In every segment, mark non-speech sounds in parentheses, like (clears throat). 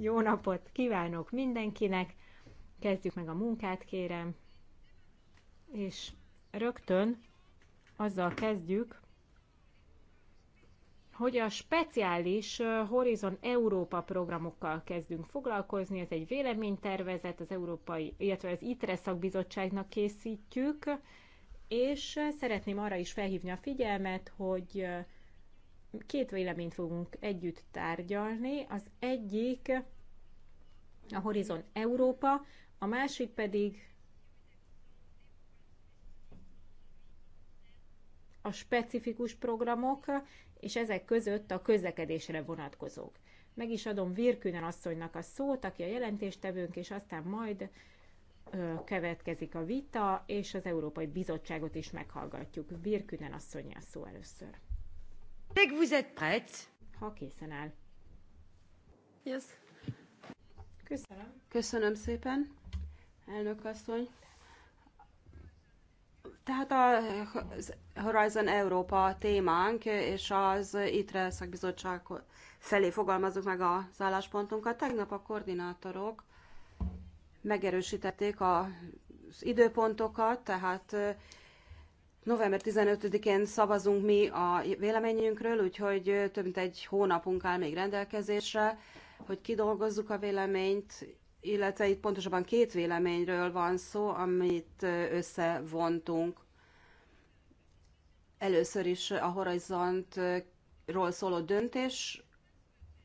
Jó napot kívánok mindenkinek! Kezdjük meg a munkát, kérem. És rögtön azzal kezdjük, hogy a speciális Horizon Európa programokkal kezdünk foglalkozni. Ez egy véleménytervezet, az Európai, illetve az ITRE szakbizottságnak készítjük, és szeretném arra is felhívni a figyelmet, hogy két véleményt fogunk együtt tárgyalni. Az egyik a Horizon Európa, a másik pedig a specifikus programok, és ezek között a közlekedésre vonatkozók. Meg is adom Virkünen asszonynak a szót, aki a jelentéstevőnk, és aztán majd ö, következik a vita, és az Európai Bizottságot is meghallgatjuk. Virkünen asszony a szó először. Dès que vous êtes prête. Ha készen áll. Yes. Köszönöm. Köszönöm szépen, elnök asszony. Tehát a Horizon Európa témánk, és az ITRE szakbizottság felé fogalmazunk meg az álláspontunkat. Tegnap a koordinátorok megerősítették az időpontokat, tehát November 15-én szavazunk mi a véleményünkről, úgyhogy több mint egy hónapunk áll még rendelkezésre, hogy kidolgozzuk a véleményt, illetve itt pontosabban két véleményről van szó, amit összevontunk. Először is a horizontról szóló döntés,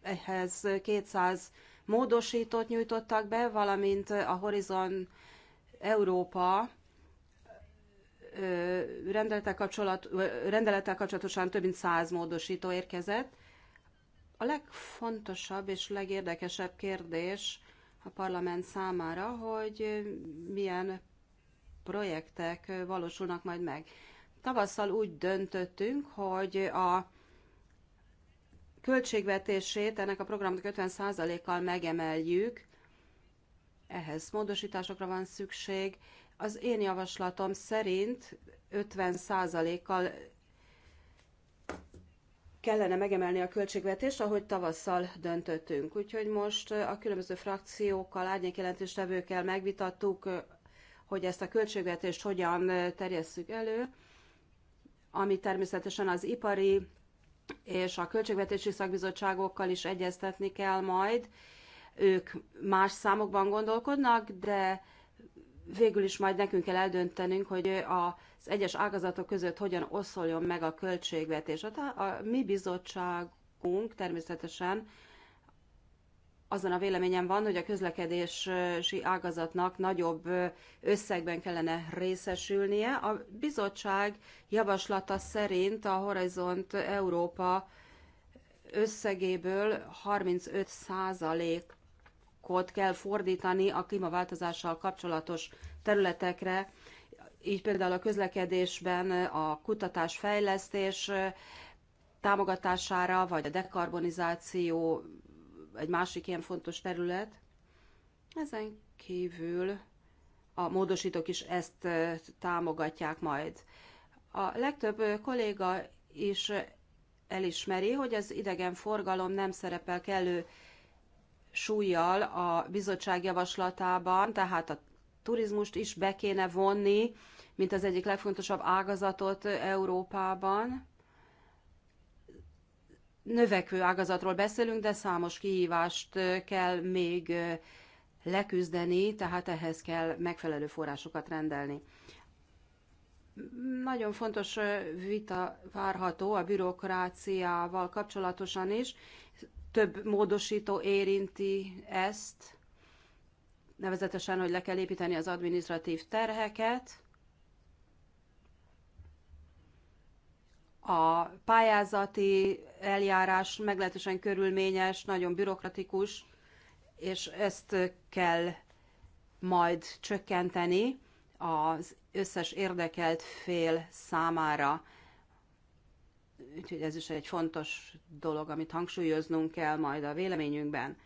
ehhez 200 módosítót nyújtottak be, valamint a Horizon Európa rendelettel, kapcsolat, rendelettel kapcsolatosan több mint száz módosító érkezett. A legfontosabb és legérdekesebb kérdés a parlament számára, hogy milyen projektek valósulnak majd meg. Tavasszal úgy döntöttünk, hogy a költségvetését ennek a programnak 50%-kal megemeljük, ehhez módosításokra van szükség, az én javaslatom szerint 50%-kal kellene megemelni a költségvetést, ahogy tavasszal döntöttünk. Úgyhogy most a különböző frakciókkal, árnyékjelentéstevőkkel megvitattuk, hogy ezt a költségvetést hogyan terjesszük elő, ami természetesen az ipari és a költségvetési szakbizottságokkal is egyeztetni kell majd. Ők más számokban gondolkodnak, de végül is majd nekünk kell eldöntenünk, hogy az egyes ágazatok között hogyan oszoljon meg a költségvetés. Hát a, a mi bizottságunk természetesen azon a véleményen van, hogy a közlekedési ágazatnak nagyobb összegben kellene részesülnie. A bizottság javaslata szerint a Horizont Európa összegéből 35 fókuszot kell fordítani a klímaváltozással kapcsolatos területekre, így például a közlekedésben a kutatás fejlesztés támogatására, vagy a dekarbonizáció egy másik ilyen fontos terület. Ezen kívül a módosítók is ezt támogatják majd. A legtöbb kolléga is elismeri, hogy az idegenforgalom nem szerepel kellő súlyjal a bizottság javaslatában, tehát a turizmust is be kéne vonni, mint az egyik legfontosabb ágazatot Európában. Növekvő ágazatról beszélünk, de számos kihívást kell még leküzdeni, tehát ehhez kell megfelelő forrásokat rendelni. Nagyon fontos vita várható a bürokráciával kapcsolatosan is, több módosító érinti ezt, nevezetesen, hogy le kell építeni az administratív terheket, a pályázati eljárás meglehetősen körülményes, nagyon bürokratikus, és ezt kell majd csökkenteni az összes érdekelt fél számára. Úgyhogy ez is egy fontos dolog, amit hangsúlyoznunk kell majd a véleményünkben.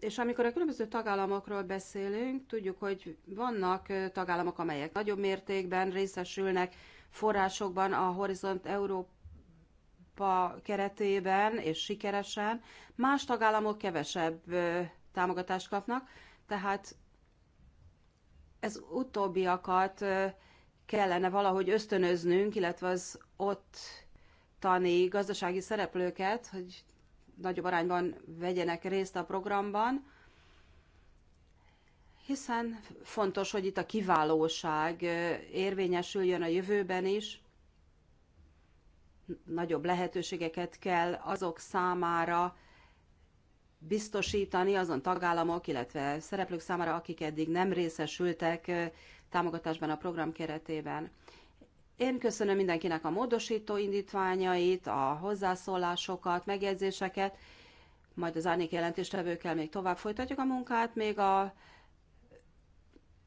És amikor a különböző tagállamokról beszélünk, tudjuk, hogy vannak tagállamok, amelyek nagyobb mértékben részesülnek forrásokban a Horizont Európa keretében, és sikeresen. Más tagállamok kevesebb támogatást kapnak, tehát ez utóbbiakat kellene valahogy ösztönöznünk, illetve az ott tani gazdasági szereplőket, hogy nagyobb arányban vegyenek részt a programban, hiszen fontos, hogy itt a kiválóság érvényesüljön a jövőben is. Nagyobb lehetőségeket kell azok számára biztosítani, azon tagállamok, illetve szereplők számára, akik eddig nem részesültek támogatásban a program keretében. Én köszönöm mindenkinek a módosító indítványait, a hozzászólásokat, megjegyzéseket, majd az árnyék jelentéstevőkkel még tovább folytatjuk a munkát, még a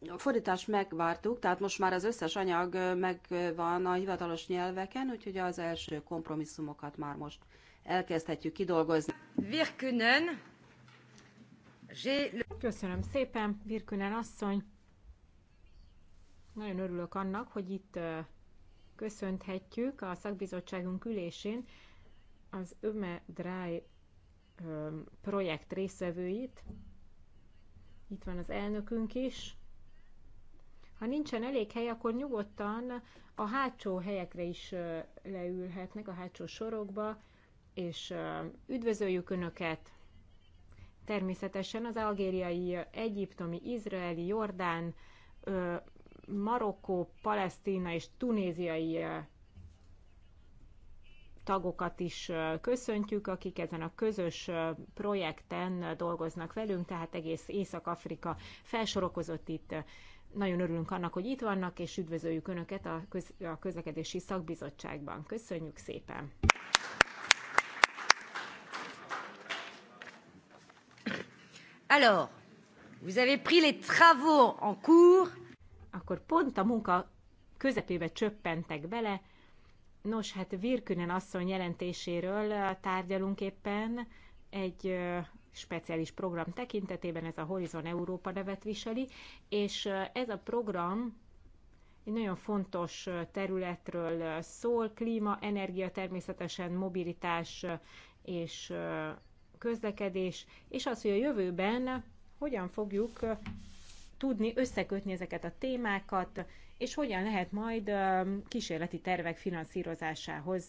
a fordítást megvártuk, tehát most már az összes anyag megvan a hivatalos nyelveken, úgyhogy az első kompromisszumokat már most elkezdhetjük kidolgozni. Virkünen. Köszönöm szépen, Virkünen asszony. Nagyon örülök annak, hogy itt köszönthetjük a szakbizottságunk ülésén az Öme Dráj projekt részevőit. Itt van az elnökünk is. Ha nincsen elég hely, akkor nyugodtan a hátsó helyekre is leülhetnek, a hátsó sorokba, és üdvözöljük Önöket. Természetesen az algériai, egyiptomi, izraeli, jordán Marokkó, Palesztina és tunéziai eh, tagokat is eh, köszöntjük, akik ezen a közös eh, projekten dolgoznak velünk, tehát egész Észak-Afrika felsorokozott itt. Nagyon örülünk annak, hogy itt vannak, és üdvözöljük Önöket a, köz, a közlekedési szakbizottságban. Köszönjük szépen! Alors, vous avez pris les travaux en cours akkor pont a munka közepébe csöppentek bele. Nos, hát Virkünen asszony jelentéséről tárgyalunk éppen egy speciális program tekintetében, ez a Horizon Európa nevet viseli, és ez a program egy nagyon fontos területről szól, klíma, energia, természetesen mobilitás és közlekedés, és az, hogy a jövőben hogyan fogjuk tudni összekötni ezeket a témákat, és hogyan lehet majd kísérleti tervek finanszírozásához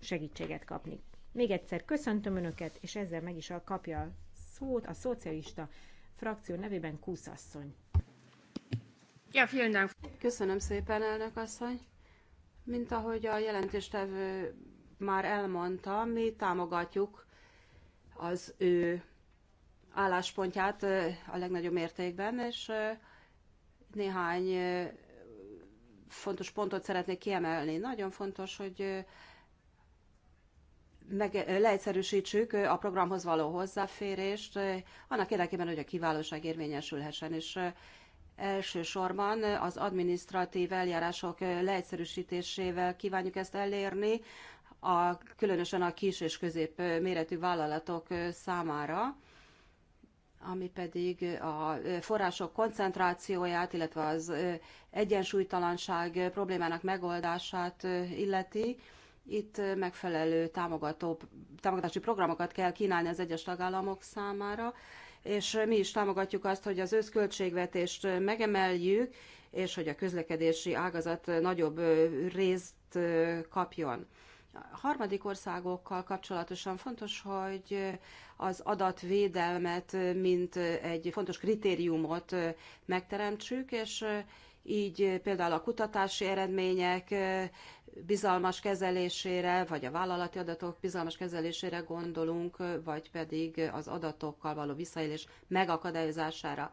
segítséget kapni. Még egyszer köszöntöm Önöket, és ezzel meg is a kapja a szót a szocialista frakció nevében Kusz asszony. Ja, vielen Dank. Köszönöm szépen, elnök asszony. Mint ahogy a jelentéstevő már elmondta, mi támogatjuk az ő álláspontját a legnagyobb mértékben, és néhány fontos pontot szeretnék kiemelni. Nagyon fontos, hogy meg, leegyszerűsítsük a programhoz való hozzáférést, annak érdekében, hogy a kiválóság érvényesülhessen, és elsősorban az administratív eljárások leegyszerűsítésével kívánjuk ezt elérni, a, különösen a kis és közép méretű vállalatok számára ami pedig a források koncentrációját, illetve az egyensúlytalanság problémának megoldását illeti. Itt megfelelő támogató, támogatási programokat kell kínálni az egyes tagállamok számára, és mi is támogatjuk azt, hogy az összköltségvetést megemeljük, és hogy a közlekedési ágazat nagyobb részt kapjon. A harmadik országokkal kapcsolatosan fontos, hogy az adatvédelmet, mint egy fontos kritériumot megteremtsük, és így például a kutatási eredmények bizalmas kezelésére, vagy a vállalati adatok bizalmas kezelésére gondolunk, vagy pedig az adatokkal való visszaélés megakadályozására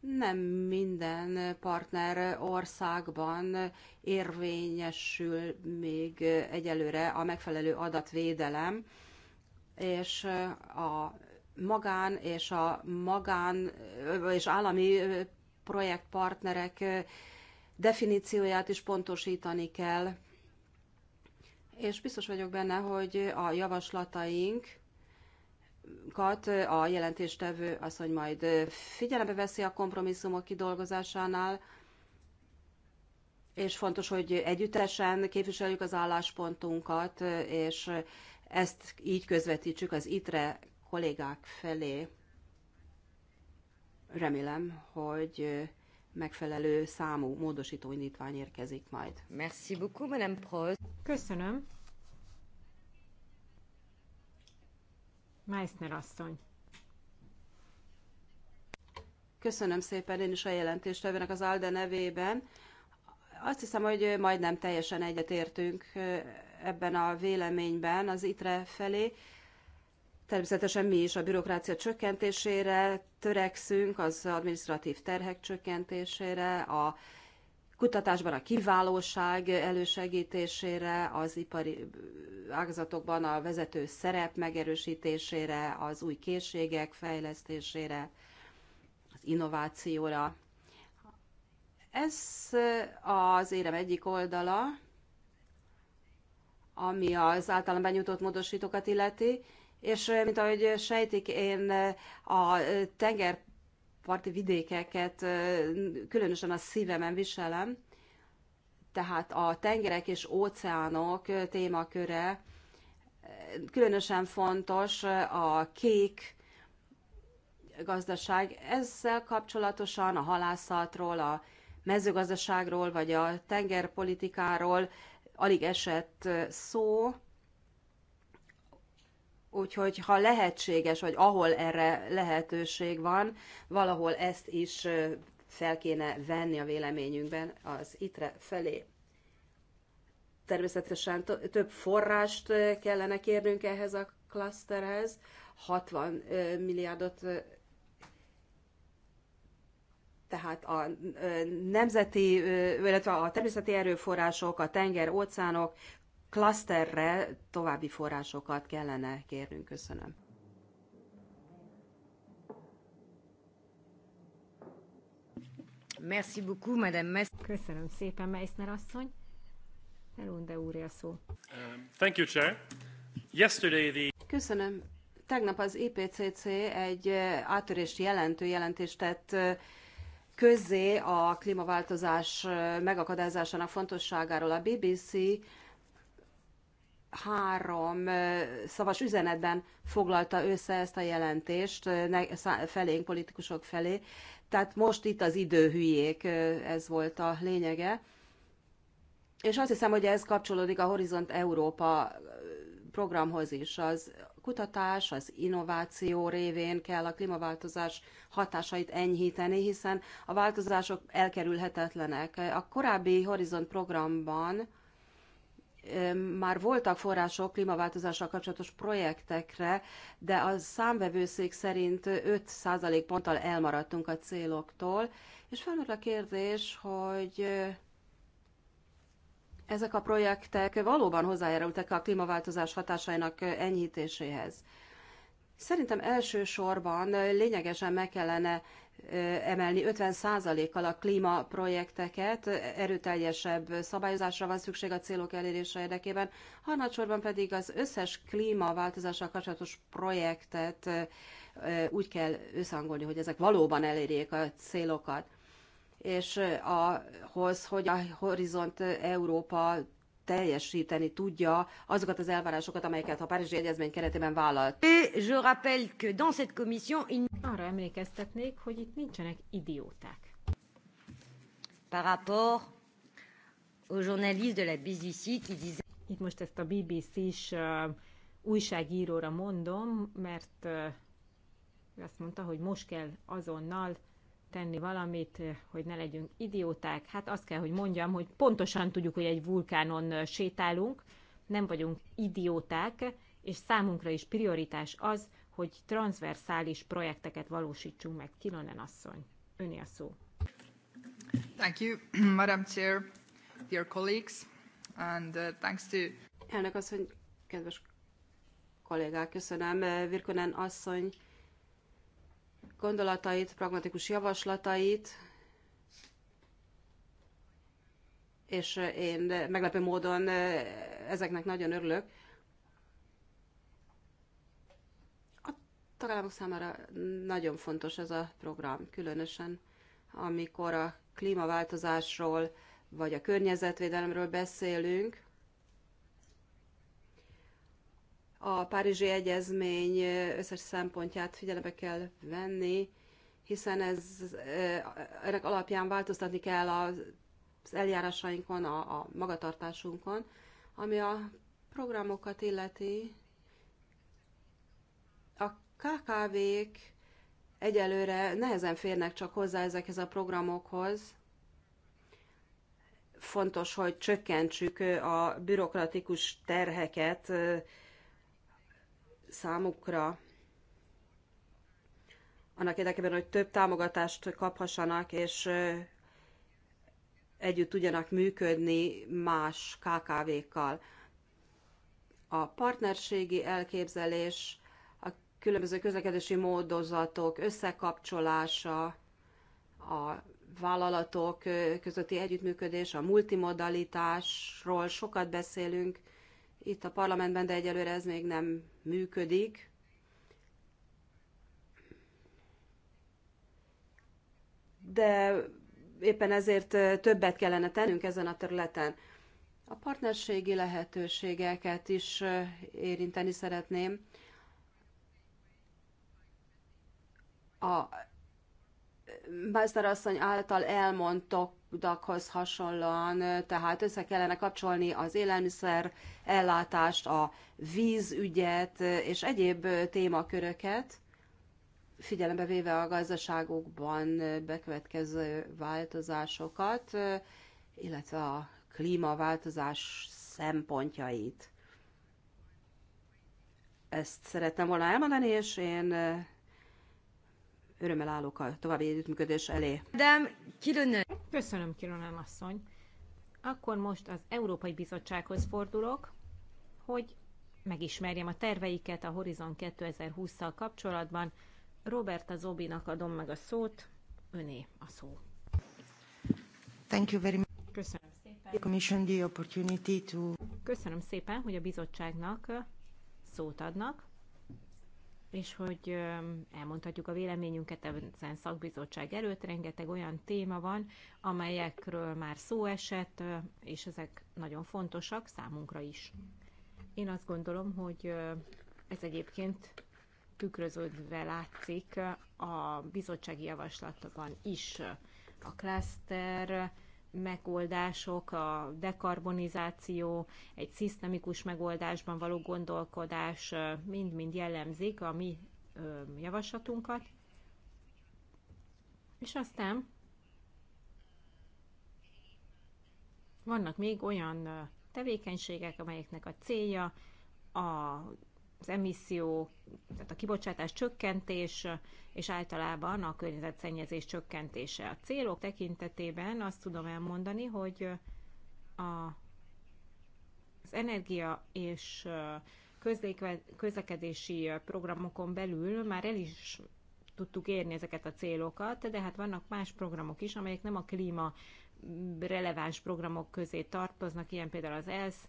nem minden partner országban érvényesül még egyelőre a megfelelő adatvédelem, és a magán és a magán és állami projektpartnerek definícióját is pontosítani kell. És biztos vagyok benne, hogy a javaslataink a jelentéstevő az, hogy majd figyelembe veszi a kompromisszumok kidolgozásánál, és fontos, hogy együttesen képviseljük az álláspontunkat, és ezt így közvetítsük az ITRE kollégák felé. Remélem, hogy megfelelő számú módosító indítvány érkezik majd. Merci beaucoup, Madame Prost. Köszönöm. Meissner asszony. Köszönöm szépen én is a jelentéstevőnek az ALDE nevében. Azt hiszem, hogy majdnem teljesen egyetértünk ebben a véleményben az ITRE felé. Természetesen mi is a bürokrácia csökkentésére törekszünk, az administratív terhek csökkentésére, a kutatásban a kiválóság elősegítésére, az ipari ágazatokban a vezető szerep megerősítésére, az új készségek fejlesztésére, az innovációra. Ez az érem egyik oldala, ami az általam benyújtott módosítókat illeti, és mint ahogy sejtik, én a tenger parti vidékeket különösen a szívemen viselem, tehát a tengerek és óceánok témaköre különösen fontos a kék gazdaság. Ezzel kapcsolatosan a halászatról, a mezőgazdaságról vagy a tengerpolitikáról alig esett szó, Úgyhogy ha lehetséges, vagy ahol erre lehetőség van, valahol ezt is fel kéne venni a véleményünkben az ITRE felé. Természetesen több forrást kellene kérnünk ehhez a klaszterhez, 60 milliárdot tehát a nemzeti, illetve a természeti erőforrások, a tenger, óceánok klaszterre további forrásokat kellene kérnünk. Köszönöm. Merci beaucoup, Madame Mess. Köszönöm szépen, Meissner asszony. Elunde úr a szó. Um, thank you, Chair. Yesterday the... Köszönöm. Tegnap az IPCC e egy eh, átörést jelentő jelentést tett eh, közzé a klímaváltozás eh, megakadályozásának fontosságáról. A BBC három szavas üzenetben foglalta össze ezt a jelentést felénk, politikusok felé. Tehát most itt az időhülyék, ez volt a lényege. És azt hiszem, hogy ez kapcsolódik a Horizont Európa programhoz is. Az kutatás, az innováció révén kell a klímaváltozás hatásait enyhíteni, hiszen a változások elkerülhetetlenek. A korábbi Horizont programban már voltak források klímaváltozással kapcsolatos projektekre, de a számvevőszék szerint 5 ponttal elmaradtunk a céloktól, és felmerül a kérdés, hogy ezek a projektek valóban hozzájárultak a klímaváltozás hatásainak enyhítéséhez. Szerintem elsősorban lényegesen meg kellene emelni 50%-kal a klímaprojekteket, erőteljesebb szabályozásra van szükség a célok elérése érdekében, harmadsorban pedig az összes klímaváltozással kapcsolatos projektet úgy kell összehangolni, hogy ezek valóban elérjék a célokat és ahhoz, hogy a Horizont Európa teljesíteni tudja azokat az elvárásokat, amelyeket a Párizsi Egyezmény keretében vállalt. je rappelle que dans cette commission... Arra emlékeztetnék, hogy itt nincsenek idióták. Par rapport aux journalistes de la BBC qui disait... Itt most ezt a BBC-s uh, újságíróra mondom, mert uh, azt mondta, hogy most kell azonnal tenni valamit, eh, hogy ne legyünk idióták. Hát azt kell, hogy mondjam, hogy pontosan tudjuk, hogy egy vulkánon eh, sétálunk, nem vagyunk idióták, és számunkra is prioritás az, hogy transversális projekteket valósítsunk meg. Kilonen asszony, öné a szó. Thank you, (clears throat) Madam Chair, dear colleagues, and uh, thanks to... Elnök asszony, kedves kollégák, köszönöm. Eh, Virkonen asszony, gondolatait, pragmatikus javaslatait, és én meglepő módon eh, ezeknek nagyon örülök. A tagállamok számára nagyon fontos ez a program, különösen amikor a klímaváltozásról vagy a környezetvédelemről beszélünk, a Párizsi Egyezmény összes szempontját figyelembe kell venni, hiszen ez, ennek alapján változtatni kell az eljárásainkon, a, a magatartásunkon, ami a programokat illeti. A KKV-k egyelőre nehezen férnek csak hozzá ezekhez a programokhoz. Fontos, hogy csökkentsük a bürokratikus terheket, számukra, annak érdekében, hogy több támogatást kaphassanak, és együtt tudjanak működni más KKV-kkal. A partnerségi elképzelés, a különböző közlekedési módozatok összekapcsolása, a vállalatok közötti együttműködés, a multimodalitásról sokat beszélünk, itt a parlamentben, de egyelőre ez még nem működik. De éppen ezért többet kellene tennünk ezen a területen. A partnerségi lehetőségeket is érinteni szeretném. A Meissner asszony által elmondtakhoz hasonlóan, tehát össze kellene kapcsolni az élelmiszer ellátást, a vízügyet és egyéb témaköröket, figyelembe véve a gazdaságokban bekövetkező változásokat, illetve a klímaváltozás szempontjait. Ezt szerettem volna elmondani, és én örömmel állok a további együttműködés elé. Dám, Kilonen. Köszönöm, Kilonen asszony. Akkor most az Európai Bizottsághoz fordulok, hogy megismerjem a terveiket a Horizon 2020-szal kapcsolatban. Roberta Zobinak adom meg a szót, öné a szó. Thank you very much. Köszönöm szépen. Commission the opportunity to... Köszönöm szépen, hogy a bizottságnak szót adnak és hogy elmondhatjuk a véleményünket ezen szakbizottság előtt. Rengeteg olyan téma van, amelyekről már szó esett, és ezek nagyon fontosak számunkra is. Én azt gondolom, hogy ez egyébként tükröződve látszik a bizottsági javaslatban is. A klaszter megoldások, a dekarbonizáció, egy szisztemikus megoldásban való gondolkodás mind-mind jellemzik a mi javaslatunkat. És aztán vannak még olyan tevékenységek, amelyeknek a célja a az emisszió, tehát a kibocsátás csökkentés és általában a környezetszennyezés csökkentése. A célok tekintetében azt tudom elmondani, hogy a, az energia és közlekedési programokon belül már el is tudtuk érni ezeket a célokat, de hát vannak más programok is, amelyek nem a klíma releváns programok közé tartoznak, ilyen például az ELSZ,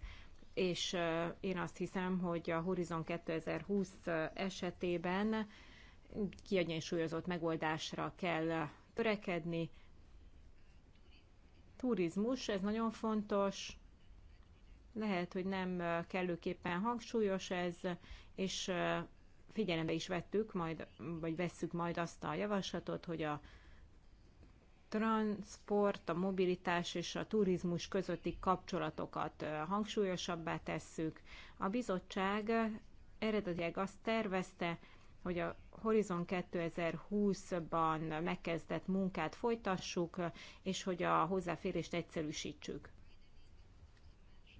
és én azt hiszem, hogy a Horizon 2020 esetében kiegyensúlyozott megoldásra kell törekedni. Turizmus, ez nagyon fontos, lehet, hogy nem kellőképpen hangsúlyos ez, és figyelembe is vettük, majd, vagy vesszük majd azt a javaslatot, hogy a transport, a mobilitás és a turizmus közötti kapcsolatokat hangsúlyosabbá tesszük. A bizottság eredetileg azt tervezte, hogy a Horizon 2020-ban megkezdett munkát folytassuk, és hogy a hozzáférést egyszerűsítsük.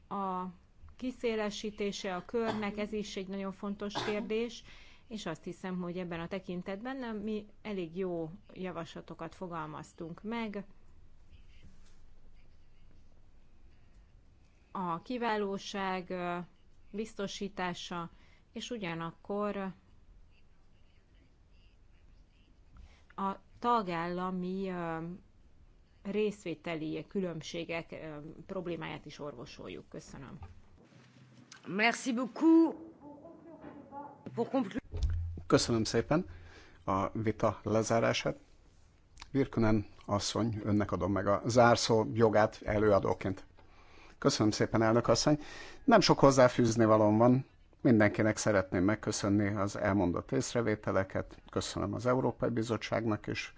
A kiszélesítése a körnek, ez is egy nagyon fontos kérdés, és azt hiszem, hogy ebben a tekintetben mi elég jó javaslatokat fogalmaztunk meg. A kiválóság biztosítása, és ugyanakkor a tagállami részvételi különbségek problémáját is orvosoljuk. Köszönöm. Merci beaucoup. Köszönöm szépen a vita lezárását. Virkunen asszony, önnek adom meg a zárszó jogát előadóként. Köszönöm szépen, elnök asszony. Nem sok hozzáfűzni valóm van. Mindenkinek szeretném megköszönni az elmondott észrevételeket. Köszönöm az Európai Bizottságnak is.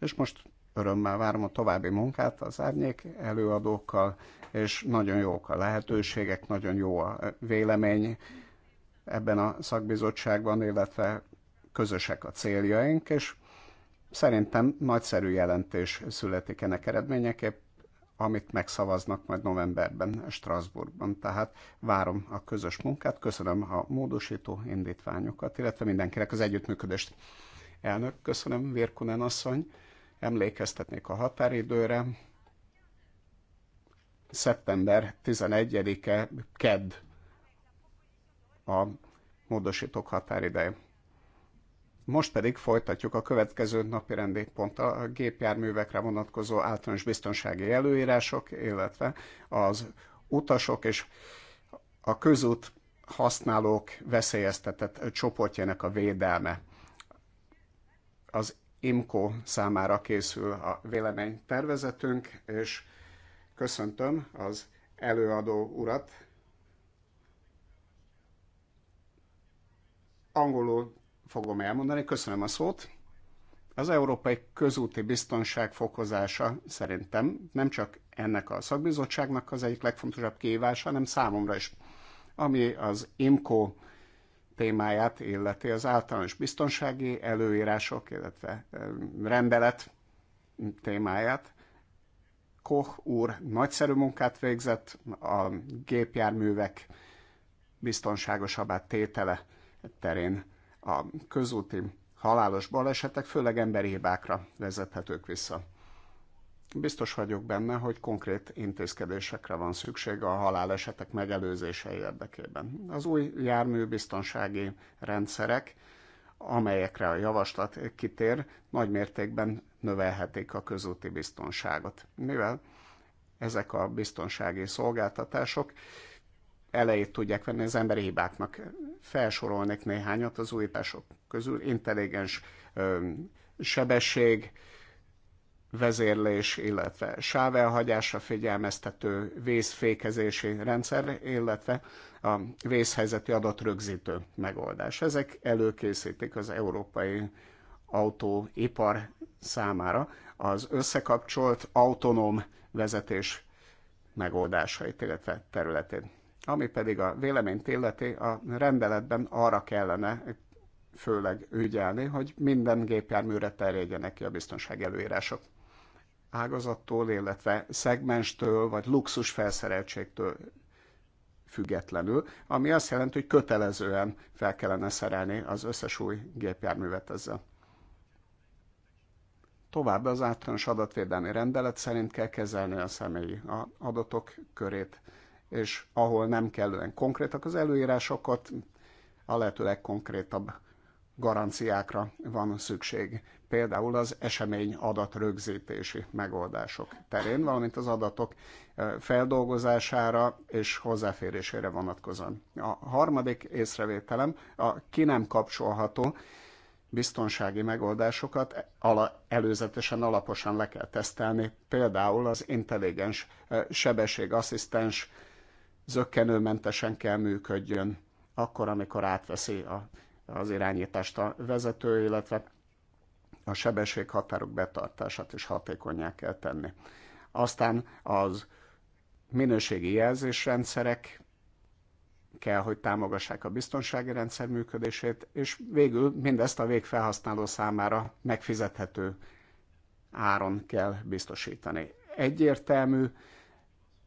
És most örömmel várom a további munkát az árnyék előadókkal, és nagyon jók a lehetőségek, nagyon jó a vélemény ebben a szakbizottságban, illetve közösek a céljaink, és szerintem nagyszerű jelentés születik ennek eredményeképp, amit megszavaznak majd novemberben Strasbourgban. Tehát várom a közös munkát, köszönöm a módosító indítványokat, illetve mindenkinek az együttműködést. Elnök, köszönöm, Virkunen asszony. Emlékeztetnék a határidőre. Szeptember 11-e, KED a módosítók határideje. Most pedig folytatjuk a következő napi rendi a gépjárművekre vonatkozó általános biztonsági előírások, illetve az utasok és a közút használók veszélyeztetett csoportjának a védelme. Az IMCO számára készül a véleménytervezetünk, és köszöntöm az előadó urat, Angolul fogom elmondani, köszönöm a szót. Az európai közúti biztonság fokozása szerintem nem csak ennek a szakbizottságnak az egyik legfontosabb kihívása, hanem számomra is, ami az IMCO témáját illeti az általános biztonsági előírások, illetve rendelet témáját. Koch úr nagyszerű munkát végzett a gépjárművek biztonságosabbá tétele terén a közúti halálos balesetek főleg emberi hibákra vezethetők vissza. Biztos vagyok benne, hogy konkrét intézkedésekre van szükség a halálesetek megelőzése érdekében. Az új járműbiztonsági rendszerek, amelyekre a javaslat kitér, nagy mértékben növelhetik a közúti biztonságot, mivel ezek a biztonsági szolgáltatások elejét tudják venni az emberi hibáknak felsorolnék néhányat az újítások közül. Intelligens sebesség, vezérlés, illetve sávelhagyásra figyelmeztető vészfékezési rendszer, illetve a vészhelyzeti adatrögzítő megoldás. Ezek előkészítik az európai autóipar számára az összekapcsolt autonóm vezetés megoldásait, illetve területét. Ami pedig a véleményt illeti, a rendeletben arra kellene főleg ügyelni, hogy minden gépjárműre terjedjenek ki a biztonság előírások. Ágazattól, illetve szegmenstől, vagy luxus felszereltségtől függetlenül, ami azt jelenti, hogy kötelezően fel kellene szerelni az összes új gépjárművet ezzel. Továbbá az általános adatvédelmi rendelet szerint kell kezelni a személyi adatok körét, és ahol nem kellően konkrétak az előírásokat, a lehető legkonkrétabb garanciákra van szükség. Például az esemény adatrögzítési megoldások terén, valamint az adatok feldolgozására és hozzáférésére vonatkozóan. A harmadik észrevételem a ki nem kapcsolható biztonsági megoldásokat ala, előzetesen alaposan le kell tesztelni, például az intelligens sebességasszisztens zöggenőmentesen kell működjön, akkor, amikor átveszi a, az irányítást a vezető, illetve a sebességhatárok betartását is hatékonyá kell tenni. Aztán az minőségi jelzésrendszerek kell, hogy támogassák a biztonsági rendszer működését, és végül mindezt a végfelhasználó számára megfizethető áron kell biztosítani. Egyértelmű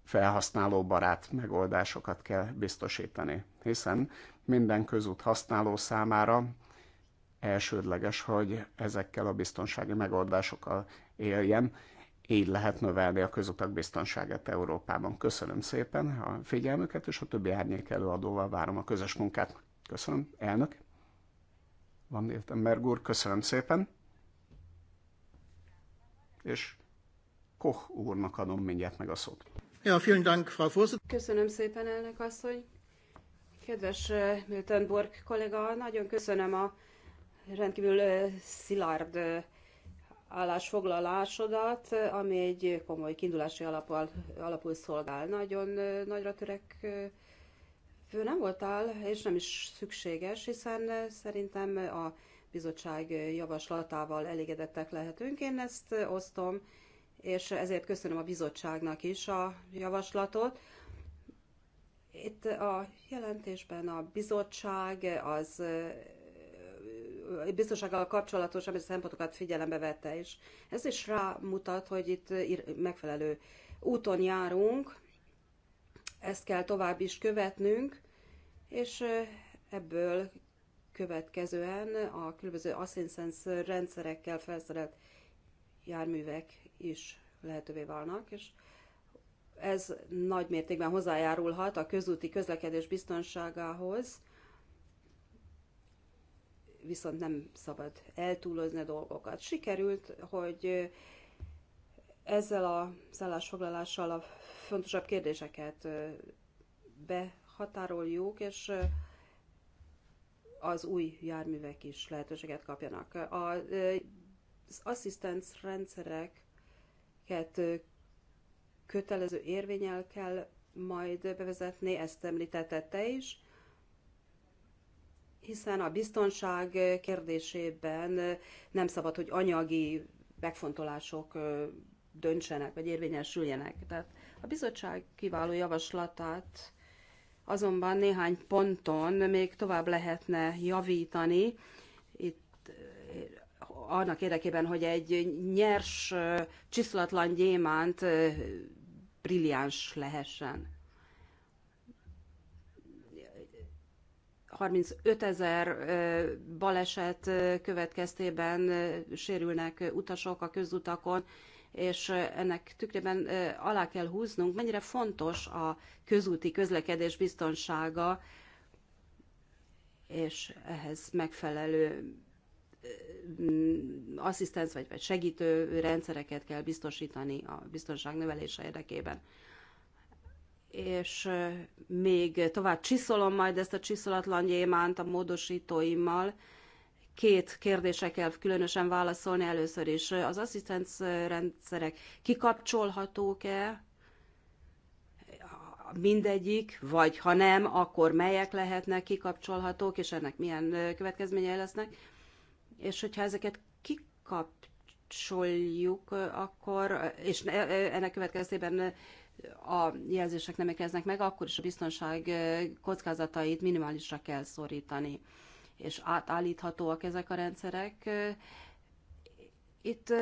felhasználóbarát megoldásokat kell biztosítani, hiszen minden közút használó számára elsődleges, hogy ezekkel a biztonsági megoldásokkal éljen, így lehet növelni a közutak biztonságát Európában. Köszönöm szépen a figyelmüket, és a többi árnyék előadóval várom a közös munkát. Köszönöm, elnök. Van értem, Mergur, köszönöm szépen. És Koch úrnak adom mindjárt meg a szót. Ja, vielen Dank, Frau Vorsitzende. Köszönöm szépen, elnök asszony. Kedves eh, Borg kollega, nagyon köszönöm a rendkívül eh, szilárd eh, állásfoglalásodat, ami egy komoly kiindulási alapul, alapul szolgál. Nagyon nagyra fő nem voltál, és nem is szükséges, hiszen szerintem a bizottság javaslatával elégedettek lehetünk. Én ezt osztom, és ezért köszönöm a bizottságnak is a javaslatot. Itt a jelentésben a bizottság az biztonsággal kapcsolatos, ami szempontokat figyelembe vette, és ez is rámutat, hogy itt megfelelő úton járunk, ezt kell tovább is követnünk, és ebből következően a különböző asszisztens rendszerekkel felszerelt járművek is lehetővé válnak, és ez nagy mértékben hozzájárulhat a közúti közlekedés biztonságához, viszont nem szabad eltúlozni a dolgokat. Sikerült, hogy ezzel a szállásfoglalással a fontosabb kérdéseket behatároljuk, és az új járművek is lehetőséget kapjanak. Az asszisztens rendszerek kötelező érvényel kell majd bevezetni, ezt említetette is, hiszen a biztonság kérdésében nem szabad, hogy anyagi megfontolások döntsenek, vagy érvényesüljenek. Tehát a bizottság kiváló javaslatát azonban néhány ponton még tovább lehetne javítani. Itt annak érdekében, hogy egy nyers, csiszlatlan gyémánt brilliáns lehessen. 35 ezer baleset következtében sérülnek utasok a közutakon, és ennek tükrében alá kell húznunk, mennyire fontos a közúti közlekedés biztonsága, és ehhez megfelelő asszisztens vagy, vagy segítő rendszereket kell biztosítani a biztonság növelése érdekében. És még tovább csiszolom majd ezt a csiszolatlan gyémánt a módosítóimmal. Két kérdésre kell különösen válaszolni először is. Az asszisztens rendszerek kikapcsolhatók-e? mindegyik, vagy ha nem, akkor melyek lehetnek kikapcsolhatók, és ennek milyen következményei lesznek és hogyha ezeket kikapcsoljuk, akkor, és ennek következtében a jelzések nem érkeznek meg, akkor is a biztonság kockázatait minimálisra kell szorítani, és átállíthatóak ezek a rendszerek. Itt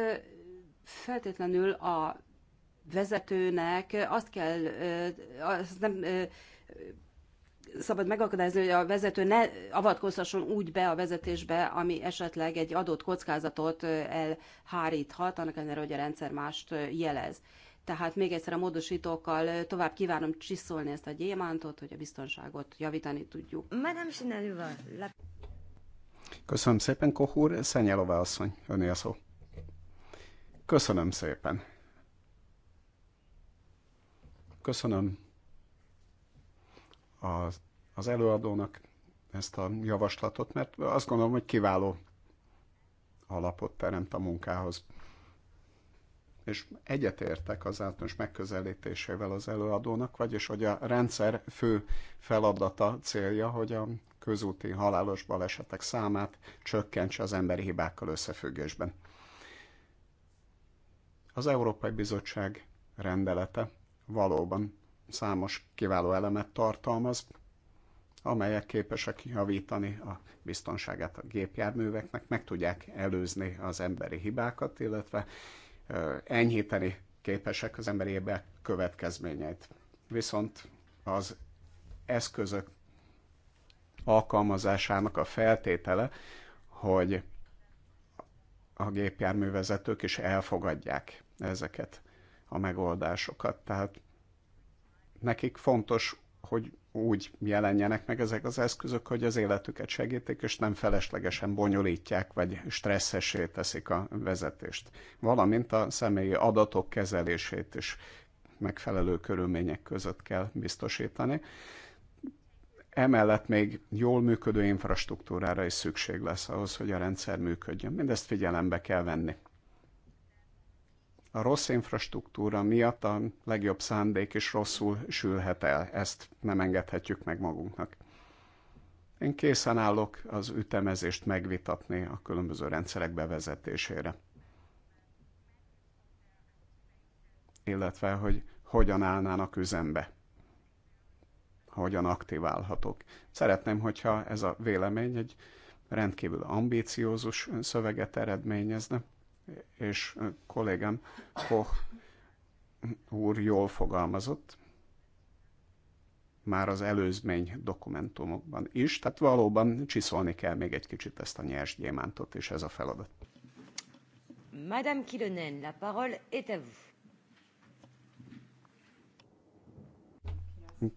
feltétlenül a vezetőnek azt kell, azt nem szabad megakadályozni, hogy a vezető ne avatkozhasson úgy be a vezetésbe, ami esetleg egy adott kockázatot elháríthat, annak ellenére, hogy a rendszer mást jelez. Tehát még egyszer a módosítókkal tovább kívánom csiszolni ezt a gyémántot, hogy a biztonságot javítani tudjuk. Madame Sinelva, la... Köszönöm szépen, Kohúr. Szenyelová asszony, öné a szó. Köszönöm szépen. Köszönöm az, az előadónak ezt a javaslatot, mert azt gondolom, hogy kiváló alapot teremt a munkához. És egyetértek az általános megközelítésével az előadónak, vagyis hogy a rendszer fő feladata, célja, hogy a közúti halálos balesetek számát csökkentse az emberi hibákkal összefüggésben. Az Európai Bizottság rendelete valóban számos kiváló elemet tartalmaz, amelyek képesek javítani a biztonságát a gépjárműveknek, meg tudják előzni az emberi hibákat, illetve enyhíteni képesek az emberi hibák következményeit. Viszont az eszközök alkalmazásának a feltétele, hogy a gépjárművezetők is elfogadják ezeket a megoldásokat. Tehát nekik fontos, hogy úgy jelenjenek meg ezek az eszközök, hogy az életüket segítik, és nem feleslegesen bonyolítják, vagy stresszesé teszik a vezetést. Valamint a személyi adatok kezelését is megfelelő körülmények között kell biztosítani. Emellett még jól működő infrastruktúrára is szükség lesz ahhoz, hogy a rendszer működjön. Mindezt figyelembe kell venni a rossz infrastruktúra miatt a legjobb szándék is rosszul sülhet el. Ezt nem engedhetjük meg magunknak. Én készen állok az ütemezést megvitatni a különböző rendszerek bevezetésére. Illetve, hogy hogyan állnának üzembe hogyan aktiválhatok. Szeretném, hogyha ez a vélemény egy rendkívül ambíciózus szöveget eredményezne, és kollégám Koch úr jól fogalmazott, már az előzmény dokumentumokban is, tehát valóban csiszolni kell még egy kicsit ezt a nyers gyémántot, és ez a feladat. Madame Kilonen, la parole est à vous.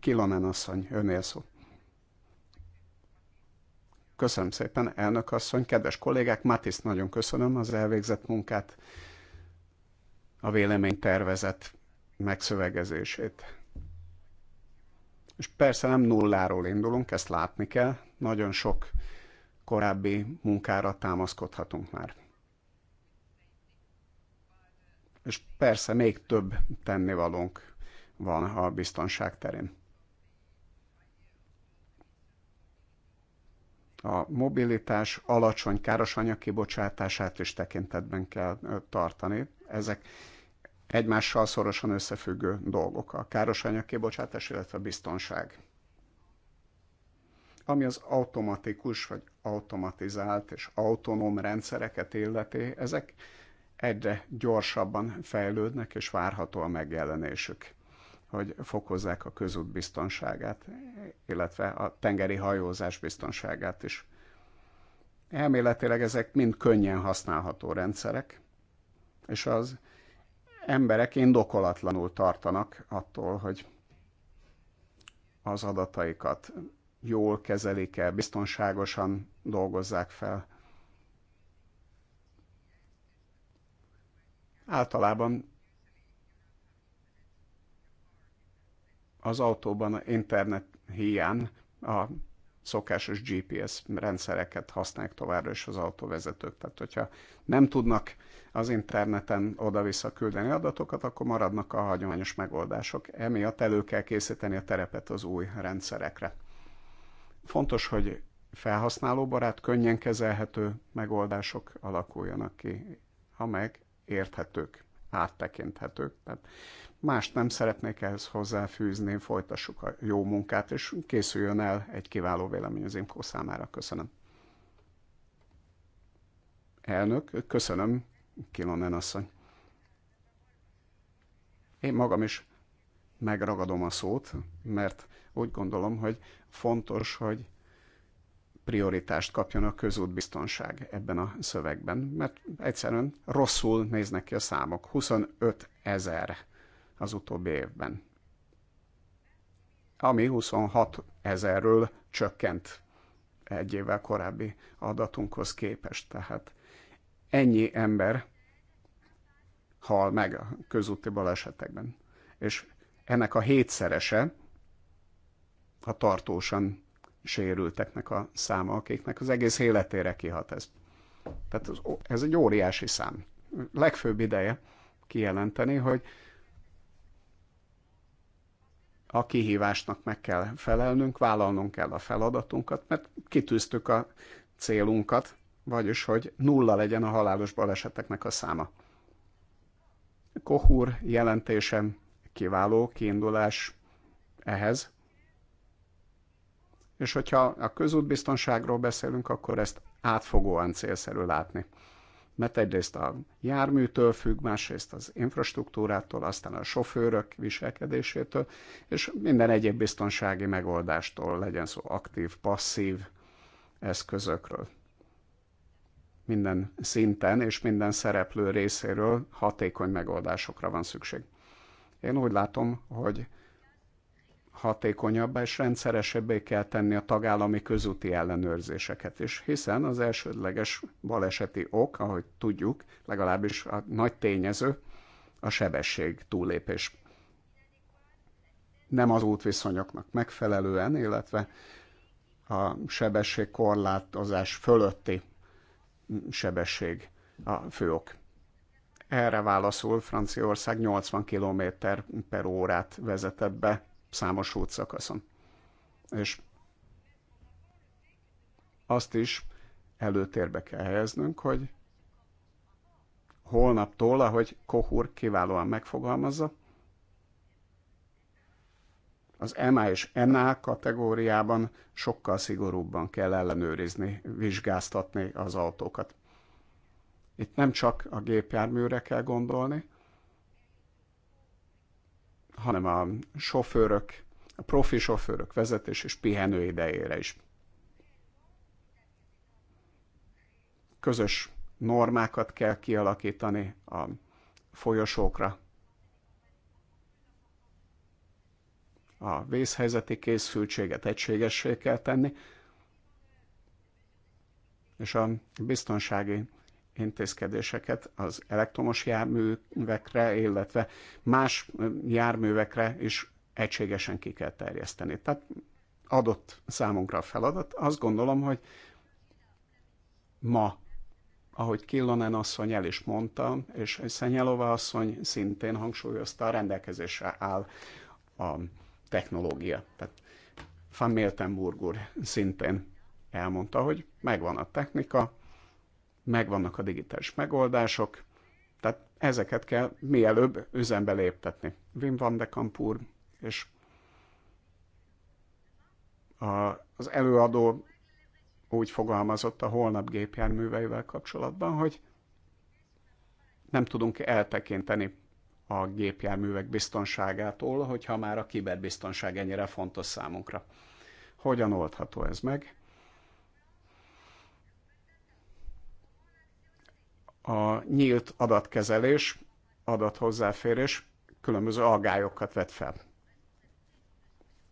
Kilonen asszony, önél szó. Köszönöm szépen, elnök asszony, kedves kollégák, Matiszt nagyon köszönöm az elvégzett munkát, a véleménytervezet megszövegezését. És persze nem nulláról indulunk, ezt látni kell, nagyon sok korábbi munkára támaszkodhatunk már. És persze még több tennivalónk van a biztonság terén. a mobilitás alacsony károsanyag kibocsátását is tekintetben kell tartani. Ezek egymással szorosan összefüggő dolgok, a károsanyag kibocsátás, illetve a biztonság. Ami az automatikus, vagy automatizált és autonóm rendszereket illeti, ezek egyre gyorsabban fejlődnek, és várható a megjelenésük hogy fokozzák a közút biztonságát, illetve a tengeri hajózás biztonságát is. Elméletileg ezek mind könnyen használható rendszerek, és az emberek indokolatlanul tartanak attól, hogy az adataikat jól kezelik-e, biztonságosan dolgozzák fel. Általában az autóban internet hiány a szokásos GPS rendszereket használják továbbra is az autóvezetők. Tehát, hogyha nem tudnak az interneten oda-vissza küldeni adatokat, akkor maradnak a hagyományos megoldások. Emiatt elő kell készíteni a terepet az új rendszerekre. Fontos, hogy felhasználóbarát, könnyen kezelhető megoldások alakuljanak ki, amelyek érthetők áttekinthetők. Tehát mást nem szeretnék ehhez hozzáfűzni, folytassuk a jó munkát, és készüljön el egy kiváló vélemény az IMCO számára. Köszönöm. Elnök, köszönöm, Kilonen asszony. Én magam is megragadom a szót, mert úgy gondolom, hogy fontos, hogy prioritást kapjon a közútbiztonság ebben a szövegben, mert egyszerűen rosszul néznek ki a számok. 25 ezer az utóbbi évben. Ami 26 ezerről csökkent egy évvel korábbi adatunkhoz képest. Tehát ennyi ember hal meg a közúti balesetekben. És ennek a hétszerese, ha tartósan sérülteknek a száma, akiknek az egész életére kihat ez. Tehát ez, ez egy óriási szám. Legfőbb ideje kijelenteni, hogy a kihívásnak meg kell felelnünk, vállalnunk kell a feladatunkat, mert kitűztük a célunkat, vagyis hogy nulla legyen a halálos baleseteknek a száma. Kohúr jelentésem kiváló kiindulás ehhez, és hogyha a közútbiztonságról beszélünk, akkor ezt átfogóan célszerű látni. Mert egyrészt a járműtől függ, másrészt az infrastruktúrától, aztán a sofőrök viselkedésétől, és minden egyéb biztonsági megoldástól legyen szó aktív, passzív eszközökről minden szinten és minden szereplő részéről hatékony megoldásokra van szükség. Én úgy látom, hogy hatékonyabbá és rendszeresebbé kell tenni a tagállami közúti ellenőrzéseket is, hiszen az elsődleges baleseti ok, ahogy tudjuk, legalábbis a nagy tényező, a sebesség túlépés. Nem az útviszonyoknak megfelelően, illetve a sebességkorlátozás fölötti sebesség a fő ok. Erre válaszul Franciaország 80 km per órát vezetett be számos útszakaszon. És azt is előtérbe kell helyeznünk, hogy holnaptól, ahogy Kohur kiválóan megfogalmazza, az MA és NA kategóriában sokkal szigorúbban kell ellenőrizni, vizsgáztatni az autókat. Itt nem csak a gépjárműre kell gondolni, hanem a sofőrök, a profi sofőrök vezetés és pihenő idejére is. Közös normákat kell kialakítani a folyosókra, a vészhelyzeti készültséget egységessé kell tenni, és a biztonsági intézkedéseket az elektromos járművekre, illetve más járművekre is egységesen ki kell terjeszteni. Tehát adott számunkra a feladat. Azt gondolom, hogy ma, ahogy Killonen asszony el is mondta, és Szenyelova asszony szintén hangsúlyozta, a rendelkezésre áll a technológia. Tehát Van Miltenburg úr szintén elmondta, hogy megvan a technika, megvannak a digitális megoldások, tehát ezeket kell mielőbb üzembe léptetni. Wim van de Kampur és a, az előadó úgy fogalmazott a holnap gépjárműveivel kapcsolatban, hogy nem tudunk eltekinteni a gépjárművek biztonságától, hogyha már a kiberbiztonság ennyire fontos számunkra. Hogyan oldható ez meg? a nyílt adatkezelés, adathozzáférés különböző agályokat vet fel.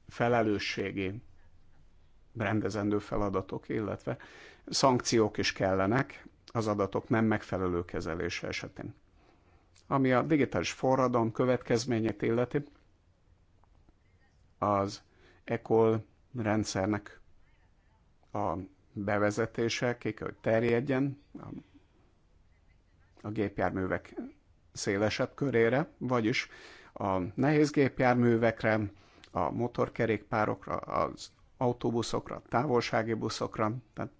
Felelősségi, rendezendő feladatok, illetve szankciók is kellenek az adatok nem megfelelő kezelése esetén. Ami a digitális forradalom következményét illeti, az ECOL rendszernek a bevezetése ki kell, hogy terjedjen, a a gépjárművek szélesebb körére, vagyis a nehéz gépjárművekre, a motorkerékpárokra, az autóbuszokra, távolsági buszokra, tehát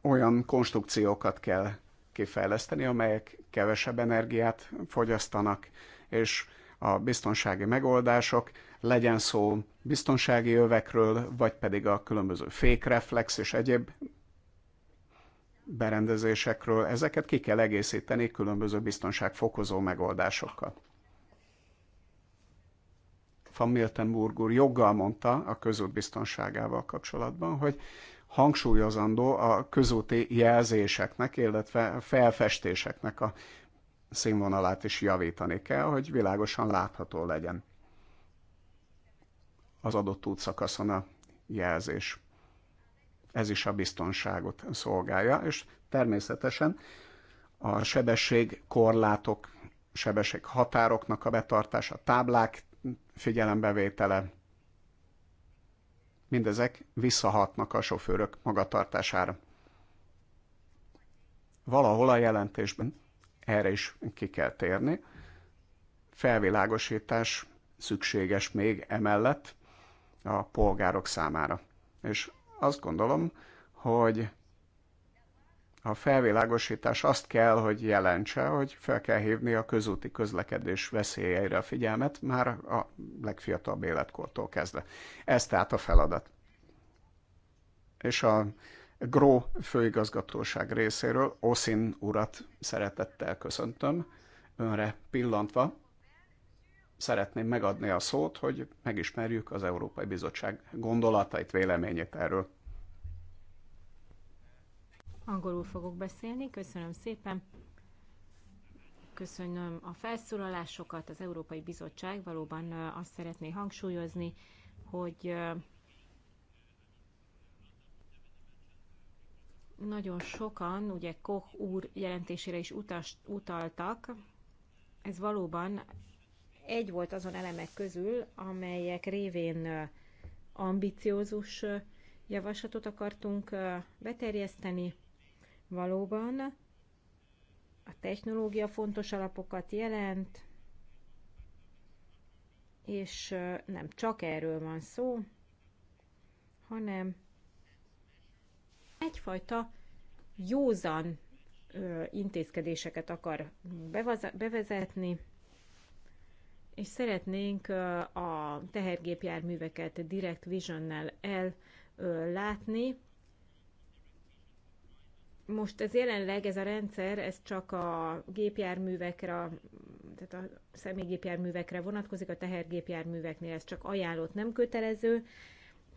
olyan konstrukciókat kell kifejleszteni, amelyek kevesebb energiát fogyasztanak, és a biztonsági megoldások, legyen szó biztonsági övekről, vagy pedig a különböző fékreflex és egyéb berendezésekről, ezeket ki kell egészíteni különböző biztonságfokozó megoldásokkal. Van Miltenburg úr joggal mondta a közút biztonságával kapcsolatban, hogy hangsúlyozandó a közúti jelzéseknek, illetve felfestéseknek a színvonalát is javítani kell, hogy világosan látható legyen az adott útszakaszon a jelzés. Ez is a biztonságot szolgálja, és természetesen a sebesség korlátok, sebesség határoknak a betartása, táblák figyelembevétele, mindezek visszahatnak a sofőrök magatartására. Valahol a jelentésben erre is ki kell térni. Felvilágosítás szükséges még emellett a polgárok számára. És azt gondolom, hogy a felvilágosítás azt kell, hogy jelentse, hogy fel kell hívni a közúti közlekedés veszélyeire a figyelmet már a legfiatalabb életkortól kezdve. Ez tehát a feladat. És a Gró főigazgatóság részéről Oszin urat szeretettel köszöntöm. Önre pillantva szeretném megadni a szót, hogy megismerjük az Európai Bizottság gondolatait, véleményét erről. Angolul fogok beszélni, köszönöm szépen. Köszönöm a felszólalásokat. Az Európai Bizottság valóban azt szeretné hangsúlyozni, hogy nagyon sokan, ugye Koch úr jelentésére is utas, utaltak, ez valóban egy volt azon elemek közül, amelyek révén ambiciózus javaslatot akartunk beterjeszteni. Valóban a technológia fontos alapokat jelent, és nem csak erről van szó, hanem egyfajta józan intézkedéseket akar bevezetni, és szeretnénk a tehergépjárműveket Direct visionnel nel ellátni. Most ez jelenleg ez a rendszer, ez csak a gépjárművekre, tehát a személygépjárművekre vonatkozik, a tehergépjárműveknél ez csak ajánlott, nem kötelező.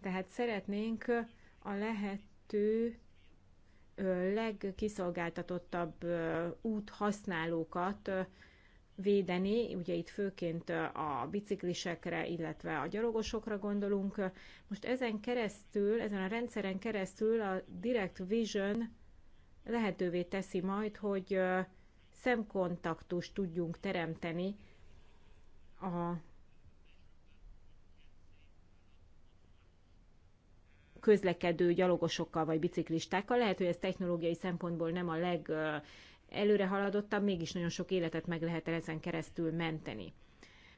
Tehát szeretnénk a lehet kettő legkiszolgáltatottabb úthasználókat védeni, ugye itt főként a biciklisekre, illetve a gyalogosokra gondolunk. Most ezen keresztül, ezen a rendszeren keresztül a Direct Vision lehetővé teszi majd, hogy szemkontaktust tudjunk teremteni a közlekedő gyalogosokkal vagy biciklistákkal. Lehet, hogy ez technológiai szempontból nem a leg előre haladottabb, mégis nagyon sok életet meg lehet ezen keresztül menteni.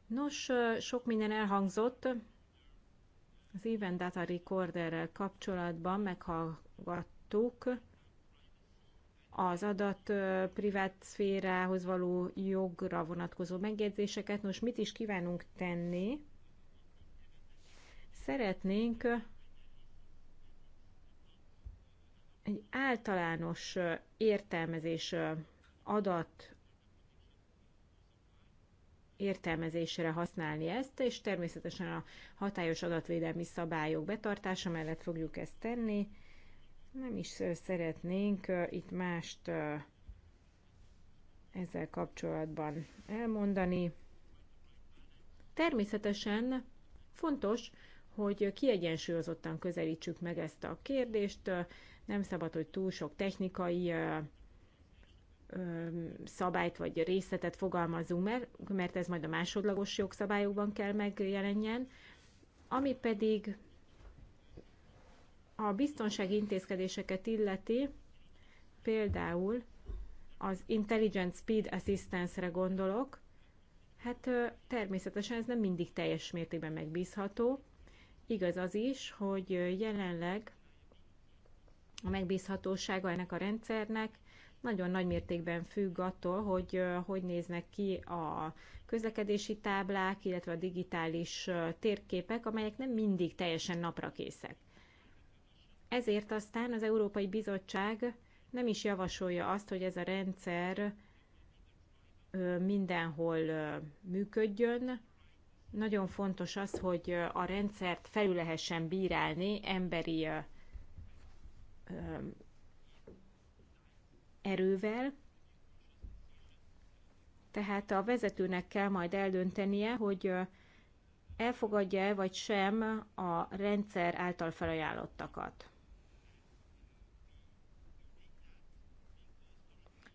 Nos, sok minden elhangzott az Event Data Recorderrel kapcsolatban, meghallgattuk az adat privát szférához való jogra vonatkozó megjegyzéseket. Nos, mit is kívánunk tenni? Szeretnénk egy általános értelmezés adat értelmezésre használni ezt, és természetesen a hatályos adatvédelmi szabályok betartása mellett fogjuk ezt tenni. Nem is szeretnénk itt mást ezzel kapcsolatban elmondani. Természetesen fontos, hogy kiegyensúlyozottan közelítsük meg ezt a kérdést, nem szabad, hogy túl sok technikai szabályt vagy részletet fogalmazunk meg, mert ez majd a másodlagos jogszabályokban kell megjelenjen. Ami pedig a biztonsági intézkedéseket illeti, például az Intelligent Speed Assistance-re gondolok, hát természetesen ez nem mindig teljes mértékben megbízható. Igaz az is, hogy jelenleg a megbízhatósága ennek a rendszernek nagyon nagy mértékben függ attól, hogy hogy néznek ki a közlekedési táblák, illetve a digitális térképek, amelyek nem mindig teljesen naprakészek. Ezért aztán az Európai Bizottság nem is javasolja azt, hogy ez a rendszer mindenhol működjön. Nagyon fontos az, hogy a rendszert felül lehessen bírálni emberi erővel, tehát a vezetőnek kell majd eldöntenie, hogy elfogadja-e vagy sem a rendszer által felajánlottakat.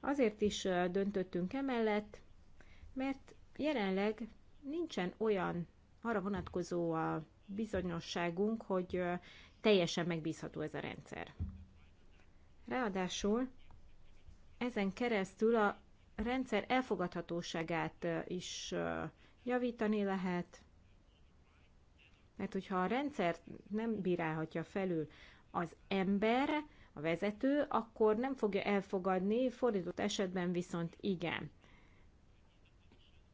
Azért is döntöttünk emellett, mert jelenleg nincsen olyan arra vonatkozó a bizonyosságunk, hogy teljesen megbízható ez a rendszer. Ráadásul ezen keresztül a rendszer elfogadhatóságát is javítani lehet, mert hogyha a rendszer nem bírálhatja felül az ember, a vezető, akkor nem fogja elfogadni, fordított esetben viszont igen.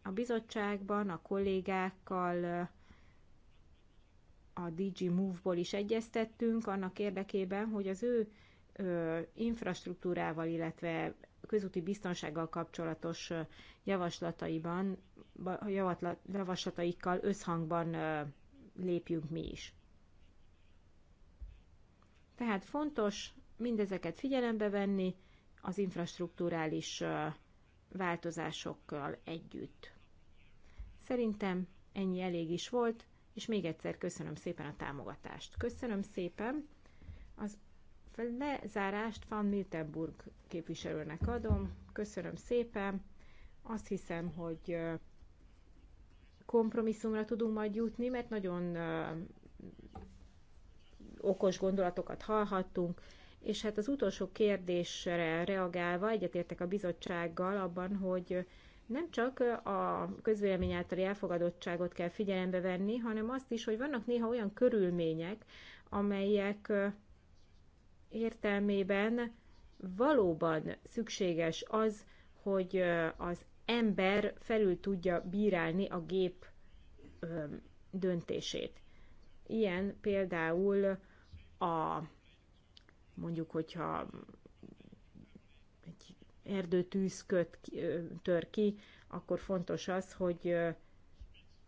A bizottságban a kollégákkal a DG Move-ból is egyeztettünk annak érdekében, hogy az ő infrastruktúrával, illetve közúti biztonsággal kapcsolatos javaslataiban, javaslataikkal összhangban lépjünk mi is. Tehát fontos mindezeket figyelembe venni az infrastruktúrális változásokkal együtt. Szerintem ennyi elég is volt, és még egyszer köszönöm szépen a támogatást. Köszönöm szépen az lezárást Van Miltenburg képviselőnek adom. Köszönöm szépen. Azt hiszem, hogy kompromisszumra tudunk majd jutni, mert nagyon okos gondolatokat hallhattunk, és hát az utolsó kérdésre reagálva egyetértek a bizottsággal abban, hogy nem csak a közvélemény által elfogadottságot kell figyelembe venni, hanem azt is, hogy vannak néha olyan körülmények, amelyek értelmében valóban szükséges az, hogy az ember felül tudja bírálni a gép döntését. Ilyen például a mondjuk, hogyha egy erdőtűz köt, tör ki, akkor fontos az, hogy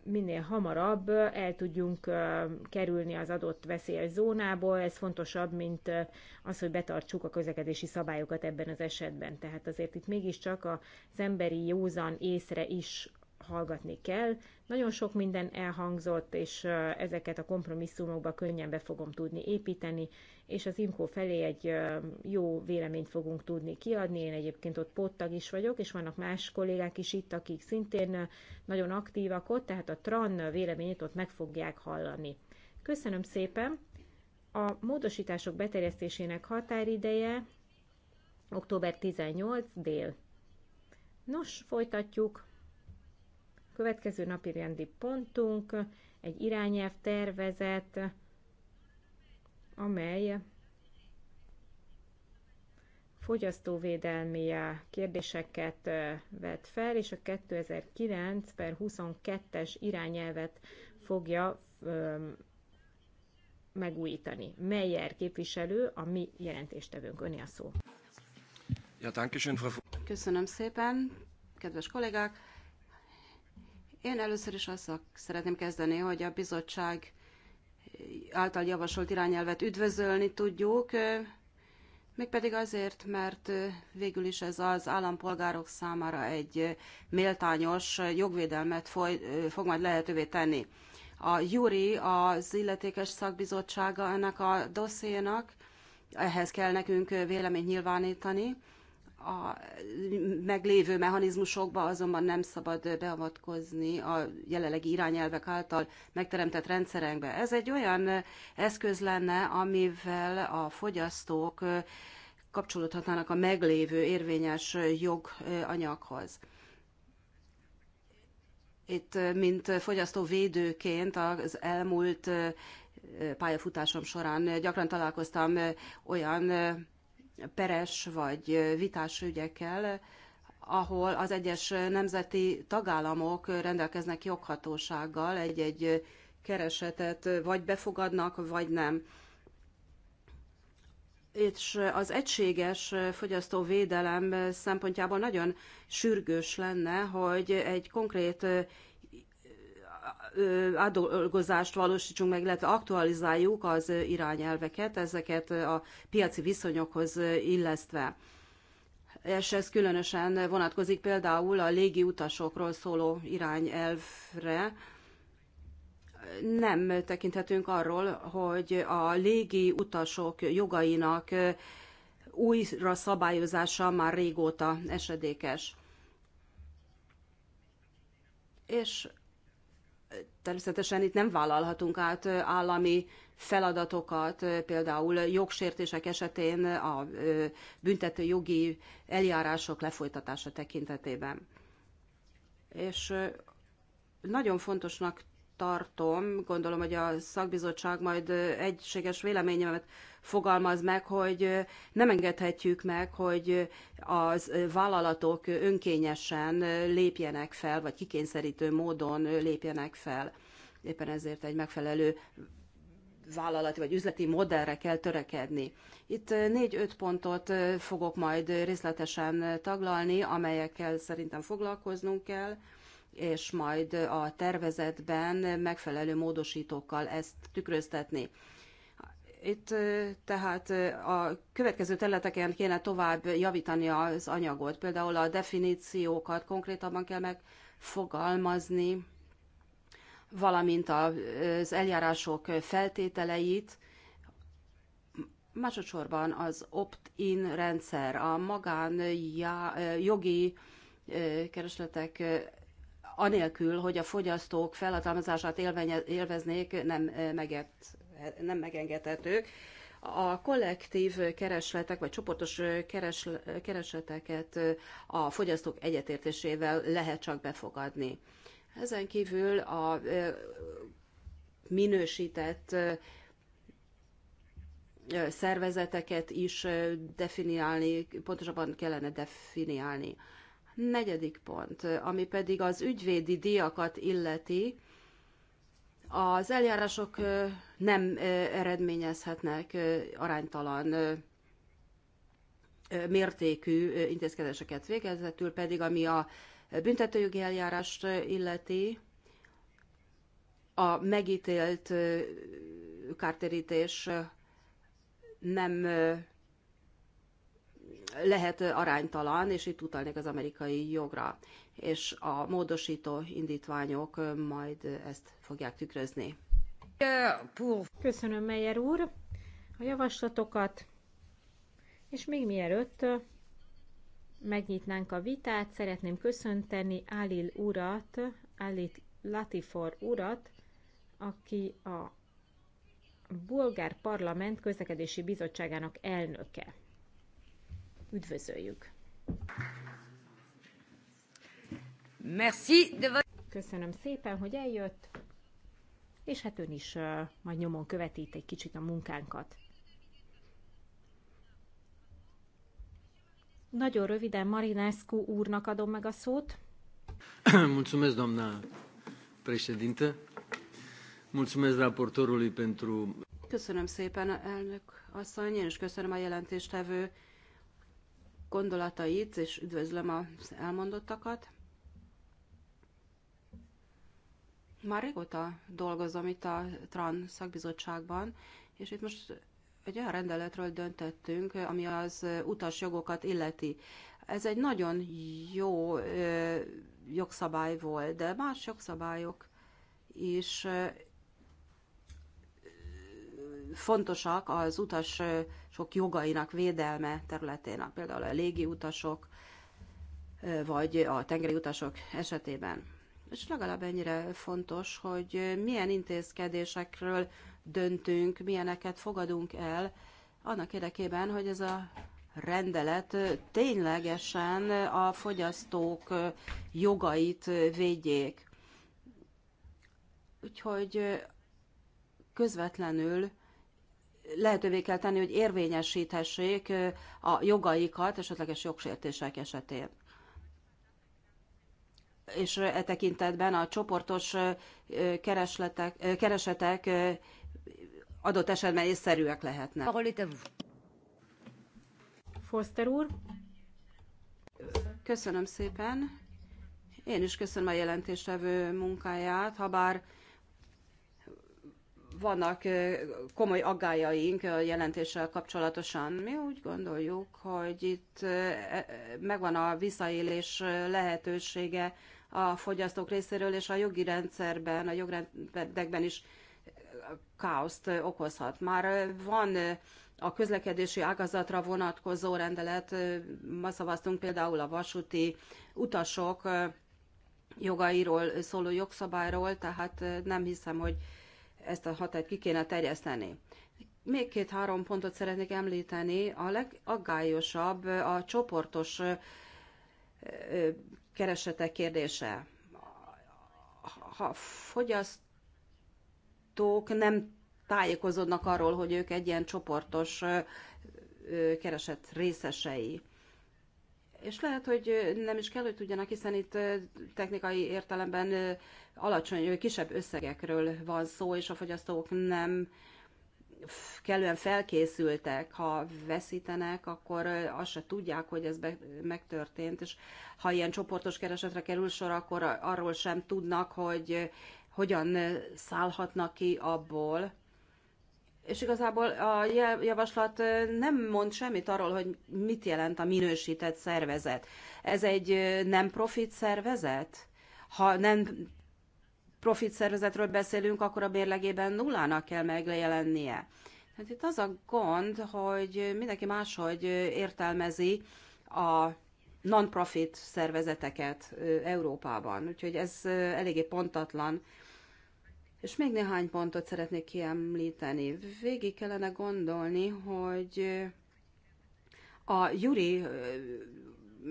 minél hamarabb el tudjunk kerülni az adott veszélyes zónából. Ez fontosabb, mint az, hogy betartsuk a közlekedési szabályokat ebben az esetben. Tehát azért itt mégiscsak az emberi józan észre is hallgatni kell. Nagyon sok minden elhangzott, és ezeket a kompromisszumokba könnyen be fogom tudni építeni, és az IMCO felé egy jó véleményt fogunk tudni kiadni. Én egyébként ott pottag is vagyok, és vannak más kollégák is itt, akik szintén nagyon aktívak ott, tehát a TRAN véleményét ott meg fogják hallani. Köszönöm szépen! A módosítások beterjesztésének határideje október 18 dél. Nos, folytatjuk. Következő napi rendi pontunk egy irányelv tervezet, amely fogyasztóvédelmi eh, kérdéseket eh, vet fel, és a 2009 per 22-es irányelvet fogja ehm, megújítani. Meyer képviselő, a mi jelentéstevőnk. Öné a szó. Ja, Köszönöm szépen, kedves kollégák! Én először is azt szeretném kezdeni, hogy a bizottság által javasolt irányelvet üdvözölni tudjuk, mégpedig azért, mert végül is ez az állampolgárok számára egy méltányos jogvédelmet foly, fog majd lehetővé tenni. A Juri az illetékes szakbizottsága ennek a dossziénak, ehhez kell nekünk véleményt nyilvánítani, a meglévő mechanizmusokba azonban nem szabad beavatkozni a jelenlegi irányelvek által megteremtett rendszerekbe. Ez egy olyan eszköz lenne, amivel a fogyasztók kapcsolódhatnának a meglévő érvényes joganyaghoz. Itt, mint fogyasztóvédőként az elmúlt pályafutásom során gyakran találkoztam olyan peres vagy vitás ügyekkel, ahol az egyes nemzeti tagállamok rendelkeznek joghatósággal egy-egy keresetet vagy befogadnak, vagy nem. És az egységes fogyasztóvédelem szempontjából nagyon sürgős lenne, hogy egy konkrét átdolgozást valósítsunk meg, illetve aktualizáljuk az irányelveket, ezeket a piaci viszonyokhoz illesztve. És ez különösen vonatkozik például a légi utasokról szóló irányelvre. Nem tekinthetünk arról, hogy a légi utasok jogainak újra szabályozása már régóta esedékes. És Természetesen itt nem vállalhatunk át állami feladatokat, például jogsértések esetén a büntető jogi eljárások lefolytatása tekintetében. És nagyon fontosnak tartom. Gondolom, hogy a szakbizottság majd egységes véleményemet fogalmaz meg, hogy nem engedhetjük meg, hogy az vállalatok önkényesen lépjenek fel, vagy kikényszerítő módon lépjenek fel. Éppen ezért egy megfelelő vállalati vagy üzleti modellre kell törekedni. Itt négy-öt pontot fogok majd részletesen taglalni, amelyekkel szerintem foglalkoznunk kell és majd a tervezetben megfelelő módosítókkal ezt tükröztetni. Itt tehát a következő területeken kéne tovább javítani az anyagot, például a definíciókat konkrétabban kell megfogalmazni, valamint az eljárások feltételeit, másodszorban az opt-in rendszer, a magán jogi keresletek anélkül, hogy a fogyasztók felhatalmazását élveznék, nem, eh, meget, nem megengedhetők. A kollektív keresletek, vagy csoportos eh, keresleteket eh, a fogyasztók egyetértésével lehet csak befogadni. Ezen kívül a minősített szervezeteket is definiálni, pontosabban kellene definiálni. Negyedik pont, ami pedig az ügyvédi díjakat illeti, az eljárások nem eredményezhetnek aránytalan mértékű intézkedéseket végezetül, pedig ami a büntetőjogi eljárást illeti, a megítélt kártérítés nem lehet aránytalan, és itt utalnék az amerikai jogra, és a módosító indítványok majd ezt fogják tükrözni. Köszönöm, Meyer úr, a javaslatokat, és még mielőtt megnyitnánk a vitát, szeretném köszönteni Alil urat, Alit Latifor urat, aki a Bulgár Parlament közlekedési bizottságának elnöke. Üdvözöljük! Merci de... Köszönöm szépen, hogy eljött, és hát ön is uh, majd nyomon követít egy kicsit a munkánkat. Nagyon röviden Marinescu úrnak adom meg a szót. (clears throat) Mulțumesc, doamna președintă. Mulțumesc raportorului pentru... Köszönöm szépen, elnök asszony, és köszönöm a jelentéstevő gondolatait, és üdvözlöm az elmondottakat. Már régóta dolgozom itt a TRAN szakbizottságban, és itt most egy olyan rendeletről döntöttünk, ami az utasjogokat illeti. Ez egy nagyon jó jogszabály volt, de más jogszabályok is fontosak az utas sok jogainak védelme területén, például a légi utasok, vagy a tengeri utasok esetében. És legalább ennyire fontos, hogy milyen intézkedésekről döntünk, milyeneket fogadunk el, annak érdekében, hogy ez a rendelet ténylegesen a fogyasztók jogait védjék. Úgyhogy közvetlenül lehetővé kell tenni, hogy érvényesíthessék a jogaikat esetleges jogsértések esetén. És e tekintetben a csoportos keresletek, keresetek adott esetben észszerűek lehetnek. Foster úr. Köszönöm szépen. Én is köszönöm a jelentéstevő munkáját, ha bár vannak komoly aggájaink a jelentéssel kapcsolatosan. Mi úgy gondoljuk, hogy itt e, megvan a visszaélés lehetősége a fogyasztók részéről, és a jogi rendszerben, a jogrendekben is káoszt okozhat. Már van a közlekedési ágazatra vonatkozó rendelet, ma szavaztunk például a vasúti utasok jogairól szóló jogszabályról, tehát nem hiszem, hogy ezt a hatályt ki kéne terjeszteni. Még két-három pontot szeretnék említeni. A legaggályosabb a csoportos keresetek kérdése. Ha fogyasztók nem tájékozódnak arról, hogy ők egy ilyen csoportos kereset részesei. És lehet, hogy nem is kell, hogy tudjanak, hiszen itt technikai értelemben alacsony, kisebb összegekről van szó, és a fogyasztók nem kellően felkészültek, ha veszítenek, akkor azt se tudják, hogy ez be, megtörtént, és ha ilyen csoportos keresetre kerül sor, akkor arról sem tudnak, hogy hogyan szállhatnak ki abból, és igazából a javaslat nem mond semmit arról, hogy mit jelent a minősített szervezet. Ez egy nem profit szervezet? Ha nem profit szervezetről beszélünk, akkor a bérlegében nullának kell megjelennie. Hát itt az a gond, hogy mindenki máshogy értelmezi a non-profit szervezeteket Európában, úgyhogy ez eléggé pontatlan és még néhány pontot szeretnék kiemlíteni. Végig kellene gondolni, hogy a Juri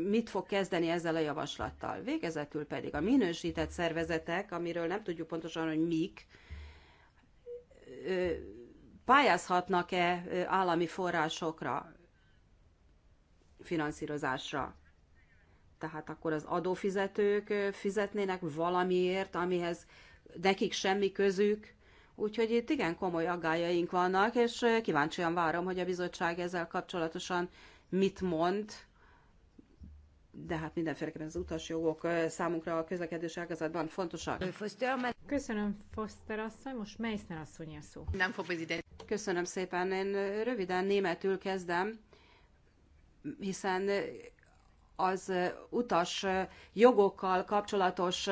mit fog kezdeni ezzel a javaslattal. Végezetül pedig a minősített szervezetek, amiről nem tudjuk pontosan, hogy mik, pályázhatnak-e állami forrásokra, finanszírozásra. Tehát akkor az adófizetők fizetnének valamiért, amihez nekik semmi közük, úgyhogy itt igen komoly aggájaink vannak, és kíváncsian várom, hogy a bizottság ezzel kapcsolatosan mit mond, de hát mindenféleképpen az utasjogok számunkra a közlekedés ágazatban fontosak. Köszönöm, Foster asszony, most Meissner asszony a szó. Nem fog Köszönöm szépen, én röviden németül kezdem, hiszen az utas jogokkal kapcsolatos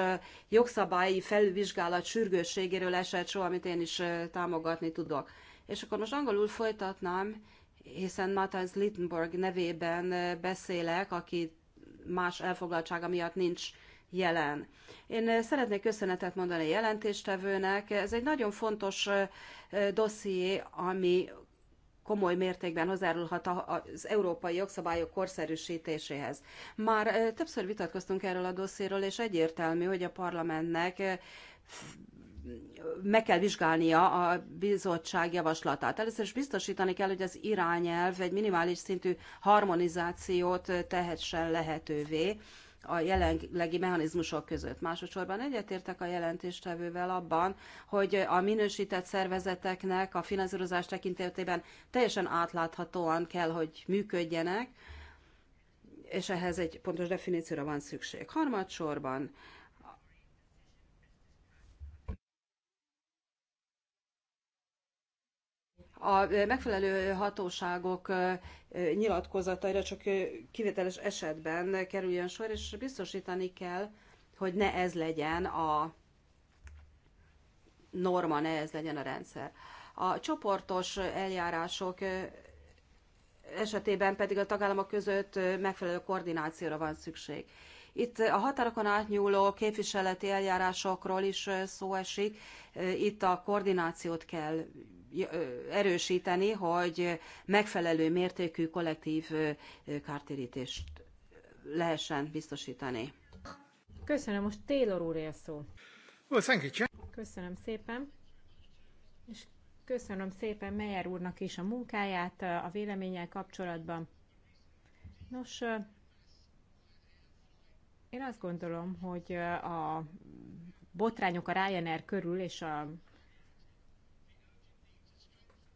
jogszabályi felvizsgálat sürgősségéről esett szó, amit én is támogatni tudok. És akkor most angolul folytatnám, hiszen Matthias Littenborg nevében beszélek, aki más elfoglaltsága miatt nincs jelen. Én szeretnék köszönetet mondani a jelentéstevőnek. Ez egy nagyon fontos dosszié, ami komoly mértékben hozzárulhat az európai jogszabályok korszerűsítéséhez. Már többször vitatkoztunk erről a dosszéről, és egyértelmű, hogy a parlamentnek meg kell vizsgálnia a bizottság javaslatát. Először is biztosítani kell, hogy az irányelv egy minimális szintű harmonizációt tehessen lehetővé a jelenlegi mechanizmusok között. Másodszorban egyetértek a jelentéstevővel abban, hogy a minősített szervezeteknek a finanszírozás tekintetében teljesen átláthatóan kell, hogy működjenek, és ehhez egy pontos definícióra van szükség. Harmadsorban A megfelelő hatóságok nyilatkozataira csak kivételes esetben kerüljön sor, és biztosítani kell, hogy ne ez legyen a norma, ne ez legyen a rendszer. A csoportos eljárások esetében pedig a tagállamok között megfelelő koordinációra van szükség. Itt a határokon átnyúló képviseleti eljárásokról is szó esik, itt a koordinációt kell erősíteni, hogy megfelelő mértékű kollektív kártérítést lehessen biztosítani. Köszönöm, most Taylor úr ér szó. Well, thank you, Köszönöm szépen. És köszönöm szépen Meyer úrnak is a munkáját a véleménnyel kapcsolatban. Nos, én azt gondolom, hogy a botrányok a Ryanair körül és a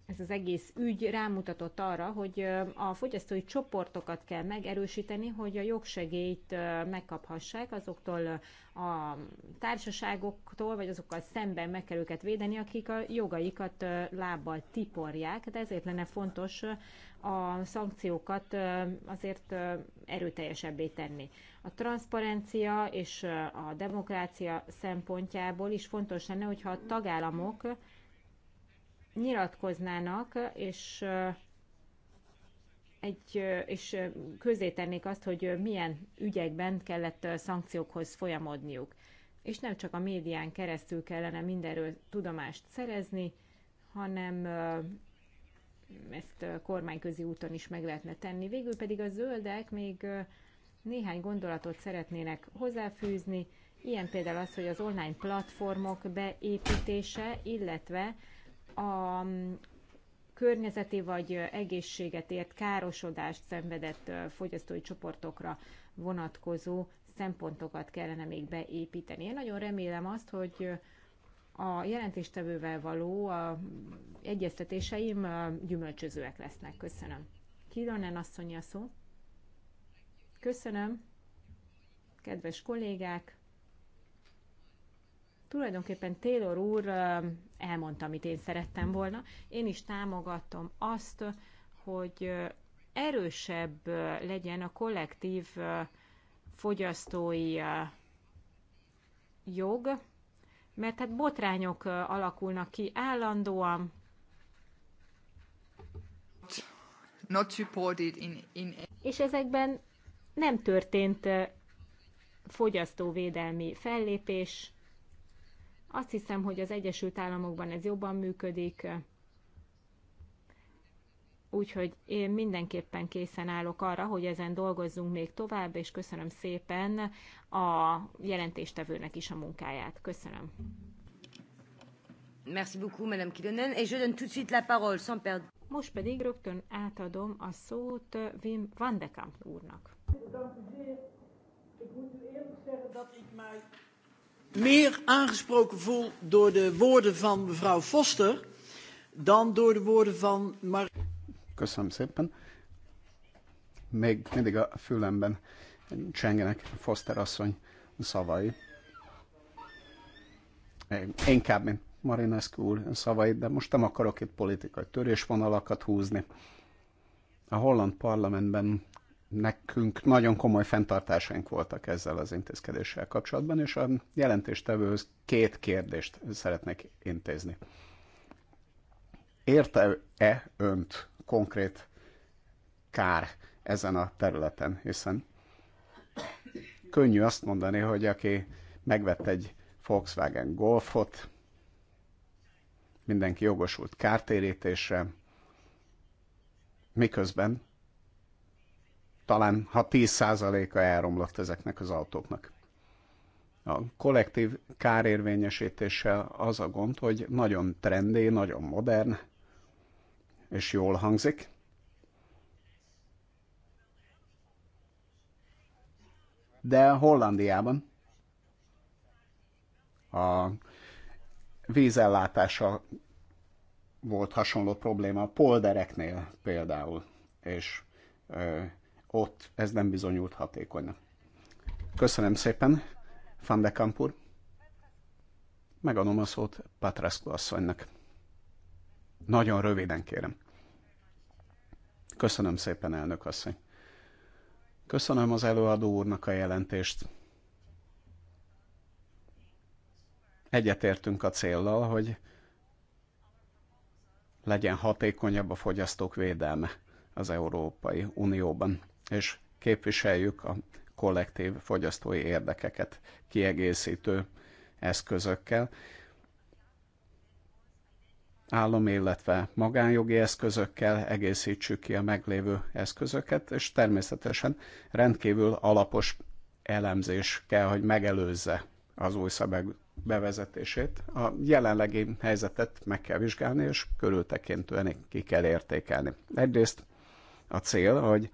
ez az egész ügy rámutatott arra, hogy a fogyasztói csoportokat kell megerősíteni, hogy a jogsegélyt megkaphassák azoktól a társaságoktól, vagy azokkal szemben meg kell őket védeni, akik a jogaikat lábbal tiporják, de hát ezért lenne fontos a szankciókat azért erőteljesebbé tenni. A transzparencia és a demokrácia szempontjából is fontos lenne, hogyha a tagállamok nyilatkoznának, és egy, és közzétennék azt, hogy milyen ügyekben kellett szankciókhoz folyamodniuk. És nem csak a médián keresztül kellene mindenről tudomást szerezni, hanem ezt kormányközi úton is meg lehetne tenni. Végül pedig a zöldek még néhány gondolatot szeretnének hozzáfűzni, ilyen például az, hogy az online platformok beépítése, illetve a környezeti vagy egészséget ért károsodást szenvedett fogyasztói csoportokra vonatkozó szempontokat kellene még beépíteni. Én nagyon remélem azt, hogy a jelentéstevővel való a egyeztetéseim gyümölcsözőek lesznek. Köszönöm. Kilonen asszony a szó. Köszönöm. Kedves kollégák, Tulajdonképpen Taylor úr elmondta, amit én szerettem volna. Én is támogatom azt, hogy erősebb legyen a kollektív fogyasztói jog, mert hát botrányok alakulnak ki állandóan. Not supported in, in... És ezekben nem történt fogyasztóvédelmi fellépés, azt hiszem, hogy az Egyesült Államokban ez jobban működik, úgyhogy én mindenképpen készen állok arra, hogy ezen dolgozzunk még tovább, és köszönöm szépen a jelentéstevőnek is a munkáját. Köszönöm. Merci beaucoup, Madame Kilonen, et je donne tout de suite la parole, sans perdre. Most pedig rögtön átadom a szót eh, Wim van de Kamp úrnak. Dank Ik moet u eerlijk zeggen dat ik mij meer aangesproken voel door de woorden van mevrouw Foster dan door de woorden van Mar... Köszönöm szépen. Még mindig a fülemben csengenek Foster asszony szavai. Inkább, mint Marinescu úr szavai, de most nem akarok itt politikai törésvonalakat húzni. A holland parlamentben nekünk nagyon komoly fenntartásaink voltak ezzel az intézkedéssel kapcsolatban, és a jelentéstevőhöz két kérdést szeretnék intézni. Érte-e önt konkrét kár ezen a területen, hiszen könnyű azt mondani, hogy aki megvett egy Volkswagen Golfot, mindenki jogosult kártérítésre, miközben talán ha 10%-a elromlott ezeknek az autóknak. A kollektív kárérvényesítéssel az a gond, hogy nagyon trendé, nagyon modern, és jól hangzik. De Hollandiában a vízellátása volt hasonló probléma a poldereknél például, és ott ez nem bizonyult hatékonynak. Köszönöm szépen, Van de Kampur. Megadom a szót Patrasco asszonynak. Nagyon röviden kérem. Köszönöm szépen, elnök asszony. Köszönöm az előadó úrnak a jelentést. Egyetértünk a céllal, hogy legyen hatékonyabb a fogyasztók védelme az Európai Unióban és képviseljük a kollektív fogyasztói érdekeket kiegészítő eszközökkel, állami, illetve magánjogi eszközökkel egészítsük ki a meglévő eszközöket, és természetesen rendkívül alapos elemzés kell, hogy megelőzze az új szabály bevezetését. A jelenlegi helyzetet meg kell vizsgálni, és körültekintően ki kell értékelni. Egyrészt a cél, hogy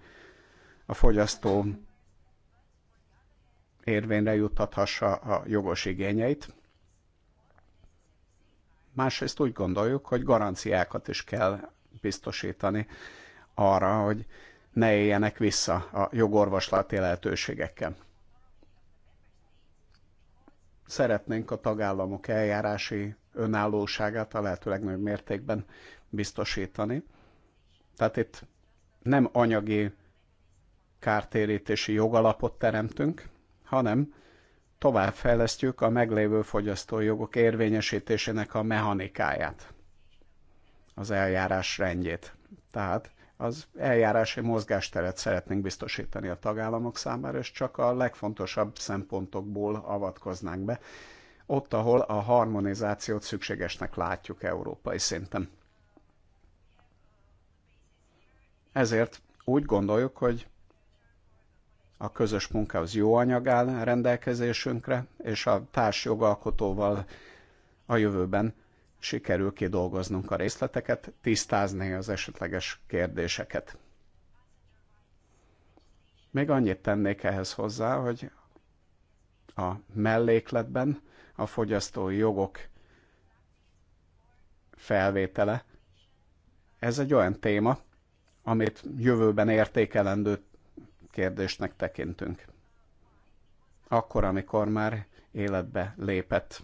a fogyasztó érvényre juttathassa a jogos igényeit. Másrészt úgy gondoljuk, hogy garanciákat is kell biztosítani arra, hogy ne éljenek vissza a jogorvoslati lehetőségekkel. Szeretnénk a tagállamok eljárási önállóságát a lehető legnagyobb mértékben biztosítani. Tehát itt nem anyagi kártérítési jogalapot teremtünk, hanem továbbfejlesztjük a meglévő fogyasztói jogok érvényesítésének a mechanikáját, az eljárás rendjét. Tehát az eljárási mozgásteret szeretnénk biztosítani a tagállamok számára, és csak a legfontosabb szempontokból avatkoznánk be, ott, ahol a harmonizációt szükségesnek látjuk európai szinten. Ezért úgy gondoljuk, hogy a közös az jó anyag áll rendelkezésünkre, és a társjogalkotóval a jövőben sikerül kidolgoznunk a részleteket, tisztázni az esetleges kérdéseket. Még annyit tennék ehhez hozzá, hogy a mellékletben a fogyasztói jogok felvétele. Ez egy olyan téma, amit jövőben értékelendő kérdésnek tekintünk. Akkor, amikor már életbe lépett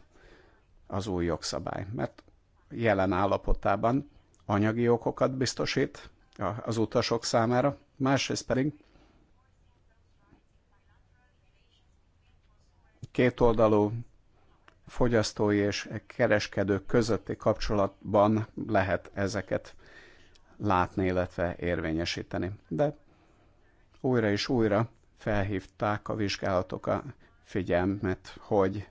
az új jogszabály, mert jelen állapotában anyagi okokat biztosít az utasok számára, másrészt pedig kétoldalú fogyasztói és kereskedők közötti kapcsolatban lehet ezeket látni, illetve érvényesíteni. De újra és újra felhívták a vizsgálatok a figyelmet, hogy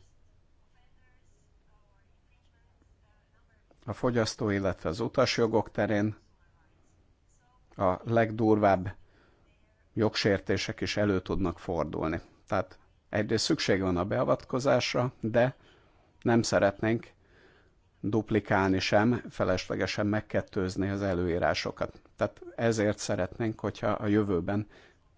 a fogyasztó, illetve az utasjogok terén a legdurvább jogsértések is elő tudnak fordulni. Tehát egyrészt szükség van a beavatkozásra, de nem szeretnénk duplikálni sem, feleslegesen megkettőzni az előírásokat. Tehát ezért szeretnénk, hogyha a jövőben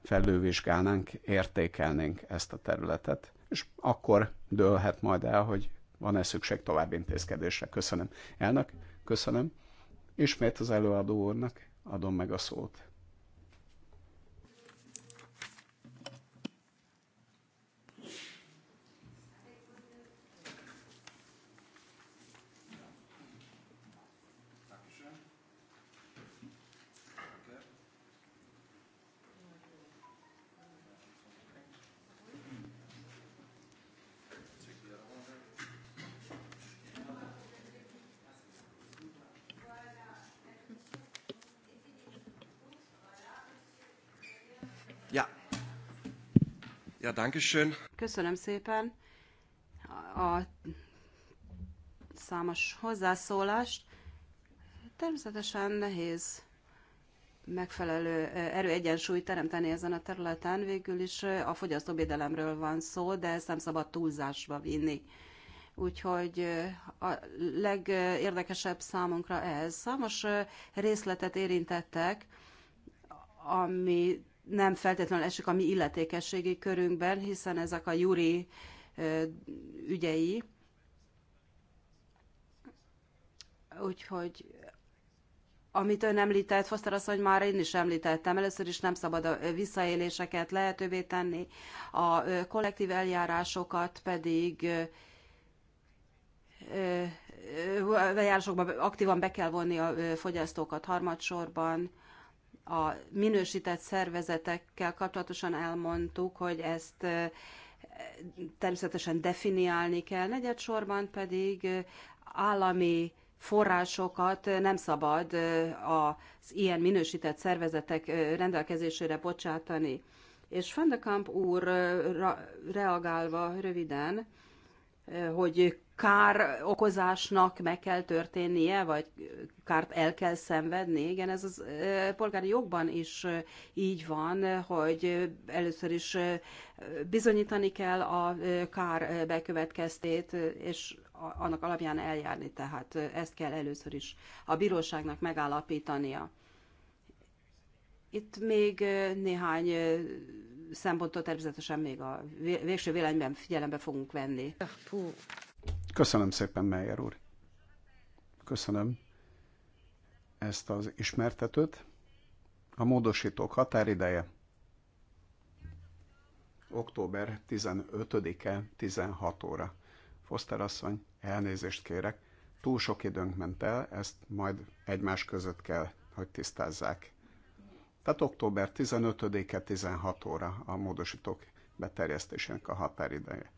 felülvizsgálnánk, értékelnénk ezt a területet, és akkor dőlhet majd el, hogy van-e szükség további intézkedésre. Köszönöm. Elnök, köszönöm. Ismét az előadó úrnak adom meg a szót. Ja, danke schön. Köszönöm szépen a számos hozzászólást. Természetesen nehéz megfelelő eh, erőegyensúlyt teremteni ezen a területen. Végül is eh, a fogyasztóvédelemről van szó, de ezt nem szabad túlzásba vinni. Úgyhogy eh, a legérdekesebb számunkra ez. Számos részletet érintettek, ami nem feltétlenül esik a mi illetékességi körünkben, hiszen ezek a Juri ügyei. Úgyhogy amit ön említett, Foster asszony, már én is említettem, először is nem szabad a visszaéléseket lehetővé tenni, a kollektív eljárásokat pedig eljárásokban aktívan be kell vonni a fogyasztókat harmadsorban, a minősített szervezetekkel kapcsolatosan elmondtuk, hogy ezt természetesen definiálni kell, negyedsorban pedig állami forrásokat nem szabad az ilyen minősített szervezetek rendelkezésére bocsátani. És Fandekamp úr reagálva röviden, hogy kár okozásnak meg kell történnie, vagy kárt el kell szenvedni. Igen, ez az polgári jogban is így van, hogy először is bizonyítani kell a kár bekövetkeztét, és annak alapján eljárni, tehát ezt kell először is a bíróságnak megállapítania. Itt még néhány szempontot természetesen még a végső véleményben figyelembe fogunk venni. Köszönöm szépen, Meyer úr. Köszönöm ezt az ismertetőt. A módosítók határideje október 15-e 16 óra. Foster asszony, elnézést kérek, túl sok időnk ment el, ezt majd egymás között kell, hogy tisztázzák. Tehát október 15-e 16 óra a módosítók beterjesztésének a határideje.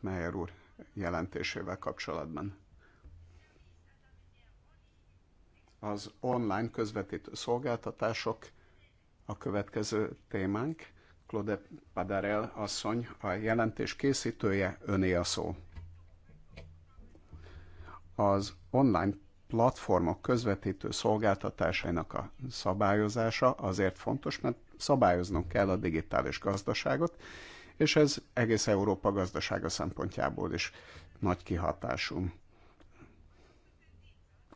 Meyer úr, jelentésével kapcsolatban. Az online közvetítő szolgáltatások a következő témánk. Claude Padarel asszony, a jelentés készítője, öné a szó. Az online platformok közvetítő szolgáltatásainak a szabályozása azért fontos, mert szabályoznunk kell a digitális gazdaságot, és ez egész Európa gazdasága szempontjából is nagy kihatású.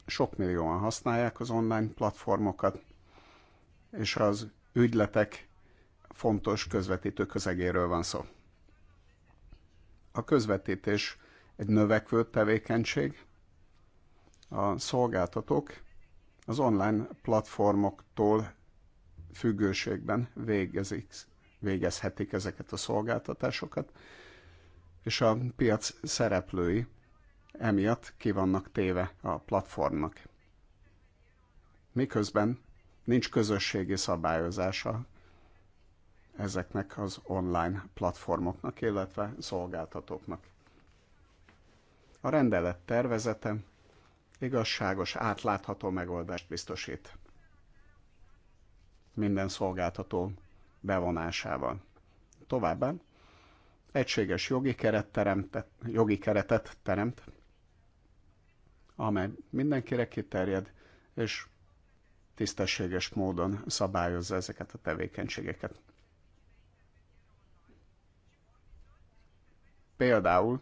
Sok millióan használják az online platformokat, és az ügyletek fontos közvetítő közegéről van szó. A közvetítés egy növekvő tevékenység, a szolgáltatók az online platformoktól függőségben végezik végezhetik ezeket a szolgáltatásokat, és a piac szereplői emiatt ki vannak téve a platformnak. Miközben nincs közösségi szabályozása ezeknek az online platformoknak, illetve szolgáltatóknak. A rendelet tervezete igazságos, átlátható megoldást biztosít. Minden szolgáltató bevonásával. Továbbá egységes jogi, keret teremtet, jogi keretet teremt, amely mindenkire kiterjed, és tisztességes módon szabályozza ezeket a tevékenységeket. Például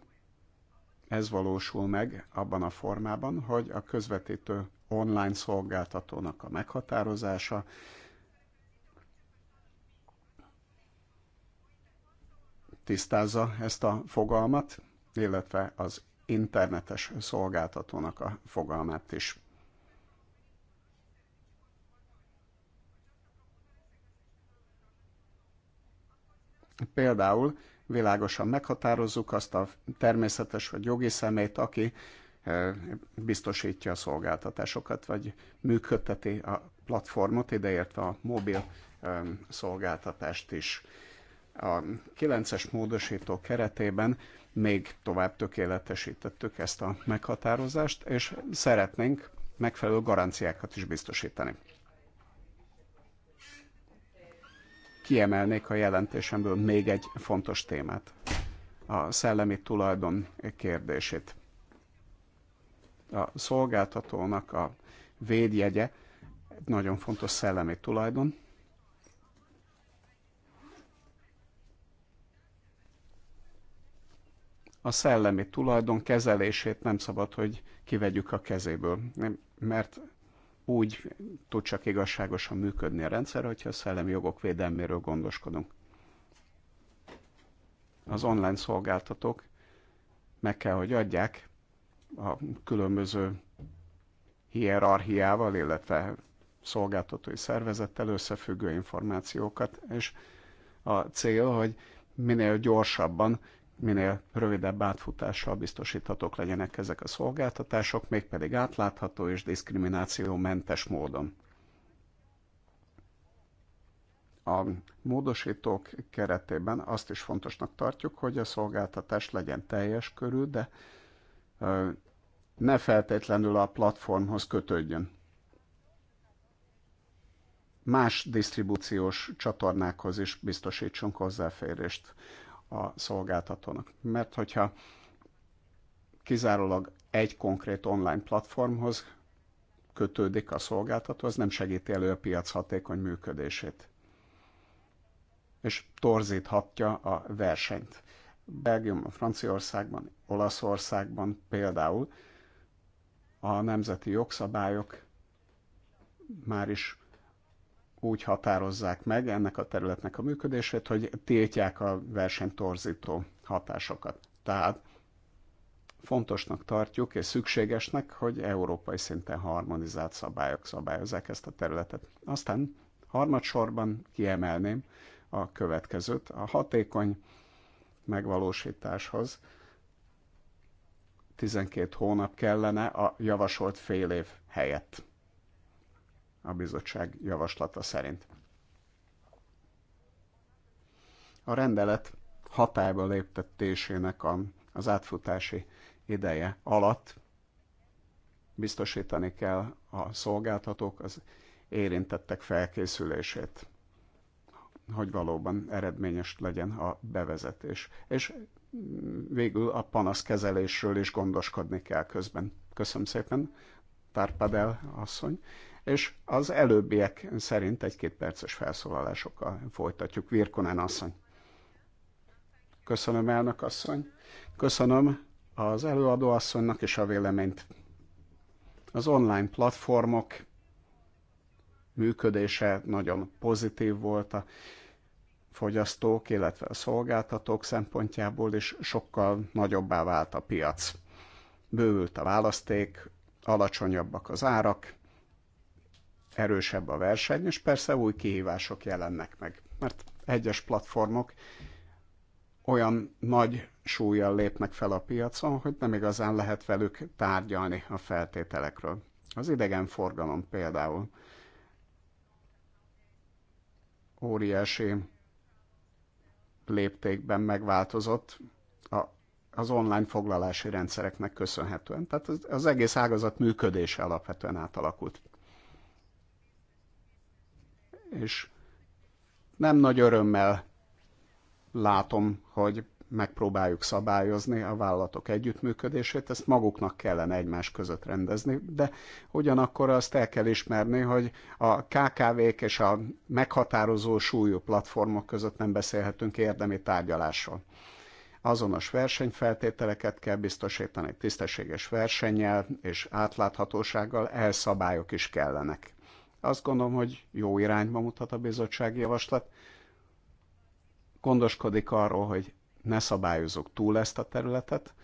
ez valósul meg abban a formában, hogy a közvetítő online szolgáltatónak a meghatározása tisztázza ezt a fogalmat, illetve az internetes szolgáltatónak a fogalmát is. Például világosan meghatározzuk azt a természetes vagy jogi szemét, aki eh, biztosítja a szolgáltatásokat, vagy működteti a platformot, ideértve a mobil eh, szolgáltatást is a 9-es módosító keretében még tovább tökéletesítettük ezt a meghatározást, és szeretnénk megfelelő garanciákat is biztosítani. Kiemelnék a jelentésemből még egy fontos témát, a szellemi tulajdon kérdését. A szolgáltatónak a védjegye nagyon fontos szellemi tulajdon, a szellemi tulajdon kezelését nem szabad, hogy kivegyük a kezéből, mert úgy tud csak igazságosan működni a rendszer, hogyha a szellemi jogok védelméről gondoskodunk. Az online szolgáltatók meg kell, hogy adják a különböző hierarchiával, illetve szolgáltatói szervezettel összefüggő információkat, és a cél, hogy minél gyorsabban minél rövidebb átfutással biztosíthatók legyenek ezek a szolgáltatások, mégpedig átlátható és diszkriminációmentes módon. A módosítók keretében azt is fontosnak tartjuk, hogy a szolgáltatás legyen teljes körül, de ne feltétlenül a platformhoz kötődjön. Más disztribúciós csatornákhoz is biztosítsunk hozzáférést a szolgáltatónak. Mert hogyha kizárólag egy konkrét online platformhoz kötődik a szolgáltató, az nem segíti elő a piac hatékony működését. És torzíthatja a versenyt. Belgiumban, Franciaországban, Olaszországban például a nemzeti jogszabályok már is úgy határozzák meg ennek a területnek a működését, hogy tiltják a versenytorzító hatásokat. Tehát fontosnak tartjuk és szükségesnek, hogy európai szinten harmonizált szabályok szabályozzák ezt a területet. Aztán harmadsorban kiemelném a következőt. A hatékony megvalósításhoz 12 hónap kellene a javasolt fél év helyett a bizottság javaslata szerint. A rendelet hatályba léptetésének a, az átfutási ideje alatt biztosítani kell a szolgáltatók az érintettek felkészülését, hogy valóban eredményes legyen a bevezetés. És végül a panaszkezelésről is gondoskodni kell közben. Köszönöm szépen, Tárpadel asszony és az előbbiek szerint egy-két perces felszólalásokkal folytatjuk. Virkonen asszony. Köszönöm, elnök asszony. Köszönöm az előadó asszonynak és a véleményt. Az online platformok működése nagyon pozitív volt a fogyasztók, illetve a szolgáltatók szempontjából is sokkal nagyobbá vált a piac. Bővült a választék, alacsonyabbak az árak, erősebb a verseny, és persze új kihívások jelennek meg. Mert egyes platformok olyan nagy súlyjal lépnek fel a piacon, hogy nem igazán lehet velük tárgyalni a feltételekről. Az idegenforgalom például óriási léptékben megváltozott a, az online foglalási rendszereknek köszönhetően. Tehát az, az egész ágazat működése alapvetően átalakult és nem nagy örömmel látom, hogy megpróbáljuk szabályozni a vállalatok együttműködését, ezt maguknak kellene egymás között rendezni, de ugyanakkor azt el kell ismerni, hogy a KKV-k és a meghatározó súlyú platformok között nem beszélhetünk érdemi tárgyalásról. Azonos versenyfeltételeket kell biztosítani, tisztességes versennyel és átláthatósággal, elszabályok is kellenek. Azt gondolom, hogy jó irányba mutat a bizottsági javaslat. Gondoskodik arról, hogy ne szabályozzuk túl ezt a területet,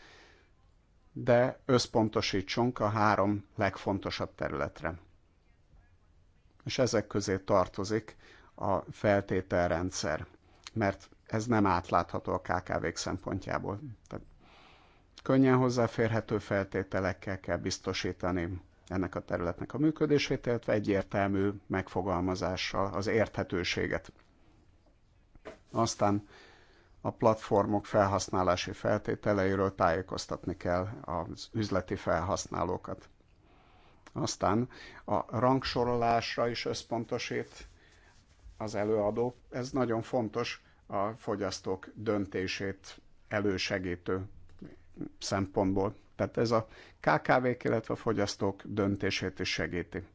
de összpontosítsunk a három legfontosabb területre. És ezek közé tartozik a feltételrendszer, mert ez nem átlátható a KKV-k szempontjából. Tehát könnyen hozzáférhető feltételekkel kell biztosítani ennek a területnek a működését, illetve egyértelmű megfogalmazással az érthetőséget. Aztán a platformok felhasználási feltételeiről tájékoztatni kell az üzleti felhasználókat. Aztán a rangsorolásra is összpontosít az előadó. Ez nagyon fontos a fogyasztók döntését elősegítő szempontból. Tehát ez a KKV-k, illetve a fogyasztók döntését is segíti.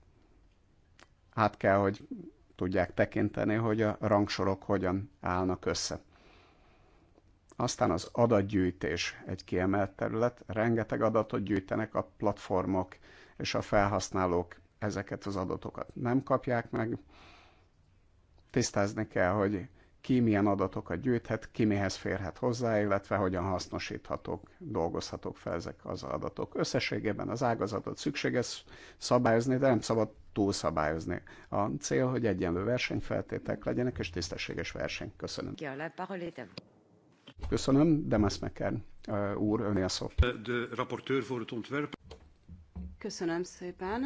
Hát kell, hogy tudják tekinteni, hogy a rangsorok hogyan állnak össze. Aztán az adatgyűjtés egy kiemelt terület. Rengeteg adatot gyűjtenek a platformok és a felhasználók ezeket az adatokat nem kapják meg. Tisztázni kell, hogy ki milyen adatokat gyűjthet, ki mihez férhet hozzá, illetve hogyan hasznosíthatók, dolgozhatók fel ezek az adatok. Összességében az ágazatot szükséges szabályozni, de nem szabad túlszabályozni. A cél, hogy egyenlő versenyfeltétek legyenek, és tisztességes verseny. Köszönöm. Köszönöm, Demes kell úr, önél szó. Köszönöm szépen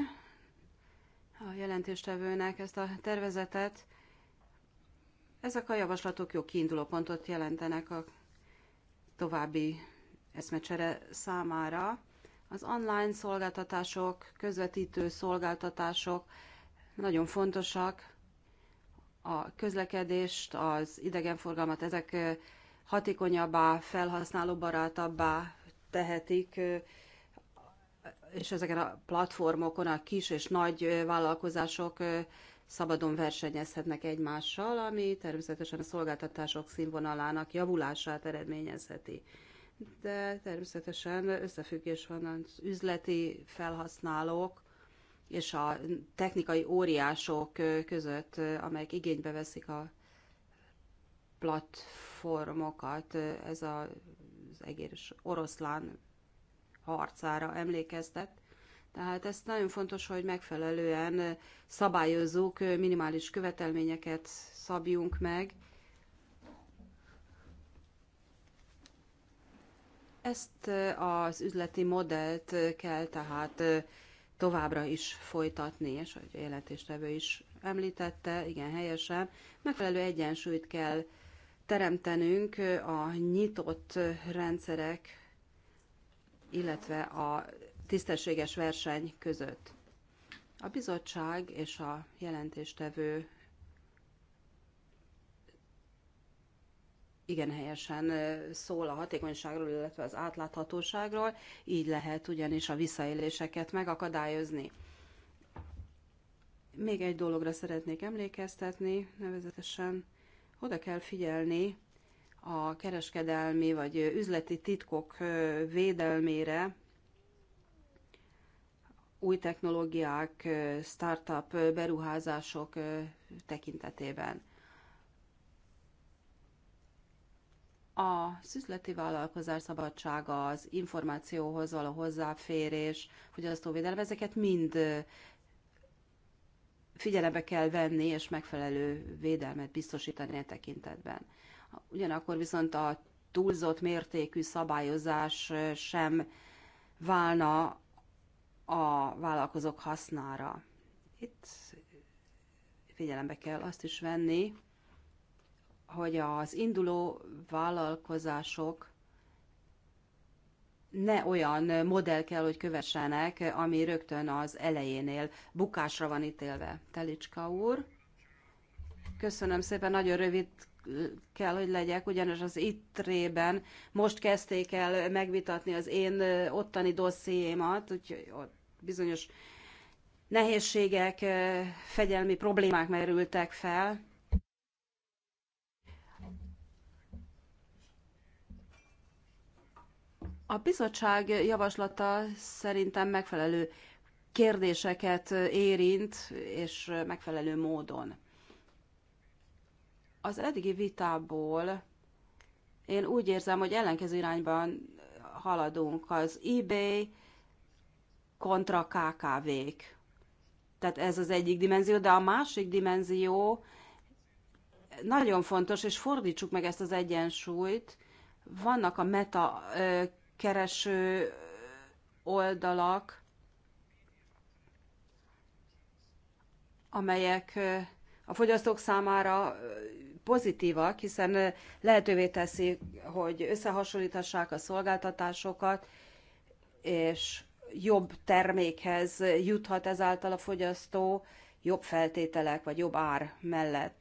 a jelentéstevőnek ezt a tervezetet. Ezek a javaslatok jó kiinduló pontot jelentenek a további eszmecsere számára. Az online szolgáltatások, közvetítő szolgáltatások nagyon fontosak. A közlekedést, az idegenforgalmat ezek hatékonyabbá, felhasználóbarátabbá tehetik, és ezeken a platformokon a kis és nagy vállalkozások szabadon versenyezhetnek egymással, ami természetesen a szolgáltatások színvonalának javulását eredményezheti. De természetesen összefüggés van az üzleti felhasználók és a technikai óriások között, amelyek igénybe veszik a platformokat. Ez az egész oroszlán harcára emlékeztet. Tehát ezt nagyon fontos, hogy megfelelően szabályozzuk, minimális követelményeket szabjunk meg. Ezt eh, az üzleti modellt eh, kell tehát eh, továbbra is folytatni, és hogy a jelentéstevő is említette, igen helyesen, megfelelő egyensúlyt kell teremtenünk a nyitott rendszerek, illetve a tisztességes verseny között. A bizottság és a jelentéstevő igen helyesen szól a hatékonyságról, illetve az átláthatóságról, így lehet ugyanis a visszaéléseket megakadályozni. Még egy dologra szeretnék emlékeztetni, nevezetesen oda kell figyelni a kereskedelmi vagy üzleti titkok védelmére, új technológiák, startup beruházások tekintetében. A szüzleti vállalkozás szabadsága, az információhoz való hozzáférés, fogyasztóvédelem, ezeket mind figyelembe kell venni, és megfelelő védelmet biztosítani a tekintetben. Ugyanakkor viszont a túlzott mértékű szabályozás sem válna a vállalkozók hasznára. Itt figyelembe kell azt is venni, hogy az induló vállalkozások ne olyan modell kell, hogy kövessenek, ami rögtön az elejénél bukásra van ítélve. Telicska úr, köszönöm szépen, nagyon rövid kell, hogy legyek, ugyanis az ittrében most kezdték el megvitatni az én ottani dossziémat, úgyhogy ott bizonyos nehézségek, fegyelmi problémák merültek fel. A bizottság javaslata szerintem megfelelő kérdéseket érint, és megfelelő módon. Az eddigi vitából én úgy érzem, hogy ellenkező irányban haladunk. Az eBay kontra KKV-k. Tehát ez az egyik dimenzió, de a másik dimenzió nagyon fontos, és fordítsuk meg ezt az egyensúlyt. Vannak a meta kereső oldalak, amelyek a fogyasztók számára pozitívak, hiszen lehetővé teszi, hogy összehasonlíthassák a szolgáltatásokat, és jobb termékhez juthat ezáltal a fogyasztó jobb feltételek vagy jobb ár mellett.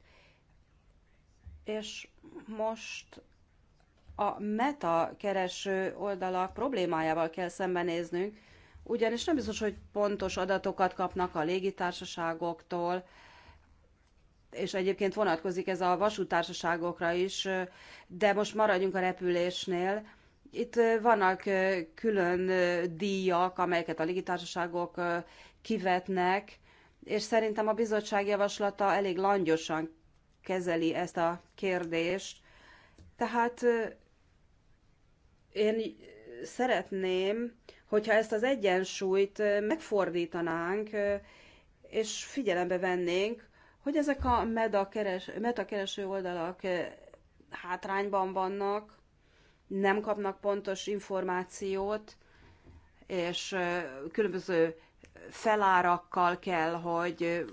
És most a meta kereső oldalak problémájával kell szembenéznünk, ugyanis nem biztos, hogy pontos adatokat kapnak a légitársaságoktól, és egyébként vonatkozik ez a vasútársaságokra is, de most maradjunk a repülésnél. Itt vannak külön díjak, amelyeket a légitársaságok kivetnek, és szerintem a bizottság javaslata elég langyosan kezeli ezt a kérdést. Tehát én szeretném, hogyha ezt az egyensúlyt megfordítanánk, és figyelembe vennénk, hogy ezek a meta kereső oldalak eh, hátrányban vannak, nem kapnak pontos információt, és eh, különböző felárakkal kell, hogy eh,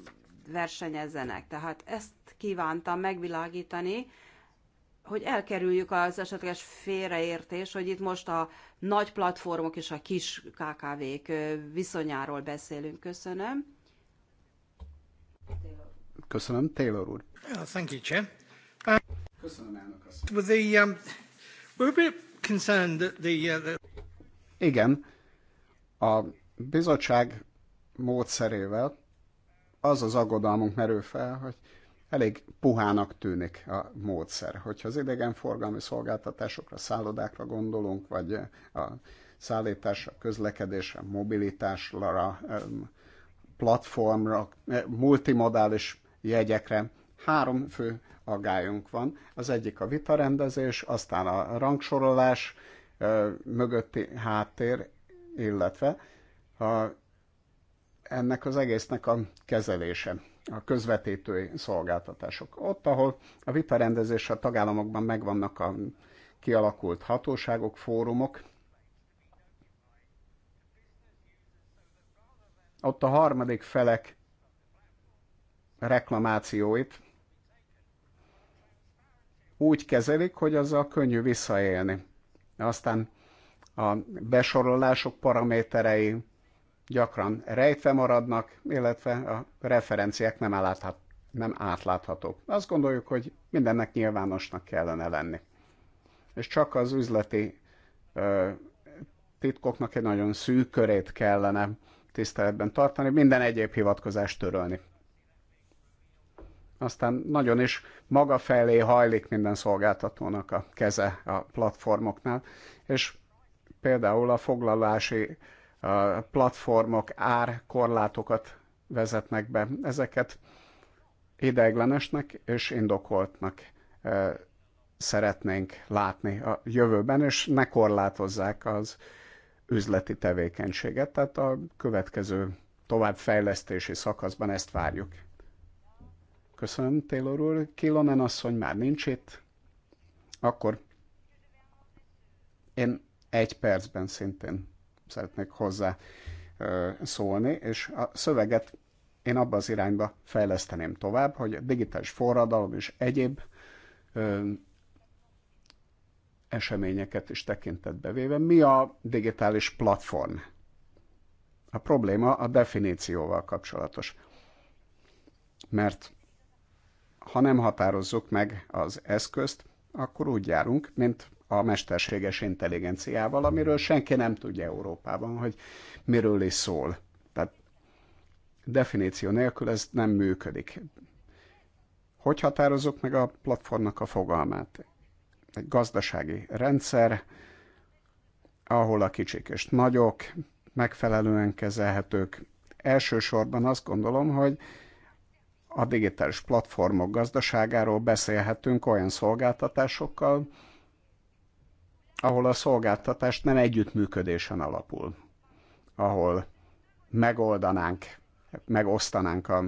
versenyezzenek. Tehát ezt kívántam megvilágítani, hogy elkerüljük az esetleges félreértés, hogy itt most a nagy platformok és a kis KKV-k viszonyáról beszélünk. Köszönöm. Köszönöm, Taylor úr. Thank you, Chair. Köszönöm, elnök asszony. Uh, the, um, we're a bit concerned that the, uh, the... Igen, a bizottság módszerével az az aggodalmunk merül fel, hogy elég puhának tűnik a módszer. Hogyha az idegenforgalmi szolgáltatásokra, szállodákra gondolunk, vagy a szállításra, közlekedésre, mobilitásra, um, platformra, multimodális jegyekre. Három fő aggályunk van. Az egyik a vitarendezés, aztán a rangsorolás mögötti háttér, illetve a, ennek az egésznek a kezelése a közvetítői szolgáltatások. Ott, ahol a vitarendezés a tagállamokban megvannak a kialakult hatóságok, fórumok, ott a harmadik felek reklamációit úgy kezelik, hogy azzal könnyű visszaélni. Aztán a besorolások paraméterei gyakran rejtve maradnak, illetve a referenciák nem, átláthat, nem átláthatók. Azt gondoljuk, hogy mindennek nyilvánosnak kellene lenni. És csak az üzleti ö, titkoknak egy nagyon szűk körét kellene tiszteletben tartani, minden egyéb hivatkozást törölni aztán nagyon is maga felé hajlik minden szolgáltatónak a keze a platformoknál, és például a foglalási platformok árkorlátokat vezetnek be. Ezeket ideiglenesnek és indokoltnak szeretnénk látni a jövőben, és ne korlátozzák az üzleti tevékenységet. Tehát a következő továbbfejlesztési szakaszban ezt várjuk. Köszönöm, Taylor úr. Kilonen asszony már nincs itt. Akkor én egy percben szintén szeretnék hozzá szólni, és a szöveget én abba az irányba fejleszteném tovább, hogy a digitális forradalom és egyéb ö, eseményeket is tekintetbe véve, mi a digitális platform? A probléma a definícióval kapcsolatos. Mert ha nem határozzuk meg az eszközt, akkor úgy járunk, mint a mesterséges intelligenciával, amiről senki nem tudja Európában, hogy miről is szól. Tehát definíció nélkül ez nem működik. Hogy határozzuk meg a platformnak a fogalmát? Egy gazdasági rendszer, ahol a kicsik és nagyok megfelelően kezelhetők. Elsősorban azt gondolom, hogy a digitális platformok gazdaságáról beszélhetünk olyan szolgáltatásokkal, ahol a szolgáltatás nem együttműködésen alapul, ahol megoldanánk, megosztanánk a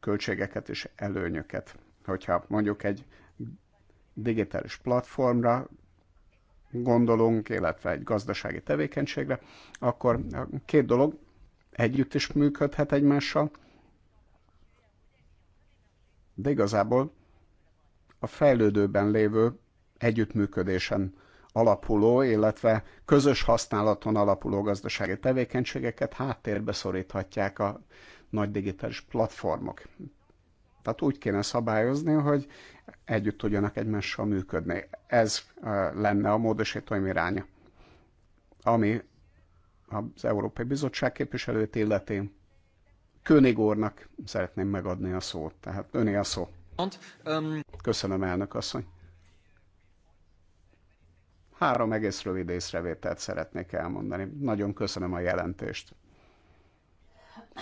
költségeket és előnyöket. Hogyha mondjuk egy digitális platformra gondolunk, illetve egy gazdasági tevékenységre, akkor két dolog együtt is működhet egymással, de igazából a fejlődőben lévő együttműködésen alapuló, illetve közös használaton alapuló gazdasági tevékenységeket háttérbe szoríthatják a nagy digitális platformok. Tehát úgy kéne szabályozni, hogy együtt tudjanak egymással működni. Ez lenne a módosítóim iránya. Ami az Európai Bizottság képviselőt illeti, König úrnak szeretném megadni a szót, tehát öné a szó. Köszönöm, elnök asszony. Három egész rövid észrevételt szeretnék elmondani. Nagyon köszönöm a jelentést.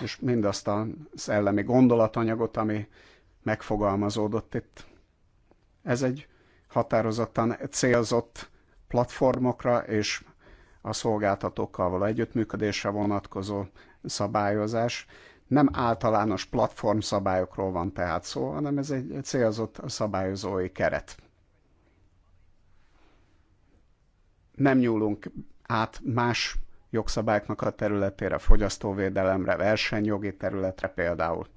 És mindazt a szellemi gondolatanyagot, ami megfogalmazódott itt. Ez egy határozottan célzott platformokra és a szolgáltatókkal való együttműködésre vonatkozó szabályozás, nem általános szabályokról van tehát szó, hanem ez egy célzott szabályozói keret. Nem nyúlunk át más jogszabályoknak a területére, fogyasztóvédelemre, versenyjogi területre például.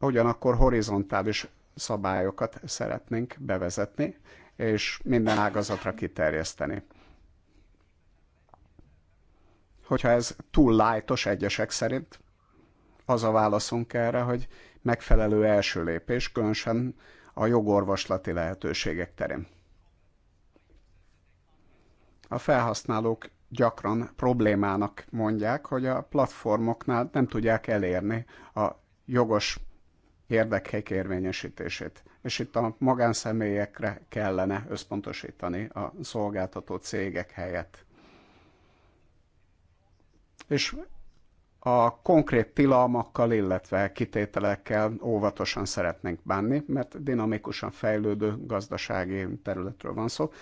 Ugyanakkor horizontális szabályokat szeretnénk bevezetni, és minden ágazatra kiterjeszteni hogyha ez túl lájtos egyesek szerint, az a válaszunk erre, hogy megfelelő első lépés, különösen a jogorvoslati lehetőségek terén. A felhasználók gyakran problémának mondják, hogy a platformoknál nem tudják elérni a jogos érdekek érvényesítését. És itt a magánszemélyekre kellene összpontosítani a szolgáltató cégek helyett és a konkrét tilalmakkal, illetve kitételekkel óvatosan szeretnénk bánni, mert dinamikusan fejlődő gazdasági területről van szó.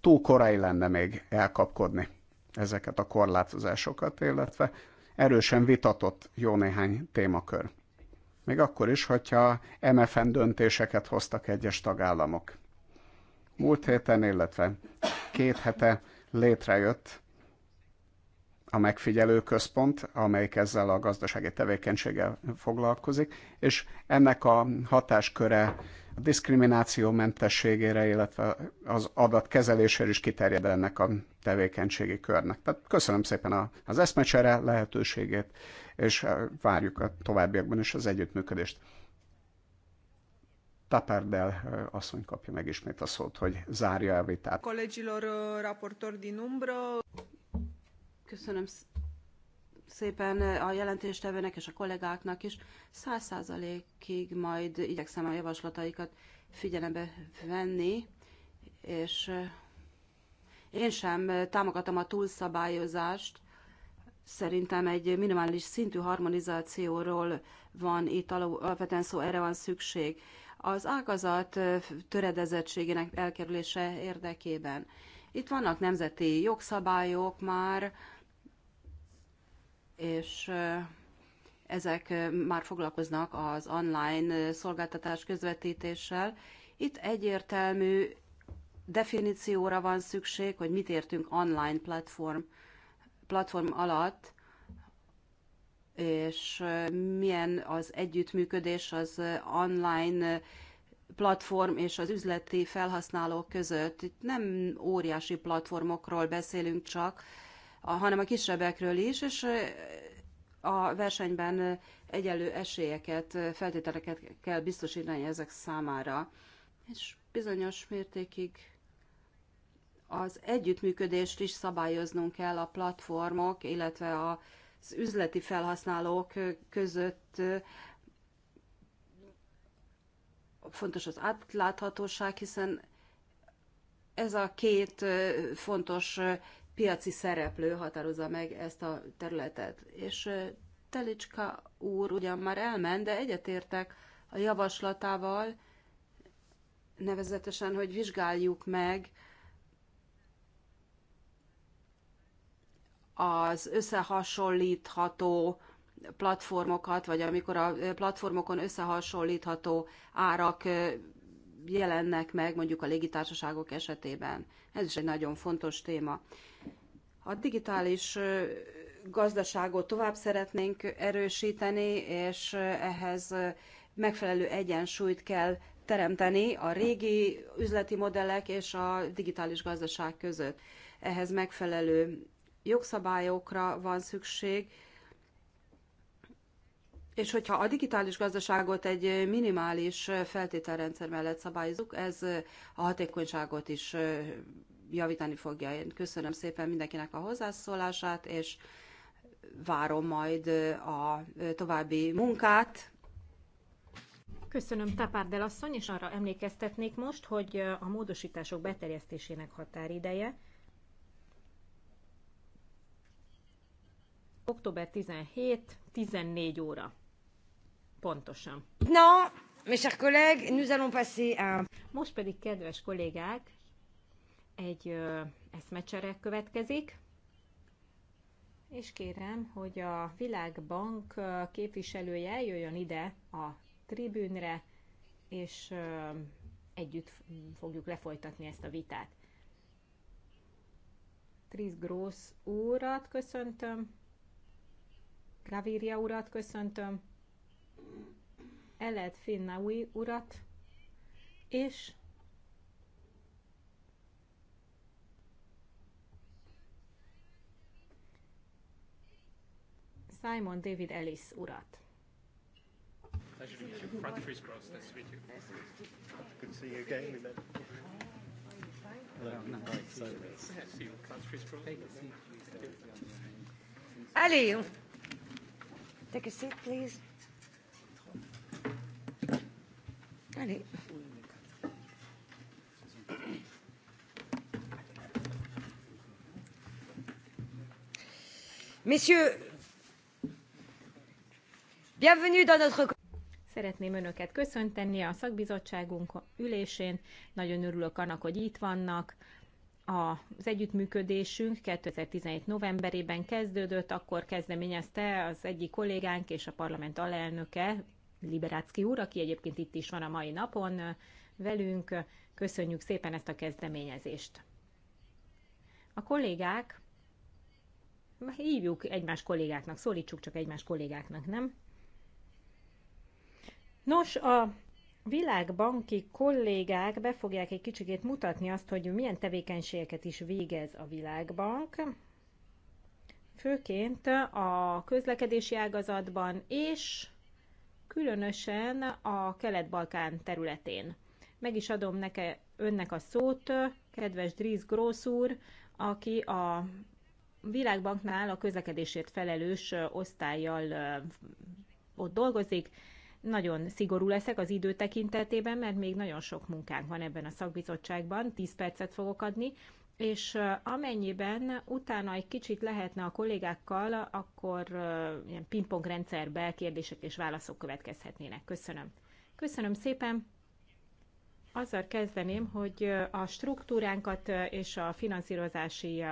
Túl korai lenne még elkapkodni ezeket a korlátozásokat, illetve erősen vitatott jó néhány témakör. Még akkor is, hogyha MFN döntéseket hoztak egyes tagállamok. Múlt héten, illetve két hete létrejött a megfigyelő központ, amelyik ezzel a gazdasági tevékenységgel foglalkozik, és ennek a hatásköre a diszkrimináció mentességére, illetve az kezelésére is kiterjed ennek a tevékenységi körnek. Tehát köszönöm szépen az eszmecsere lehetőségét, és eh, várjuk a továbbiakban is az együttműködést. Taperdel eh, asszony kapja meg ismét a szót, hogy zárja el vitát. Kollégilor eh, raportor din umbră. Köszönöm szépen a jelentéstevőnek és a kollégáknak is. Száz százalékig majd igyekszem a javaslataikat figyelembe venni, és eh, én sem támogatom a túlszabályozást. Szerintem egy minimális szintű harmonizációról van itt alapvetően szó, erre van szükség. Az ágazat eh, töredezettségének elkerülése érdekében. Itt vannak nemzeti jogszabályok már, és ezek már foglalkoznak az online szolgáltatás közvetítéssel. Itt egyértelmű definícióra van szükség, hogy mit értünk online platform, platform alatt, és milyen az együttműködés az online platform és az üzleti felhasználók között. Itt nem óriási platformokról beszélünk csak, hanem a kisebbekről is, és a versenyben egyenlő esélyeket, feltételeket kell biztosítani ezek számára. És bizonyos mértékig az együttműködést is szabályoznunk kell a platformok, illetve az üzleti felhasználók között. Fontos az átláthatóság, hiszen ez a két fontos piaci szereplő határozza meg ezt a területet. És Telicska úr ugyan már elment, de egyetértek a javaslatával, nevezetesen, hogy vizsgáljuk meg az összehasonlítható platformokat, vagy amikor a platformokon összehasonlítható árak jelennek meg mondjuk a légitársaságok esetében. Ez is egy nagyon fontos téma. A digitális gazdaságot tovább szeretnénk erősíteni, és ehhez megfelelő egyensúlyt kell teremteni a régi üzleti modellek és a digitális gazdaság között. Ehhez megfelelő jogszabályokra van szükség, és hogyha a digitális gazdaságot egy minimális feltételrendszer mellett szabályozunk, ez a hatékonyságot is javítani fogja. Én köszönöm szépen mindenkinek a hozzászólását, és várom majd a további munkát. Köszönöm Tapárdel asszony, és arra emlékeztetnék most, hogy a módosítások beterjesztésének határideje október 17, 14 óra pontosan. Na, mes chers collègues, nous allons passer à... Most pedig, kedves kollégák, egy uh, eszmecsere következik, és kérem, hogy a Világbank képviselője jöjjön ide a tribűnre, és együtt fogjuk lefolytatni ezt a vitát. Tris Gross úrat köszöntöm, Gaviria urat köszöntöm, finna új urat, és Simon David Ellis urat. Ali, take a seat, please. Allez. Messieurs, bienvenue dans notre... Szeretném Önöket köszönteni a szakbizottságunk ülésén. Nagyon örülök annak, hogy itt vannak. Az együttműködésünk 2017. novemberében kezdődött, akkor kezdeményezte az egyik kollégánk és a parlament alelnöke, Liberácki úr, aki egyébként itt is van a mai napon velünk. Köszönjük szépen ezt a kezdeményezést. A kollégák, hívjuk egymás kollégáknak, szólítsuk csak egymás kollégáknak, nem? Nos, a világbanki kollégák be fogják egy kicsikét mutatni azt, hogy milyen tevékenységeket is végez a világbank, főként a közlekedési ágazatban és különösen a Kelet-Balkán területén. Meg is adom neke, önnek a szót, kedves Dries Gross úr, aki a Világbanknál a közlekedésért felelős osztályjal ott dolgozik. Nagyon szigorú leszek az idő tekintetében, mert még nagyon sok munkánk van ebben a szakbizottságban, 10 percet fogok adni, és amennyiben utána egy kicsit lehetne a kollégákkal, akkor ilyen pingpong rendszerbe kérdések és válaszok következhetnének. Köszönöm. Köszönöm szépen. Azzal kezdeném, hogy a struktúránkat és a finanszírozási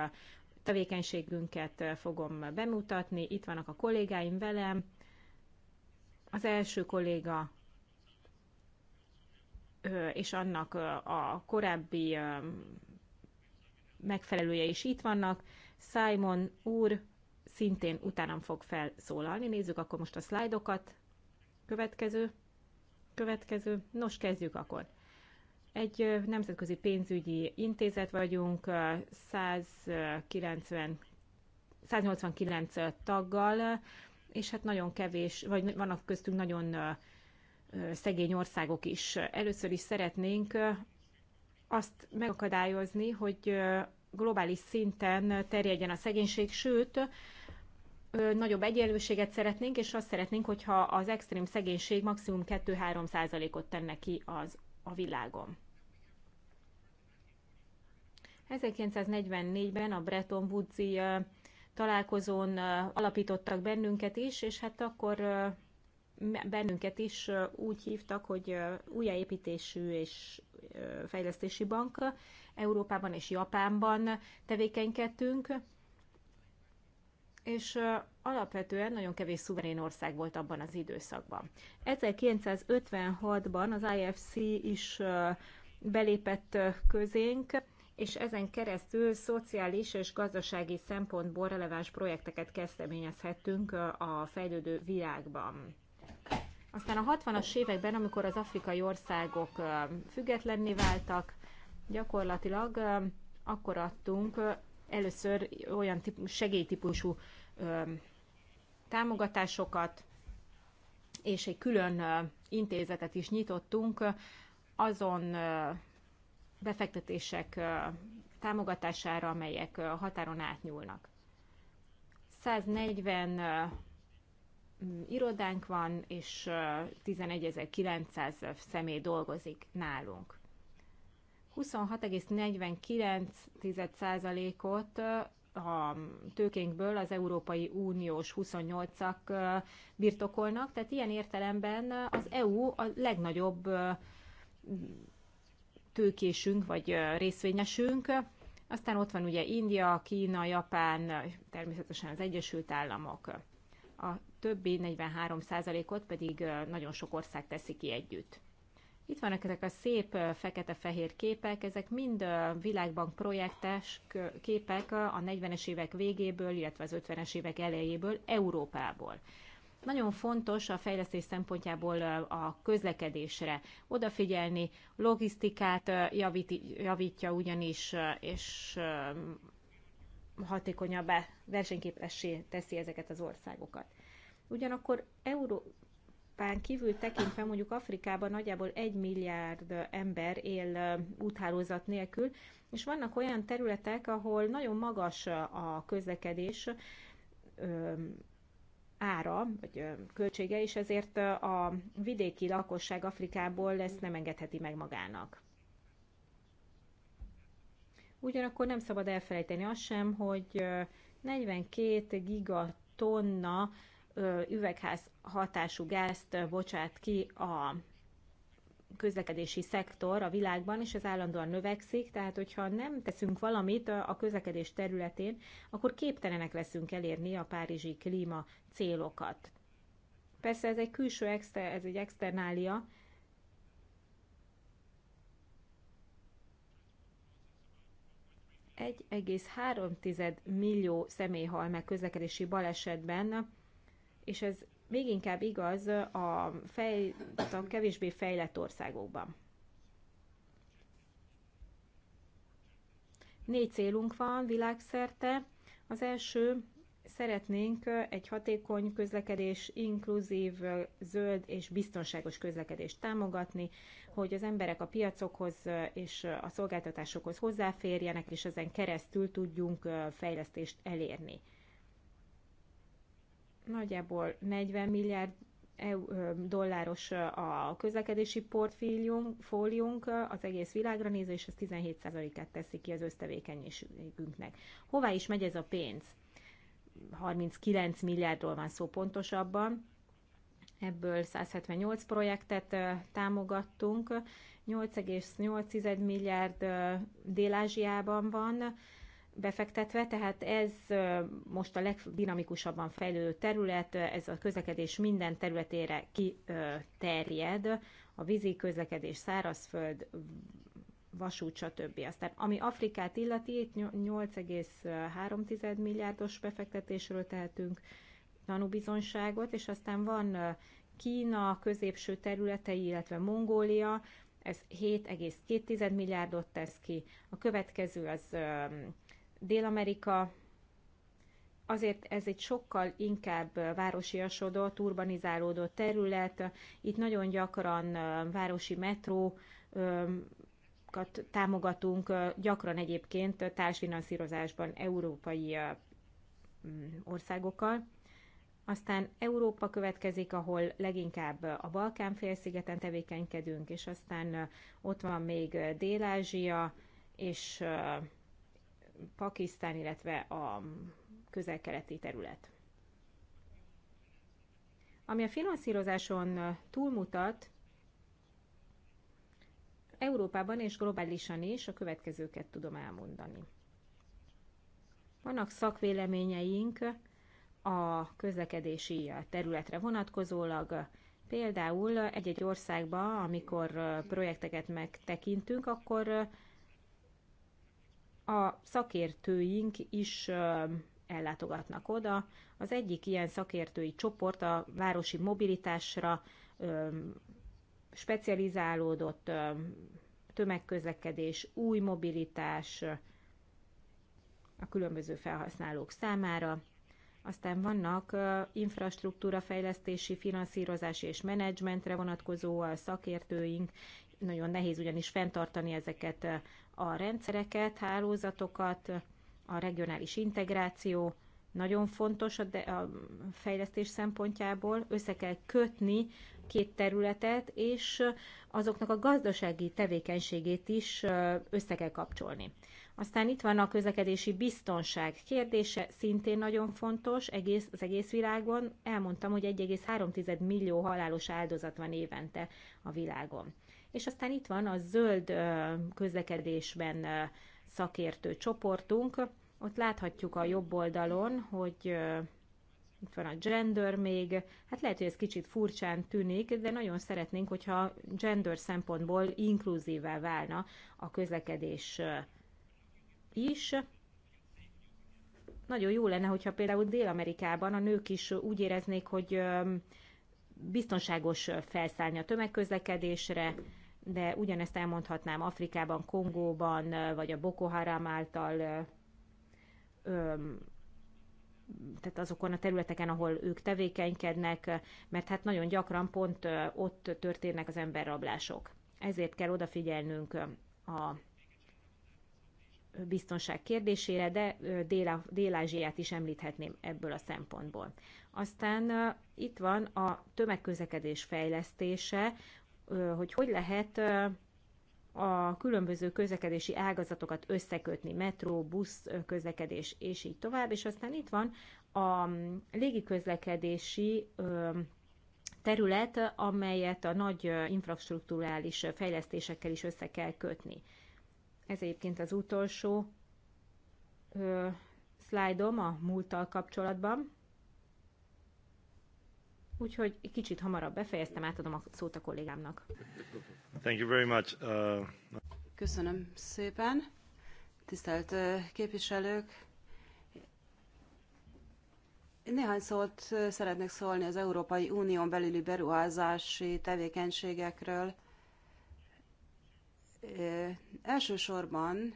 tevékenységünket fogom bemutatni. Itt vannak a kollégáim velem. Az első kolléga és annak a korábbi megfelelője is itt vannak. Simon úr szintén utánam fog felszólalni. Nézzük akkor most a szlájdokat. Következő. Következő. Nos, kezdjük akkor. Egy nemzetközi pénzügyi intézet vagyunk, 190, 189 taggal, és hát nagyon kevés, vagy vannak köztünk nagyon szegény országok is. Először is szeretnénk azt megakadályozni, hogy globális szinten terjedjen a szegénység, sőt, nagyobb egyenlőséget szeretnénk, és azt szeretnénk, hogyha az extrém szegénység maximum 2-3 százalékot tenne ki az, a világon. 1944-ben a Bretton Woods-i találkozón alapítottak bennünket is, és hát akkor bennünket is úgy hívtak, hogy újjáépítésű és fejlesztési bank Európában és Japánban tevékenykedtünk, és alapvetően nagyon kevés szuverén ország volt abban az időszakban. 1956-ban az IFC is belépett közénk, és ezen keresztül szociális és gazdasági szempontból releváns projekteket kezdeményezhettünk a fejlődő világban. Aztán a 60-as években, amikor az afrikai országok függetlenné váltak, gyakorlatilag akkor adtunk először olyan segélytípusú támogatásokat, és egy külön intézetet is nyitottunk azon befektetések támogatására, amelyek határon átnyúlnak. 140 Mm, irodánk van, és 11.900 személy dolgozik nálunk. 26,49%-ot a tőkénkből az Európai Uniós 28-ak birtokolnak, tehát ilyen értelemben az EU a legnagyobb tőkésünk vagy részvényesünk. Aztán ott van ugye India, Kína, Japán, természetesen az Egyesült Államok a többi 43%-ot pedig nagyon sok ország teszi ki együtt. Itt vannak ezek a szép fekete-fehér képek, ezek mind világbank projektes képek a 40-es évek végéből, illetve az 50-es évek elejéből Európából. Nagyon fontos a fejlesztés szempontjából a közlekedésre odafigyelni, logisztikát javítja ugyanis, és hatékonyabbá, versenyképessé teszi ezeket az országokat. Ugyanakkor Európán kívül tekintve mondjuk Afrikában nagyjából egy milliárd ember él úthálózat nélkül, és vannak olyan területek, ahol nagyon magas a közlekedés ára, vagy költsége, és ezért a vidéki lakosság Afrikából ezt nem engedheti meg magának. Ugyanakkor nem szabad elfelejteni azt sem, hogy 42 gigatonna üvegház hatású gázt bocsát ki a közlekedési szektor a világban, és ez állandóan növekszik, tehát hogyha nem teszünk valamit a közlekedés területén, akkor képtelenek leszünk elérni a párizsi klíma célokat. Persze ez egy külső, exter, ez egy externália, 1,3 millió személy hal meg közlekedési balesetben, és ez még inkább igaz a, fej, a kevésbé fejlett országokban. Négy célunk van világszerte. Az első, szeretnénk egy hatékony közlekedés, inkluzív, zöld és biztonságos közlekedést támogatni hogy az emberek a piacokhoz és a szolgáltatásokhoz hozzáférjenek, és ezen keresztül tudjunk fejlesztést elérni. Nagyjából 40 milliárd dolláros a közlekedési portfóliónk az egész világra nézve, és ez 17%-át teszi ki az össztevékenységünknek. Hová is megy ez a pénz? 39 milliárdról van szó pontosabban, ebből 178 projektet támogattunk, 8,8 milliárd Dél-Ázsiában van befektetve, tehát ez most a legdinamikusabban fejlődő terület, ez a közlekedés minden területére kiterjed, a vízi közlekedés, szárazföld, vasút, stb. Aztán ami Afrikát illeti, 8,3 milliárdos befektetésről tehetünk tanúbizonságot, és aztán van Kína középső területei, illetve Mongólia, ez 7,2 milliárdot tesz ki. A következő az Dél-Amerika, azért ez egy sokkal inkább városiasodott, urbanizálódott terület. Itt nagyon gyakran városi metrókat támogatunk, gyakran egyébként társfinanszírozásban európai országokkal. Aztán Európa következik, ahol leginkább a Balkán-félszigeten tevékenykedünk, és aztán ott van még Dél-Ázsia és Pakisztán, illetve a közel-keleti terület. Ami a finanszírozáson túlmutat, Európában és globálisan is a következőket tudom elmondani. Vannak szakvéleményeink, a közlekedési területre vonatkozólag. Például egy-egy országban, amikor projekteket megtekintünk, akkor a szakértőink is ellátogatnak oda. Az egyik ilyen szakértői csoport a városi mobilitásra specializálódott tömegközlekedés, új mobilitás a különböző felhasználók számára. Aztán vannak infrastruktúrafejlesztési, finanszírozási és menedzsmentre vonatkozó szakértőink, nagyon nehéz ugyanis fenntartani ezeket a rendszereket, hálózatokat, a regionális integráció nagyon fontos a, de, a fejlesztés szempontjából, össze kell kötni két területet, és azoknak a gazdasági tevékenységét is össze kell kapcsolni. Aztán itt van a közlekedési biztonság kérdése, szintén nagyon fontos egész, az egész világon. Elmondtam, hogy 1,3 millió halálos áldozat van évente a világon. És aztán itt van a zöld közlekedésben szakértő csoportunk. Ott láthatjuk a jobb oldalon, hogy itt van a gender még, hát lehet, hogy ez kicsit furcsán tűnik, de nagyon szeretnénk, hogyha gender szempontból inkluzívá válna a közlekedés is. Nagyon jó lenne, hogyha például Dél-Amerikában a nők is úgy éreznék, hogy biztonságos felszállni a tömegközlekedésre, de ugyanezt elmondhatnám Afrikában, Kongóban, vagy a Boko Haram által tehát azokon a területeken, ahol ők tevékenykednek, mert hát nagyon gyakran pont ott történnek az emberrablások. Ezért kell odafigyelnünk a biztonság kérdésére, de Dél-Ázsiát is említhetném ebből a szempontból. Aztán itt van a tömegközlekedés fejlesztése, hogy hogy lehet a különböző közlekedési ágazatokat összekötni, metró, busz közlekedés, és így tovább. És aztán itt van a légiközlekedési terület, amelyet a nagy infrastruktúrális fejlesztésekkel is össze kell kötni. Ez egyébként az utolsó ö, szlájdom a múlttal kapcsolatban. Úgyhogy egy kicsit hamarabb befejeztem, átadom a szót a kollégámnak. Thank you very much. Uh... Köszönöm szépen. Tisztelt képviselők, néhány szót szeretnék szólni az Európai Unión belüli beruházási tevékenységekről Elsősorban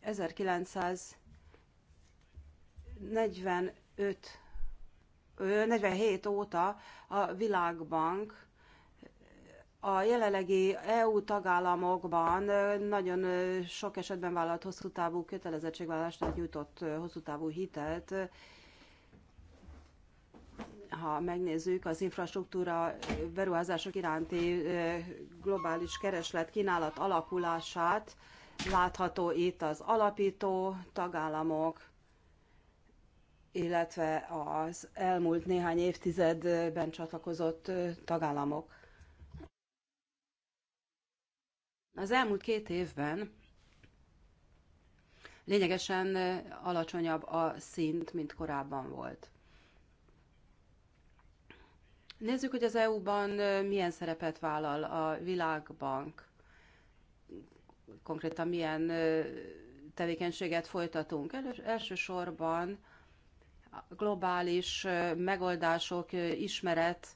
1945 47 óta a Világbank a jelenlegi EU tagállamokban nagyon sok esetben vállalt hosszú távú kötelezettségvállalást, nyújtott hosszú távú hitelt ha megnézzük az infrastruktúra beruházások iránti globális kereslet kínálat alakulását, látható itt az alapító tagállamok, illetve az elmúlt néhány évtizedben csatlakozott tagállamok. Az elmúlt két évben lényegesen alacsonyabb a szint, mint korábban volt. Nézzük, hogy az EU-ban milyen szerepet vállal a Világbank, konkrétan milyen tevékenységet folytatunk. Elsősorban globális megoldások ismeret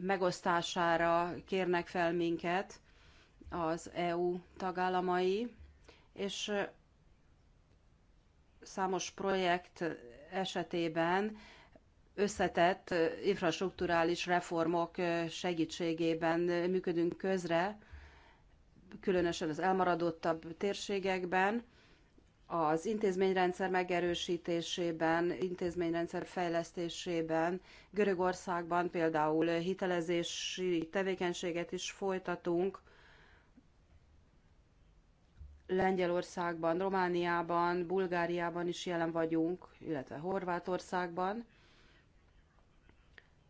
megosztására kérnek fel minket az EU tagállamai, és számos projekt esetében összetett infrastruktúrális reformok segítségében működünk közre, különösen az elmaradottabb térségekben, az intézményrendszer megerősítésében, intézményrendszer fejlesztésében, Görögországban például hitelezési tevékenységet is folytatunk, Lengyelországban, Romániában, Bulgáriában is jelen vagyunk, illetve Horvátországban.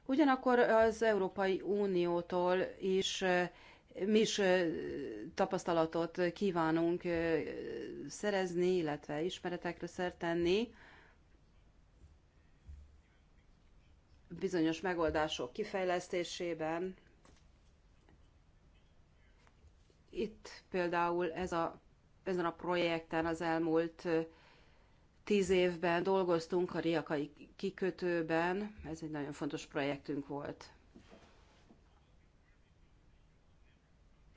Ugyanakkor az Európai Uniótól is mi is tapasztalatot kívánunk szerezni, illetve ismeretekre szert tenni. bizonyos megoldások kifejlesztésében. Itt például ez a, ezen a projekten az elmúlt tíz évben dolgoztunk a Riakai kikötőben, ez egy nagyon fontos projektünk volt.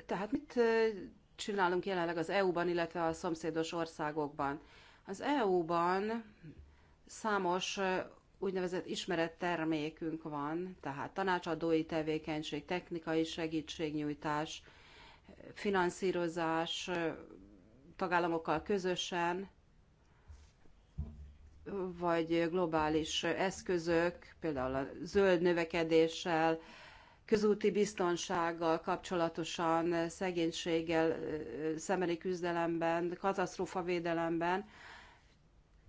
Tehát mit csinálunk jelenleg az EU-ban, illetve a szomszédos országokban? Az EU-ban számos úgynevezett termékünk van, tehát tanácsadói tevékenység, technikai segítségnyújtás, finanszírozás, tagállamokkal közösen, vagy globális eszközök, például a zöld növekedéssel, közúti biztonsággal kapcsolatosan, szegénységgel, szemeli küzdelemben, katasztrófavédelemben,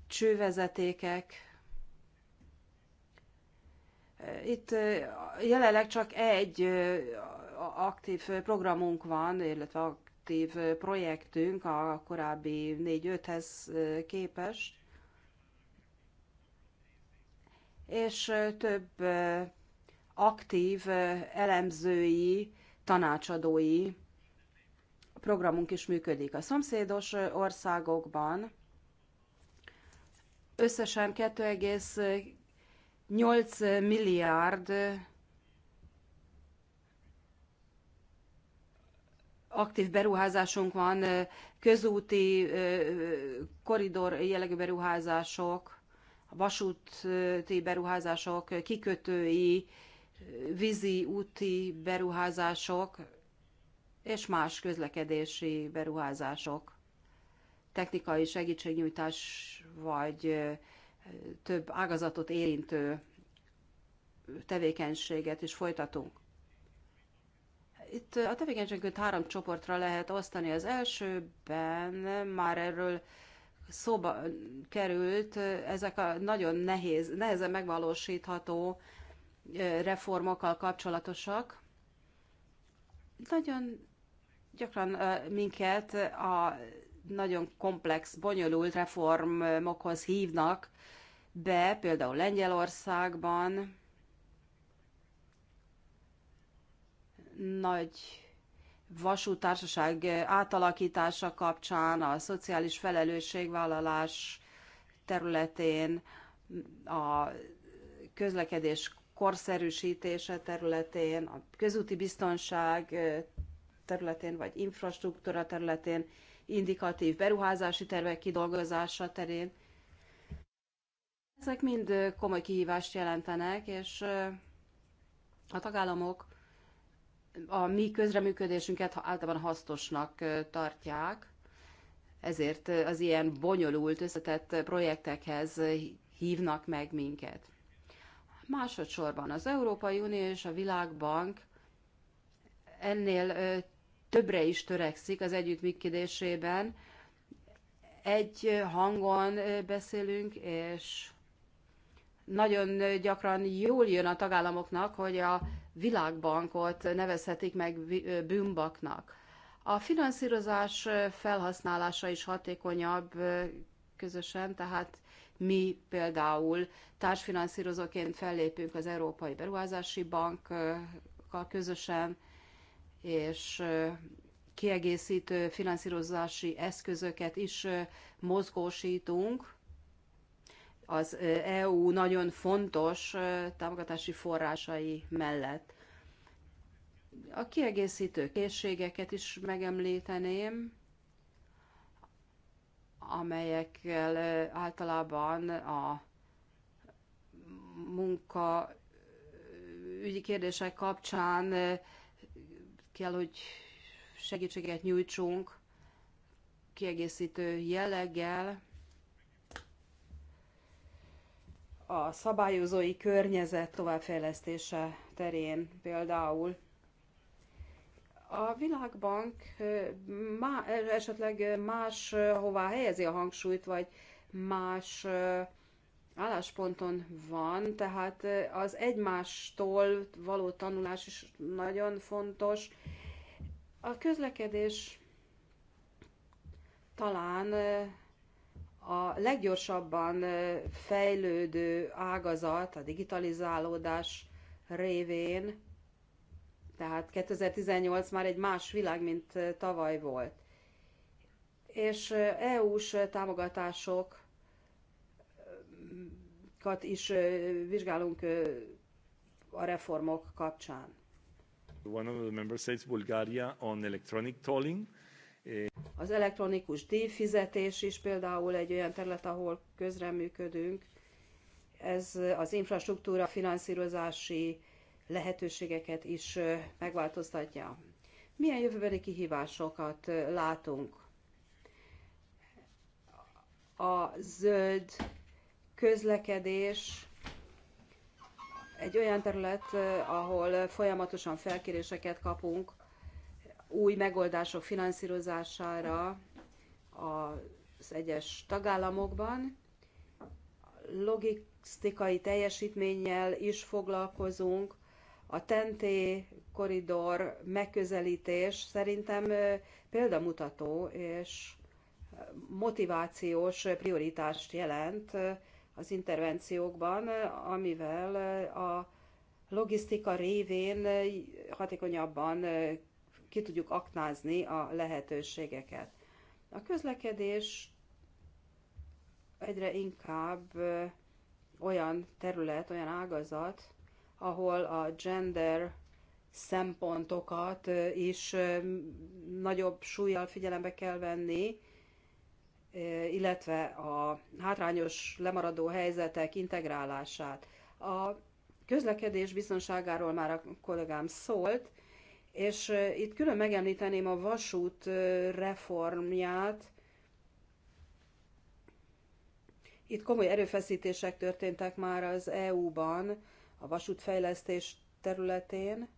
csővezetékek. Itt jelenleg csak egy aktív programunk van, illetve aktív projektünk a korábbi négy-öthez képest és több aktív elemzői, tanácsadói programunk is működik. A szomszédos országokban összesen 2,8 milliárd aktív beruházásunk van, közúti koridor jellegű beruházások, vasúti beruházások, kikötői, vízi, úti beruházások és más közlekedési beruházások, technikai segítségnyújtás vagy több ágazatot érintő tevékenységet is folytatunk. Itt a tevékenységünket három csoportra lehet osztani. Az elsőben már erről szóba került, ezek a nagyon nehéz, nehezen megvalósítható reformokkal kapcsolatosak. Nagyon gyakran minket a nagyon komplex, bonyolult reformokhoz hívnak be, például Lengyelországban nagy vasútársaság átalakítása kapcsán, a szociális felelősségvállalás területén, a közlekedés korszerűsítése területén, a közúti biztonság területén, vagy infrastruktúra területén, indikatív beruházási tervek kidolgozása terén. Ezek mind komoly kihívást jelentenek, és a tagállamok a mi közreműködésünket általában hasznosnak tartják, ezért az ilyen bonyolult, összetett projektekhez hívnak meg minket. Másodszorban az Európai Unió és a Világbank ennél többre is törekszik az együttműködésében. Egy hangon beszélünk, és nagyon gyakran jól jön a tagállamoknak, hogy a világbankot nevezhetik meg bűnbaknak. A finanszírozás felhasználása is hatékonyabb közösen, tehát mi például társfinanszírozóként fellépünk az Európai Beruházási Bankkal közösen, és kiegészítő finanszírozási eszközöket is mozgósítunk, az EU nagyon fontos támogatási forrásai mellett. A kiegészítő készségeket is megemlíteném, amelyekkel általában a munka ügyi kérdések kapcsán kell, hogy segítséget nyújtsunk kiegészítő jelleggel. a szabályozói környezet továbbfejlesztése terén például. A Világbank má, esetleg más hová helyezi a hangsúlyt, vagy más állásponton van, tehát az egymástól való tanulás is nagyon fontos. A közlekedés talán a leggyorsabban fejlődő ágazat a digitalizálódás révén, tehát 2018 már egy más világ, mint tavaly volt. És EU-s támogatásokat is vizsgálunk a reformok kapcsán. One of the member states, Bulgaria, on electronic tolling az elektronikus díjfizetés is például egy olyan terület, ahol közreműködünk. Ez az infrastruktúra finanszírozási lehetőségeket is megváltoztatja. Milyen jövőbeli kihívásokat látunk? A zöld közlekedés egy olyan terület, ahol folyamatosan felkéréseket kapunk új megoldások finanszírozására az egyes tagállamokban. Logisztikai teljesítménnyel is foglalkozunk. A TNT koridor megközelítés szerintem példamutató és motivációs prioritást jelent az intervenciókban, amivel a logisztika révén hatékonyabban ki tudjuk aknázni a lehetőségeket. A közlekedés egyre inkább olyan terület, olyan ágazat, ahol a gender szempontokat is nagyobb súlyjal figyelembe kell venni, illetve a hátrányos lemaradó helyzetek integrálását. A közlekedés biztonságáról már a kollégám szólt, és itt külön megemlíteném a vasút reformját. Itt komoly erőfeszítések történtek már az EU-ban, a vasútfejlesztés területén.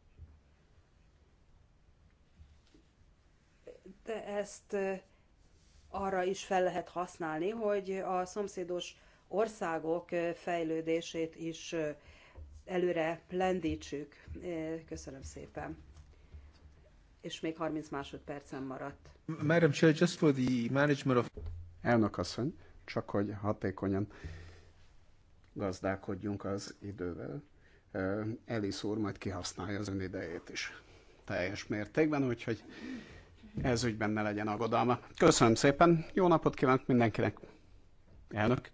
De ezt arra is fel lehet használni, hogy a szomszédos országok fejlődését is előre lendítsük. Köszönöm szépen és még 30 másodpercen maradt. Madam Chair, just for the management of... Elnök asszony, csak hogy hatékonyan gazdálkodjunk az idővel. Elis úr majd kihasználja az ön idejét is teljes mértékben, úgyhogy ez ügyben ne legyen aggodalma. Köszönöm szépen, jó napot kívánok mindenkinek. Elnök.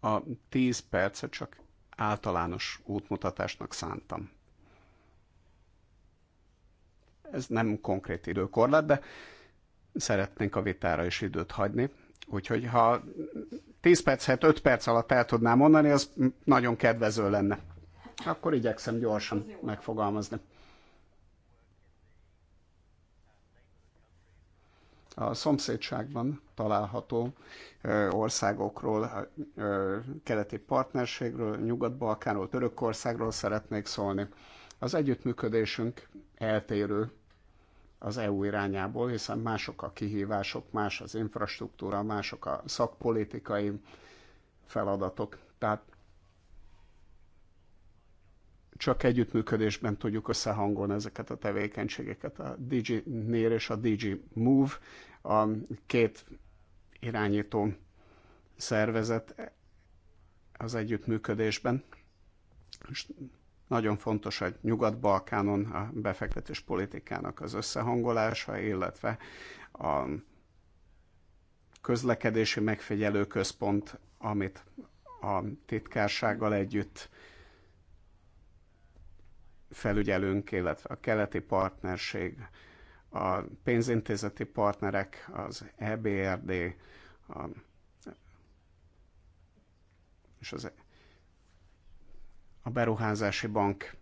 A 10 percet csak általános útmutatásnak szántam. Ez nem konkrét időkorlát, de szeretnénk a vitára is időt hagyni. Úgyhogy ha 10 percet 5 perc alatt el tudnám mondani, az nagyon kedvező lenne. Akkor igyekszem gyorsan megfogalmazni. a szomszédságban található országokról, keleti partnerségről, Nyugat-Balkánról, Törökországról szeretnék szólni. Az együttműködésünk eltérő az EU irányából, hiszen mások a kihívások, más az infrastruktúra, mások a szakpolitikai feladatok. Tehát csak együttműködésben tudjuk összehangolni ezeket a tevékenységeket. A DG Near és a DG Move, a két irányító szervezet az együttműködésben. És nagyon fontos a Nyugat-Balkánon a befektetés politikának az összehangolása, illetve a közlekedési megfigyelő központ, amit a titkársággal együtt felügyelünk, illetve a keleti partnerség, a pénzintézeti partnerek, az EBRD, a, és az, a beruházási bank.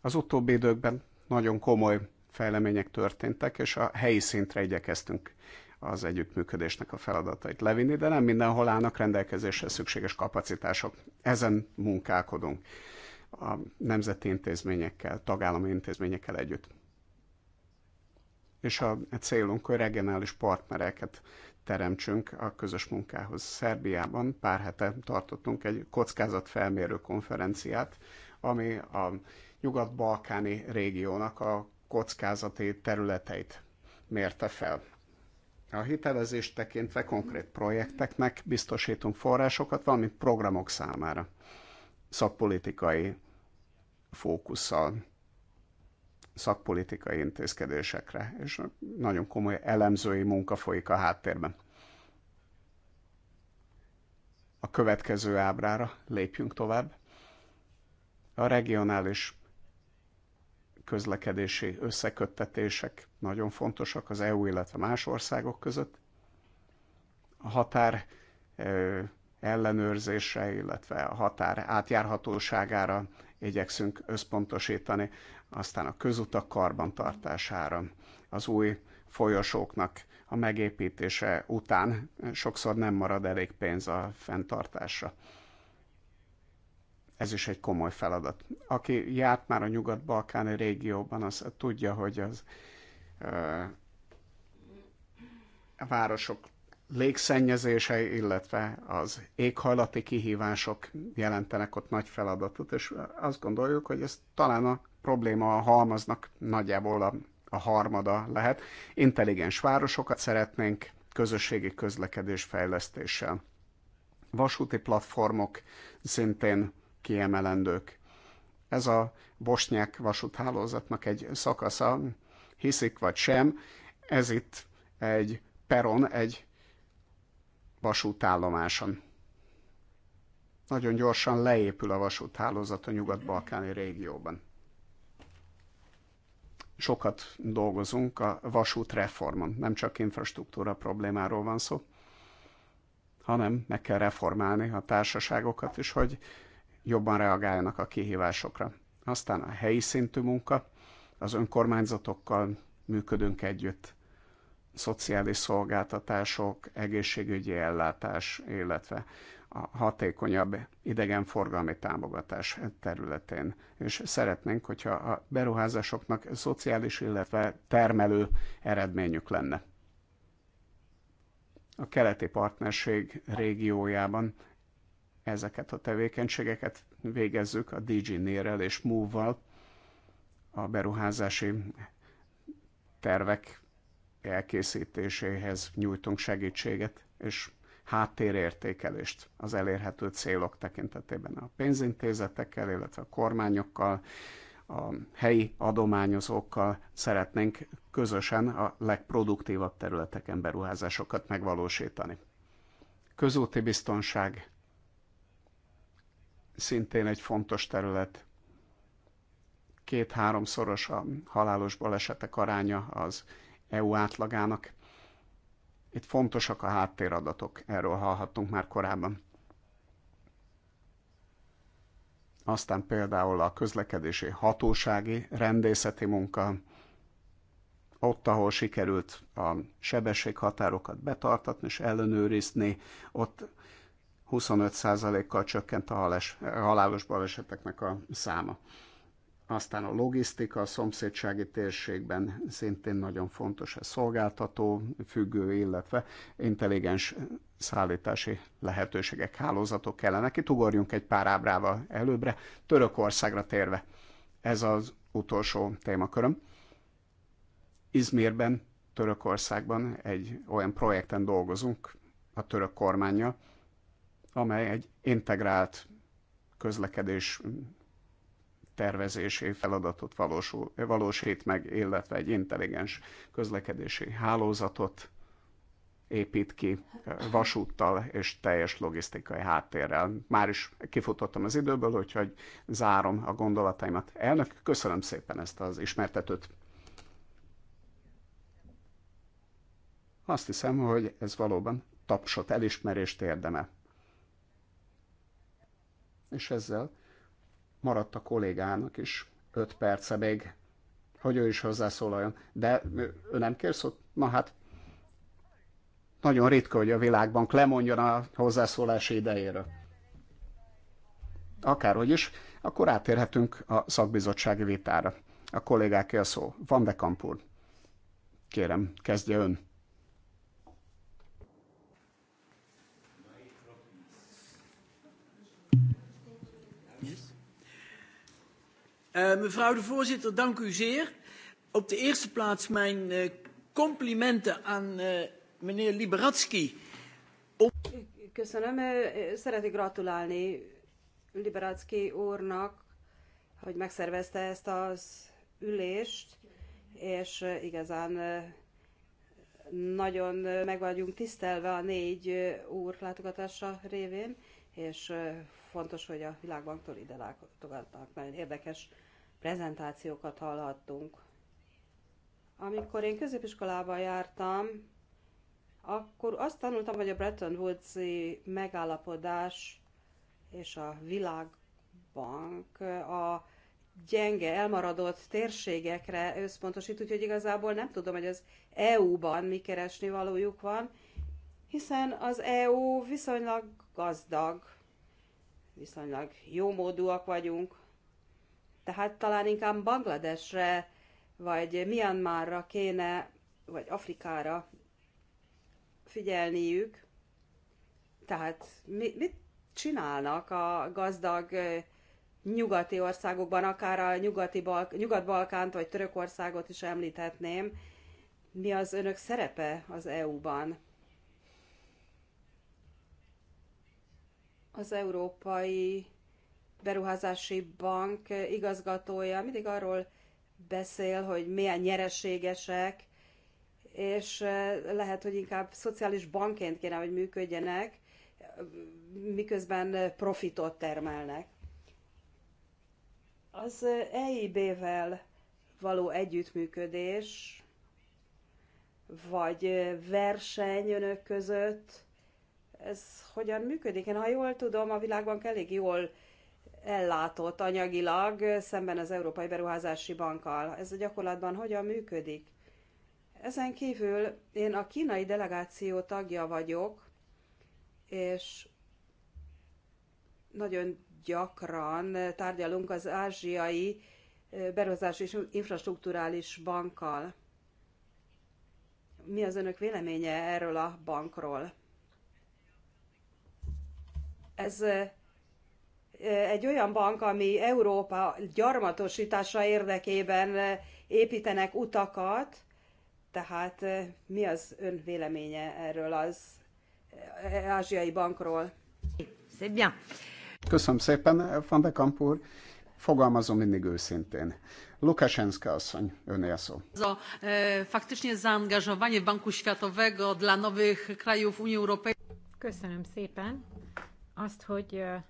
Az utóbbi időkben nagyon komoly fejlemények történtek, és a helyi szintre igyekeztünk az együttműködésnek a feladatait levinni, de nem mindenhol állnak rendelkezésre szükséges kapacitások. Ezen munkálkodunk a nemzeti intézményekkel, tagállami intézményekkel együtt. És a célunk, hogy regionális partnereket teremtsünk a közös munkához. Szerbiában pár hete tartottunk egy kockázatfelmérő konferenciát, ami a nyugat-balkáni régiónak a kockázati területeit mérte fel. A hitelezést tekintve konkrét projekteknek biztosítunk forrásokat, valamint programok számára szakpolitikai fókusszal szakpolitikai intézkedésekre, és nagyon komoly elemzői munka folyik a háttérben. A következő ábrára lépjünk tovább. A regionális közlekedési összeköttetések nagyon fontosak az EU, illetve más országok között. A határ ellenőrzése illetve a határ átjárhatóságára igyekszünk összpontosítani, aztán a közutak karbantartására, az új folyosóknak a megépítése után sokszor nem marad elég pénz a fenntartásra. Ez is egy komoly feladat. Aki járt már a nyugat-balkáni régióban, az tudja, hogy az ö, a városok légszennyezése, illetve az éghajlati kihívások jelentenek ott nagy feladatot, és azt gondoljuk, hogy ez talán a probléma a halmaznak nagyjából a, a harmada lehet. Intelligens városokat szeretnénk közösségi közlekedés fejlesztéssel. Vasúti platformok szintén kiemelendők. Ez a bosnyák vasúthálózatnak egy szakasza, hiszik vagy sem, ez itt egy peron, egy vasútállomáson. Nagyon gyorsan leépül a vasúthálózat a nyugat-balkáni régióban. Sokat dolgozunk a vasútreformon, nem csak infrastruktúra problémáról van szó, hanem meg kell reformálni a társaságokat is, hogy jobban reagáljanak a kihívásokra. Aztán a helyi szintű munka, az önkormányzatokkal működünk együtt, szociális szolgáltatások, egészségügyi ellátás, illetve a hatékonyabb idegenforgalmi támogatás területén. És szeretnénk, hogyha a beruházásoknak szociális, illetve termelő eredményük lenne. A keleti partnerség régiójában ezeket a tevékenységeket végezzük a DG nérrel és Move-val, a beruházási tervek elkészítéséhez nyújtunk segítséget, és háttérértékelést az elérhető célok tekintetében a pénzintézetekkel, illetve a kormányokkal, a helyi adományozókkal szeretnénk közösen a legproduktívabb területeken beruházásokat megvalósítani. Közúti biztonság szintén egy fontos terület. Két-háromszoros a halálos balesetek aránya az EU átlagának. Itt fontosak a háttéradatok, erről hallhattunk már korábban. Aztán például a közlekedési hatósági rendészeti munka, ott, ahol sikerült a sebességhatárokat betartatni és ellenőrizni, ott 25%-kal csökkent a halálos baleseteknek a száma. Aztán a logisztika a szomszédsági térségben szintén nagyon fontos, a szolgáltató, függő, illetve intelligens szállítási lehetőségek, hálózatok kellene. Kitugorjunk egy pár ábrával előbbre, Törökországra térve. Ez az utolsó témaköröm. Izmirben, Törökországban egy olyan projekten dolgozunk a török kormánya, amely egy integrált közlekedés tervezési feladatot valósul, valósít meg, illetve egy intelligens közlekedési hálózatot épít ki vasúttal és teljes logisztikai háttérrel. Már is kifutottam az időből, úgyhogy zárom a gondolataimat. Elnök, köszönöm szépen ezt az ismertetőt. Azt hiszem, hogy ez valóban tapsot, elismerést érdemel. És ezzel maradt a kollégának is öt perce még, hogy ő is hozzászólaljon. De ő nem kér szót? Na hát, nagyon ritka, hogy a világban lemondjon a hozzászólási idejéről. Akárhogy is, akkor átérhetünk a szakbizottsági vitára. A kollégáké a szó. Van de Kampur. Kérem, kezdje ön. Eh, mevrouw de voorzitter, dank u zeer. Op de eerste plaats mijn uh, complimenten aan uh, meneer Liberatski. Op... Köszönöm, szeretnék gratulálni Liberatski úrnak, hogy megszervezte ezt az ülést, és igazán nagyon meg vagyunk tisztelve a négy úr látogatása révén, és fontos, hogy a világbanktól ide látogatnak. Nagyon érdekes prezentációkat hallhattunk. Amikor én középiskolában jártam, akkor azt tanultam, hogy a Bretton woods megállapodás és a világbank a gyenge, elmaradott térségekre összpontosít, úgyhogy igazából nem tudom, hogy az EU-ban mi keresni valójuk van, hiszen az EU viszonylag gazdag, viszonylag jómódúak vagyunk, tehát talán inkább Bangladesre, vagy Myanmarra kéne, vagy Afrikára figyelniük. Tehát mi, mit csinálnak a gazdag nyugati országokban, akár a nyugati Balk- nyugat-balkánt vagy Törökországot is említhetném. Mi az önök szerepe az EU-ban? Az európai beruházási bank igazgatója mindig arról beszél, hogy milyen nyereségesek, és lehet, hogy inkább szociális bankként kéne, hogy működjenek, miközben profitot termelnek. Az EIB-vel való együttműködés, vagy verseny önök között, ez hogyan működik? Én ha jól tudom, a világban elég jól ellátott anyagilag szemben az Európai Beruházási Bankkal. Ez a gyakorlatban hogyan működik? Ezen kívül én a kínai delegáció tagja vagyok, és nagyon gyakran tárgyalunk az ázsiai eh, beruházási és infrastruktúrális bankkal. Mi az önök véleménye erről a bankról? Ez eh, egy olyan bank, ami Európa gyarmatosítása érdekében eh, építenek utakat, tehát eh, mi az ön véleménye erről az eh, ázsiai bankról? Köszönöm szépen, Van de Kampur. Fogalmazom mindig őszintén. Lukaszenska asszony, öné a szó. Ez a e, faktycznie zaangażowanie Banku Światowego dla nowych krajów Unii Europejskiej. Köszönöm szépen azt, hogy e,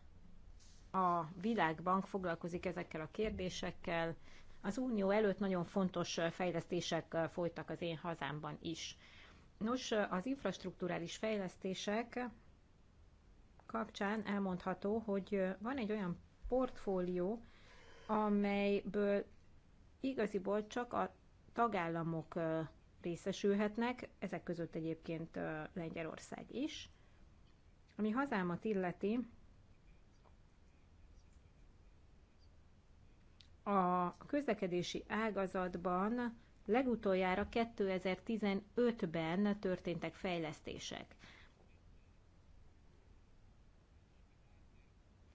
a Világbank foglalkozik ezekkel a kérdésekkel. Az Unió előtt nagyon fontos fejlesztések folytak az én hazámban is. Nos, az infrastruktúrális fejlesztések kapcsán elmondható, hogy van egy olyan portfólió, amelyből igaziból csak a tagállamok részesülhetnek, ezek között egyébként Lengyelország is. Ami hazámat illeti, a közlekedési ágazatban legutoljára 2015-ben történtek fejlesztések.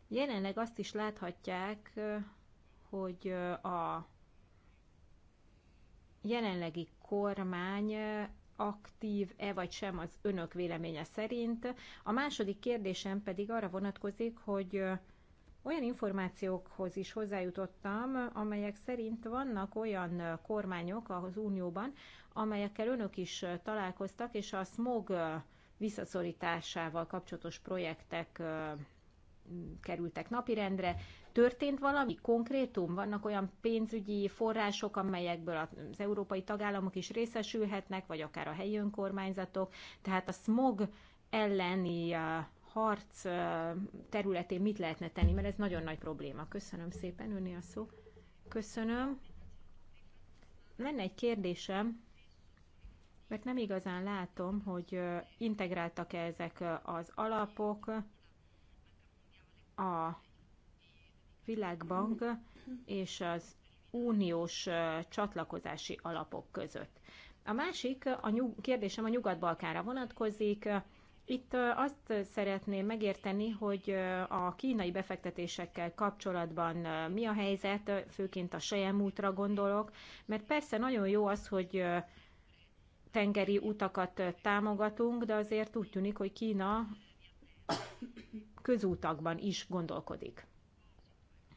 Jelenleg azt is láthatják, hogy a jelenlegi kormány aktív-e vagy sem az önök véleménye szerint. A második kérdésem pedig arra vonatkozik, hogy olyan információkhoz is hozzájutottam, amelyek szerint vannak olyan kormányok az Unióban, amelyekkel önök is találkoztak, és a smog visszaszorításával kapcsolatos projektek kerültek napirendre. Történt valami konkrétum? Vannak olyan pénzügyi források, amelyekből az európai tagállamok is részesülhetnek, vagy akár a helyi önkormányzatok? Tehát a smog elleni harc területén mit lehetne tenni, mert ez nagyon nagy probléma. Köszönöm szépen, önni a szó. Köszönöm. Lenne egy kérdésem, mert nem igazán látom, hogy integráltak-e ezek az alapok a Világbank és az uniós csatlakozási alapok között. A másik a nyug- kérdésem a Nyugat-Balkánra vonatkozik. Itt azt szeretném megérteni, hogy a kínai befektetésekkel kapcsolatban mi a helyzet, főként a útra gondolok, mert persze nagyon jó az, hogy tengeri utakat támogatunk, de azért úgy tűnik, hogy Kína közútakban is gondolkodik.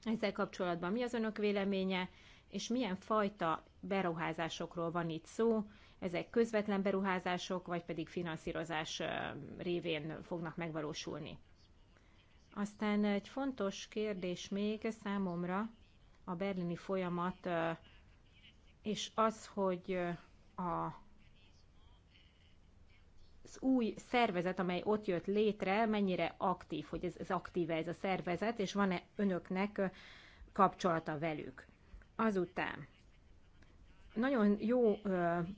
Ezzel kapcsolatban mi az önök véleménye, és milyen fajta beruházásokról van itt szó, ezek közvetlen beruházások, vagy pedig finanszírozás révén fognak megvalósulni. Aztán egy fontos kérdés még számomra a berlini folyamat, és az, hogy a az új szervezet, amely ott jött létre, mennyire aktív, hogy ez, ez aktíve ez a szervezet, és van-e önöknek kapcsolata velük. Azután nagyon jó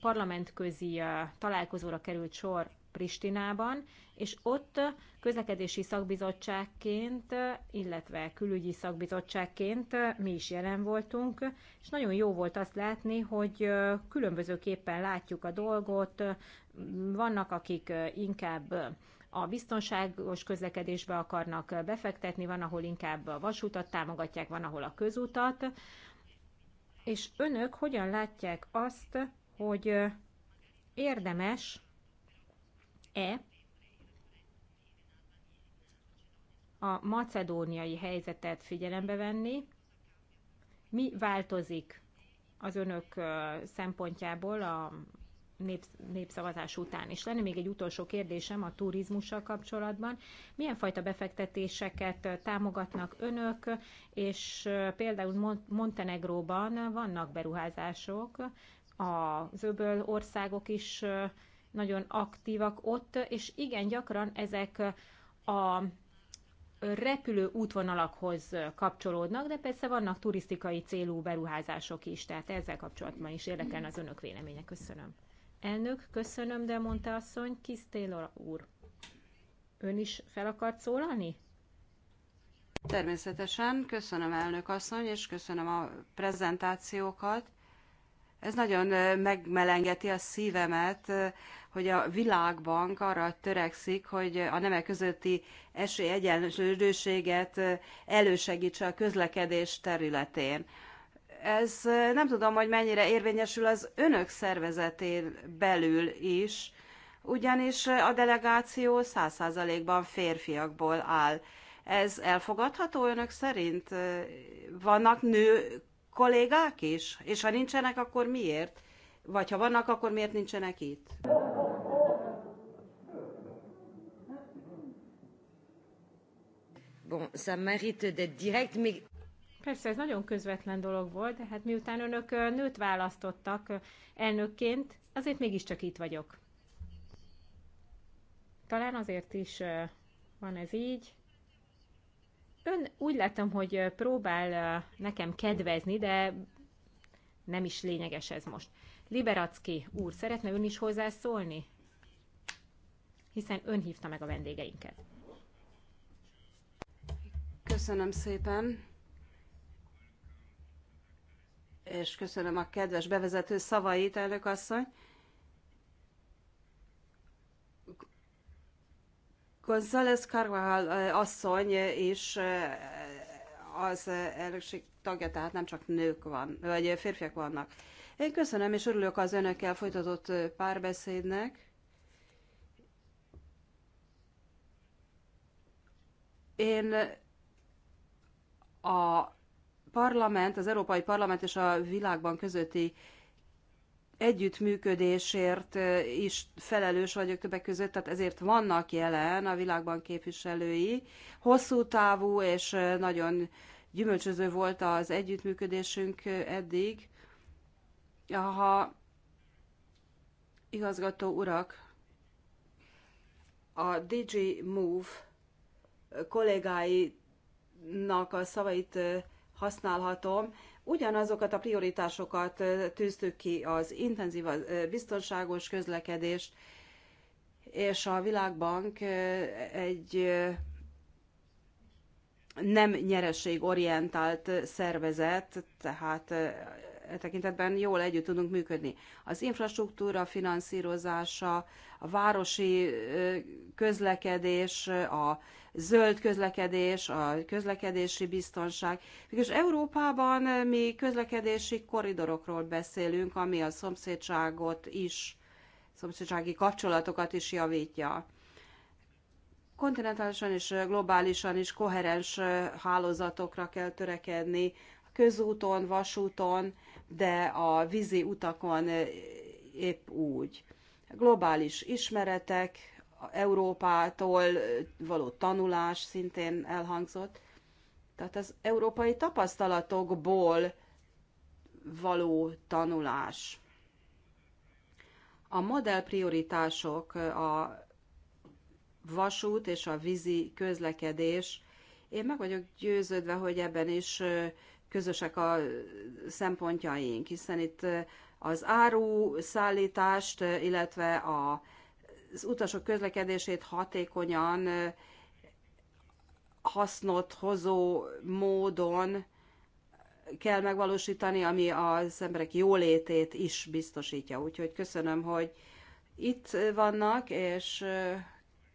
parlamentközi találkozóra került sor Pristinában, és ott közlekedési szakbizottságként, illetve külügyi szakbizottságként mi is jelen voltunk, és nagyon jó volt azt látni, hogy különbözőképpen látjuk a dolgot, vannak akik inkább a biztonságos közlekedésbe akarnak befektetni, van, ahol inkább a vasútat támogatják, van, ahol a közutat és önök hogyan látják azt, hogy érdemes-e a macedóniai helyzetet figyelembe venni, mi változik az önök szempontjából a népsz, népszavazás után is lenne. Még egy utolsó kérdésem a turizmussal kapcsolatban. Milyen fajta befektetéseket támogatnak önök, és például Montenegróban vannak beruházások, az öböl országok is nagyon aktívak ott, és igen gyakran ezek a repülő útvonalakhoz kapcsolódnak, de persze vannak turisztikai célú beruházások is, tehát ezzel kapcsolatban is érdekelne az önök véleménye. Köszönöm. Elnök, köszönöm, de mondta asszony, Kis Taylor úr. Ön is fel akart szólalni? Természetesen, köszönöm elnök asszony, és köszönöm a prezentációkat. Ez nagyon megmelengeti a szívemet, hogy a Világbank arra törekszik, hogy a nemek közötti esélyegyenlőséget elősegítse a közlekedés területén ez nem tudom, hogy mennyire érvényesül az önök szervezetén belül is, ugyanis a delegáció száz százalékban férfiakból áll. Ez elfogadható önök szerint? Vannak nő kollégák is? És ha nincsenek, akkor miért? Vagy ha vannak, akkor miért nincsenek itt? Bon, ça mérite d'être direct, mais Persze, ez nagyon közvetlen dolog volt, de hát miután önök nőt választottak elnökként, azért mégiscsak itt vagyok. Talán azért is van ez így. Ön úgy láttam, hogy próbál nekem kedvezni, de nem is lényeges ez most. Liberacki úr, szeretne ön is hozzászólni? Hiszen ön hívta meg a vendégeinket. Köszönöm szépen és köszönöm a kedves bevezető szavait, elnök asszony. González Carvajal asszony is az elnökség tagja, tehát nem csak nők van, vagy férfiak vannak. Én köszönöm, és örülök az önökkel folytatott párbeszédnek. Én a parlament, az Európai Parlament és a világban közötti együttműködésért is felelős vagyok többek között, tehát ezért vannak jelen a világban képviselői. Hosszú távú és nagyon gyümölcsöző volt az együttműködésünk eddig. Ha igazgató urak, a DG Move kollégáinak a szavait használhatom. Ugyanazokat a prioritásokat tűztük ki, az intenzív, biztonságos közlekedést, és a Világbank egy nem nyereségorientált szervezet, tehát e tekintetben jól együtt tudunk működni. Az infrastruktúra finanszírozása, a városi közlekedés, a zöld közlekedés, a közlekedési biztonság. Mégis Európában mi közlekedési koridorokról beszélünk, ami a szomszédságot is, szomszédsági kapcsolatokat is javítja. Kontinentálisan és globálisan is koherens hálózatokra kell törekedni, a közúton, vasúton, de a vízi utakon épp úgy globális ismeretek Európától való tanulás szintén elhangzott. Tehát az európai tapasztalatokból való tanulás. A modellprioritások a vasút és a vízi közlekedés. Én meg vagyok győződve, hogy ebben is közösek a szempontjaink, hiszen itt az áru szállítást, illetve a az utasok közlekedését hatékonyan, hasznot hozó módon kell megvalósítani, ami az emberek jólétét is biztosítja. Úgyhogy köszönöm, hogy itt vannak, és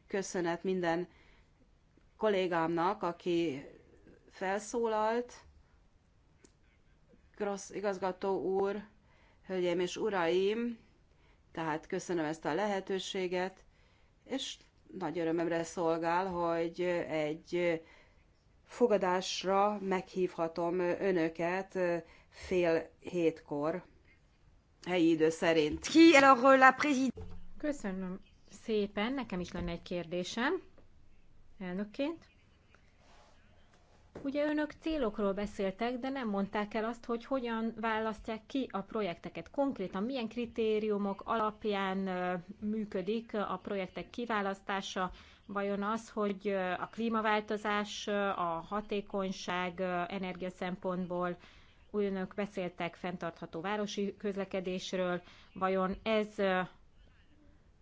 köszönet minden kollégámnak, aki felszólalt. Grossz igazgató úr, hölgyeim és uraim, tehát köszönöm ezt a lehetőséget, és nagy örömömre szolgál, hogy egy fogadásra meghívhatom önöket fél hétkor helyi idő szerint. Ki a euh, la Köszönöm szépen, nekem is lenne egy kérdésem elnökként. Ugye önök célokról beszéltek, de nem mondták el azt, hogy hogyan választják ki a projekteket. Konkrétan milyen kritériumok alapján működik a projektek kiválasztása, vajon az, hogy a klímaváltozás, a hatékonyság energia szempontból önök beszéltek fenntartható városi közlekedésről, vajon ez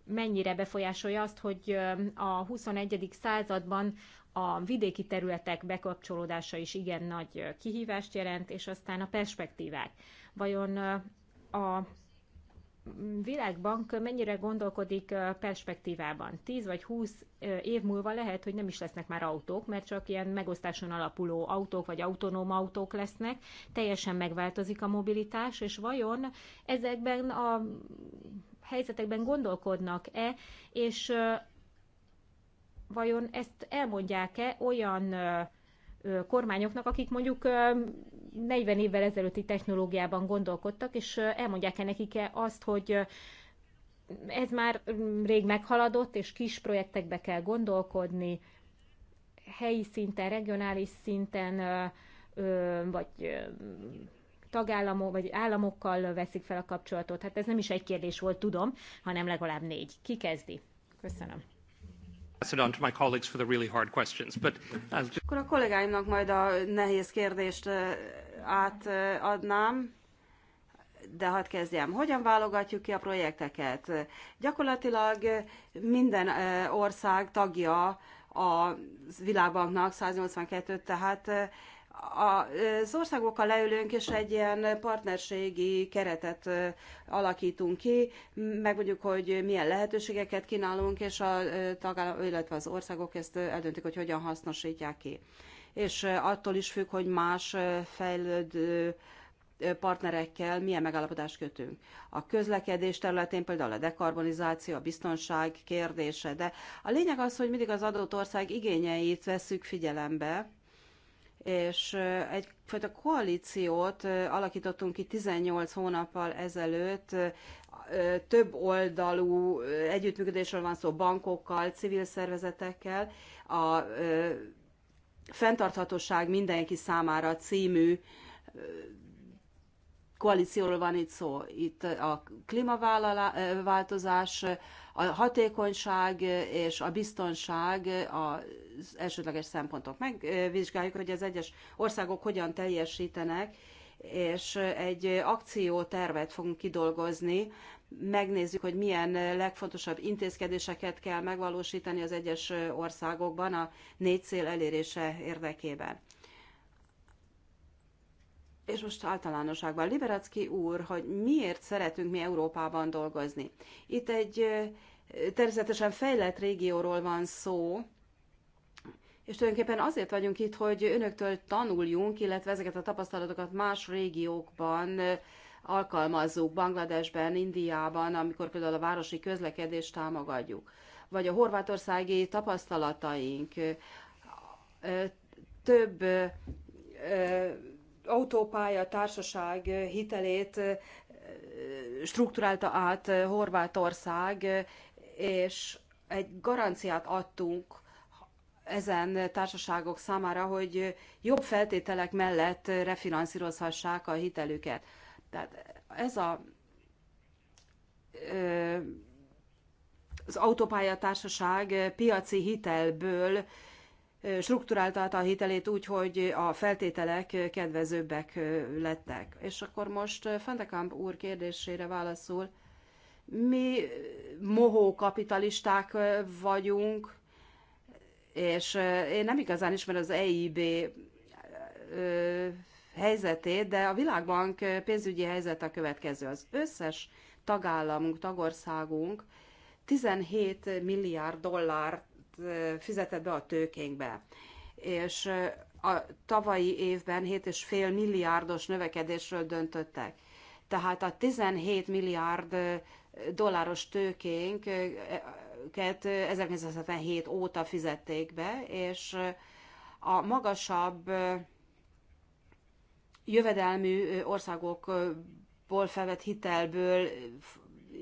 mennyire befolyásolja azt, hogy a 21. században a vidéki területek bekapcsolódása is igen nagy kihívást jelent, és aztán a perspektívák. Vajon a Világbank mennyire gondolkodik perspektívában? 10 vagy 20 év múlva lehet, hogy nem is lesznek már autók, mert csak ilyen megosztáson alapuló autók vagy autonóm autók lesznek, teljesen megváltozik a mobilitás, és vajon ezekben a helyzetekben gondolkodnak-e, és vajon ezt elmondják-e olyan kormányoknak, akik mondjuk 40 évvel ezelőtti technológiában gondolkodtak, és elmondják-e nekik-e azt, hogy ez már rég meghaladott, és kis projektekbe kell gondolkodni, helyi szinten, regionális szinten, vagy tagállamok vagy államokkal veszik fel a kapcsolatot. Hát ez nem is egy kérdés volt, tudom, hanem legalább négy. Ki kezdi? Köszönöm. Uh, Akkor a kollégáimnak majd a nehéz kérdést uh, átadnám, de hadd kezdjem. Hogyan válogatjuk ki a projekteket? Gyakorlatilag uh, minden ország tagja a világbanknak, 182, tehát az országokkal leülünk, és egy ilyen partnerségi keretet alakítunk ki, megmondjuk, hogy milyen lehetőségeket kínálunk, és a tagállam, illetve az országok ezt eldöntik, hogy hogyan hasznosítják ki. És attól is függ, hogy más fejlődő partnerekkel milyen megállapodást kötünk. A közlekedés területén például a dekarbonizáció, a biztonság kérdése, de a lényeg az, hogy mindig az adott ország igényeit veszük figyelembe, és egyfajta koalíciót alakítottunk ki 18 hónappal ezelőtt, több oldalú együttműködésről van szó bankokkal, civil szervezetekkel, a fenntarthatóság mindenki számára című koalícióról van itt szó. Itt a klímaváltozás, a hatékonyság és a biztonság az elsődleges szempontok. Megvizsgáljuk, hogy az egyes országok hogyan teljesítenek, és egy akciótervet fogunk kidolgozni, megnézzük, hogy milyen legfontosabb intézkedéseket kell megvalósítani az egyes országokban a négy cél elérése érdekében és most általánosságban Liberacki úr, hogy miért szeretünk mi Európában dolgozni. Itt egy természetesen fejlett régióról van szó, és tulajdonképpen azért vagyunk itt, hogy önöktől tanuljunk, illetve ezeket a tapasztalatokat más régiókban alkalmazzuk, Bangladesben, Indiában, amikor például a városi közlekedést támogatjuk, vagy a horvátországi tapasztalataink, több autópálya társaság hitelét strukturálta át Horvátország, és egy garanciát adtunk ezen társaságok számára, hogy jobb feltételek mellett refinanszírozhassák a hitelüket. Tehát ez a az autópályatársaság piaci hitelből strukturálta a hitelét úgy, hogy a feltételek kedvezőbbek lettek. És akkor most Fentekamp úr kérdésére válaszol: mi mohó kapitalisták vagyunk, és én nem igazán ismerem az EIB helyzetét, de a Világbank pénzügyi helyzet a következő. Az összes tagállamunk, tagországunk 17 milliárd dollár fizetett be a tőkénkbe. És a tavalyi évben 7,5 milliárdos növekedésről döntöttek. Tehát a 17 milliárd dolláros tőkénket 1977 óta fizették be, és a magasabb jövedelmű országokból felvett hitelből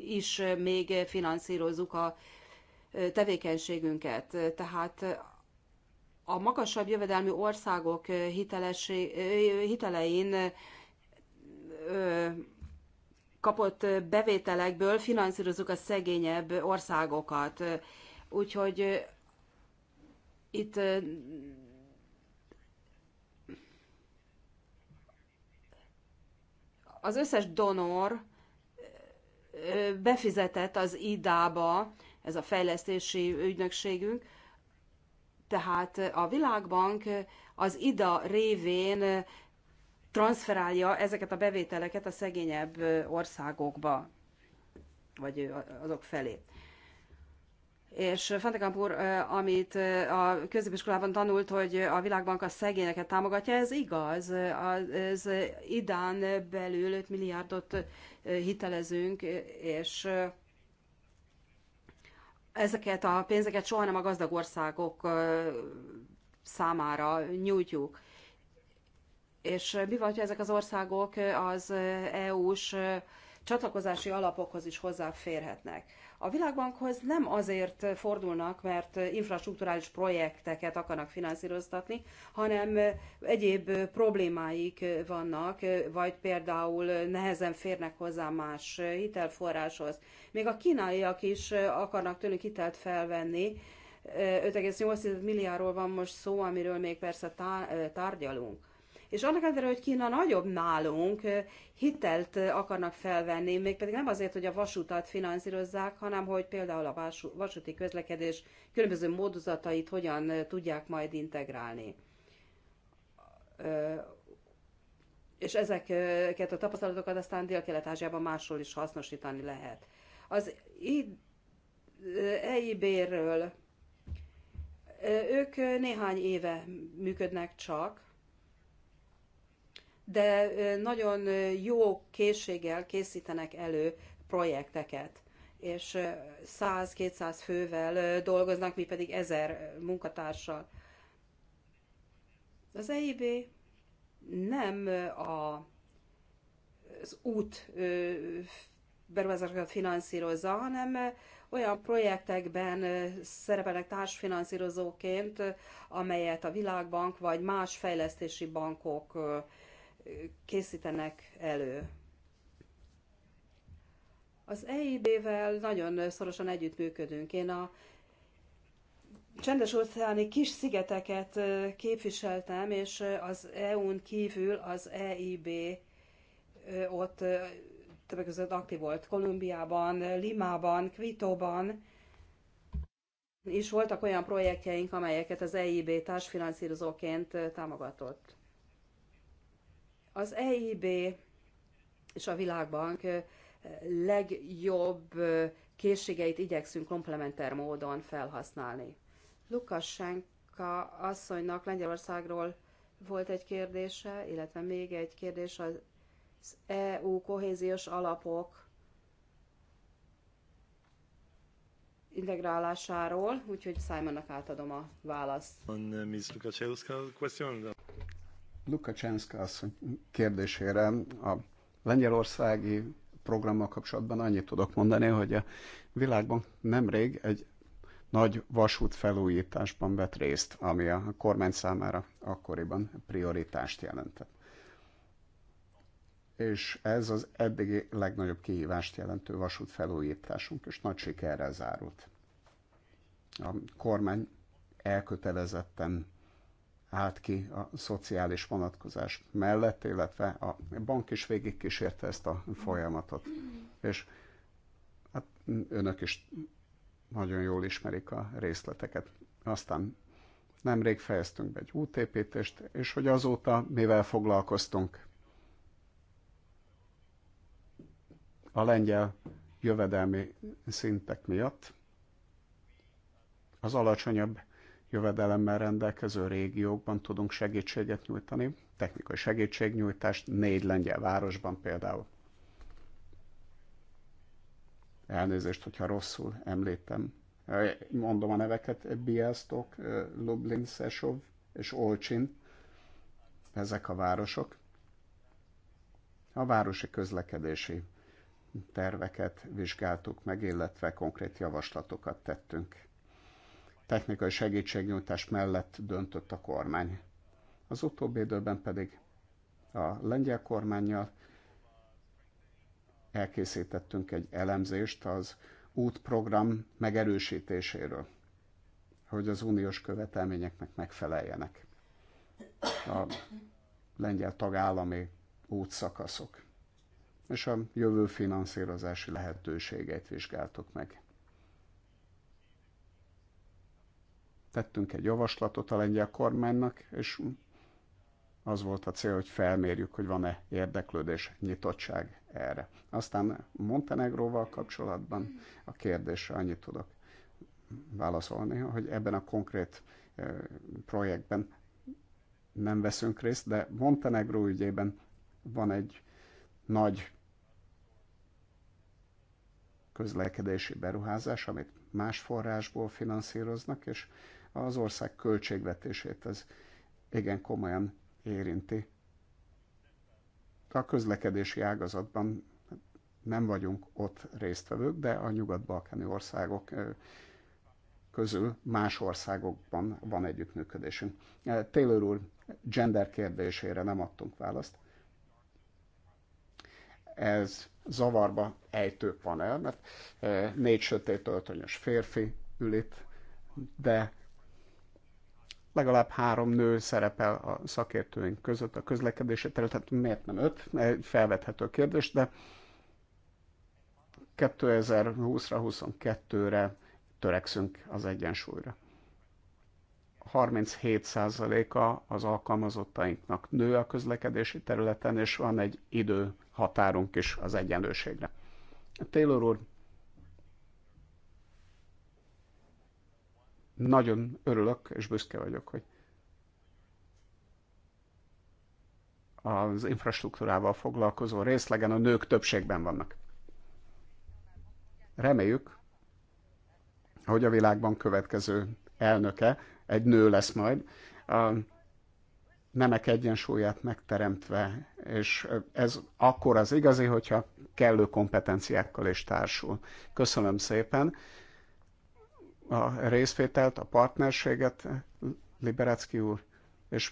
is még finanszírozzuk a tevékenységünket. Tehát a magasabb jövedelmű országok hitelein kapott bevételekből finanszírozunk a szegényebb országokat. Úgyhogy itt az összes donor befizetett az IDA-ba, ez a fejlesztési ügynökségünk. Tehát a Világbank az IDA révén transferálja ezeket a bevételeket a szegényebb országokba, vagy azok felé. És Fentekamp úr, amit a középiskolában tanult, hogy a világbank a szegényeket támogatja, ez igaz. Az idán belül 5 milliárdot hitelezünk, és ezeket a pénzeket soha nem a gazdag országok számára nyújtjuk. És mi van, hogy ezek az országok az EU-s csatlakozási alapokhoz is hozzáférhetnek? A világbankhoz nem azért fordulnak, mert infrastruktúrális projekteket akarnak finanszíroztatni, hanem egyéb problémáik vannak, vagy például nehezen férnek hozzá más hitelforráshoz. Még a kínaiak is akarnak tőlük hitelt felvenni, 5,8 milliárdról van most szó, amiről még persze tárgyalunk. És annak ellenére, hogy Kína nagyobb nálunk, hitelt akarnak felvenni, mégpedig nem azért, hogy a vasutat finanszírozzák, hanem hogy például a vasúti közlekedés különböző módozatait hogyan tudják majd integrálni. És ezeket a tapasztalatokat aztán Dél-Kelet-Ázsiában máshol is hasznosítani lehet. Az EIB-ről ők néhány éve működnek csak, de nagyon jó készséggel készítenek elő projekteket és 100-200 fővel dolgoznak, mi pedig 1000 munkatársal. Az EIB nem a, az út beruházásokat finanszírozza, hanem olyan projektekben szerepelnek társfinanszírozóként, amelyet a Világbank vagy más fejlesztési bankok készítenek elő. Az EIB-vel nagyon szorosan együttműködünk. Én a csendes óceáni kis szigeteket képviseltem, és az EU-n kívül az EIB ott többek között aktív volt Kolumbiában, Limában, Kvitóban, és voltak olyan projektjeink, amelyeket az EIB társfinanszírozóként támogatott. Az EIB és a Világbank legjobb készségeit igyekszünk komplementer módon felhasználni. Senka, asszonynak Lengyelországról volt egy kérdése, illetve még egy kérdés az EU kohéziós alapok integrálásáról, úgyhogy Simonnak átadom a választ. On uh, Ms. Lukacsenszka asszony kérdésére a lengyelországi programmal kapcsolatban annyit tudok mondani, hogy a világban nemrég egy nagy vasút felújításban vett részt, ami a kormány számára akkoriban prioritást jelentett. És ez az eddigi legnagyobb kihívást jelentő vasút felújításunk, és nagy sikerrel zárult. A kormány elkötelezetten állt ki a szociális vonatkozás mellett, illetve a bank is végigkísérte ezt a folyamatot. És hát önök is nagyon jól ismerik a részleteket. Aztán nemrég fejeztünk be egy útépítést, és hogy azóta mivel foglalkoztunk. A lengyel jövedelmi szintek miatt az alacsonyabb jövedelemmel rendelkező régiókban tudunk segítséget nyújtani, technikai segítségnyújtást négy lengyel városban például. Elnézést, hogyha rosszul említem. Mondom a neveket, Biasztok, Lublin, Szesov és Olcsin. Ezek a városok. A városi közlekedési terveket vizsgáltuk meg, illetve konkrét javaslatokat tettünk technikai segítségnyújtás mellett döntött a kormány. Az utóbbi időben pedig a lengyel kormányjal elkészítettünk egy elemzést az útprogram megerősítéséről, hogy az uniós követelményeknek megfeleljenek a lengyel tagállami útszakaszok, és a jövő finanszírozási lehetőségeit vizsgáltuk meg. tettünk egy javaslatot a lengyel kormánynak, és az volt a cél, hogy felmérjük, hogy van-e érdeklődés, nyitottság erre. Aztán Montenegróval kapcsolatban a kérdésre annyit tudok válaszolni, hogy ebben a konkrét projektben nem veszünk részt, de Montenegró ügyében van egy nagy közlekedési beruházás, amit más forrásból finanszíroznak, és az ország költségvetését ez igen komolyan érinti. A közlekedési ágazatban nem vagyunk ott résztvevők, de a nyugat-balkáni országok közül más országokban van együttműködésünk. Taylor úr gender kérdésére nem adtunk választ. Ez zavarba ejtő panel, mert négy sötét öltönyös férfi ül itt, de legalább három nő szerepel a szakértőink között a közlekedési területen, miért nem öt, egy felvethető kérdés, de 2020-ra, 22-re törekszünk az egyensúlyra. 37%-a az alkalmazottainknak nő a közlekedési területen, és van egy idő határunk is az egyenlőségre. Taylor úr Nagyon örülök, és büszke vagyok, hogy az infrastruktúrával foglalkozó részlegen a nők többségben vannak. Reméljük, hogy a világban következő elnöke egy nő lesz majd, a nemek egyensúlyát megteremtve, és ez akkor az igazi, hogyha kellő kompetenciákkal is társul. Köszönöm szépen, a részvételt, a partnerséget, Liberecki úr, és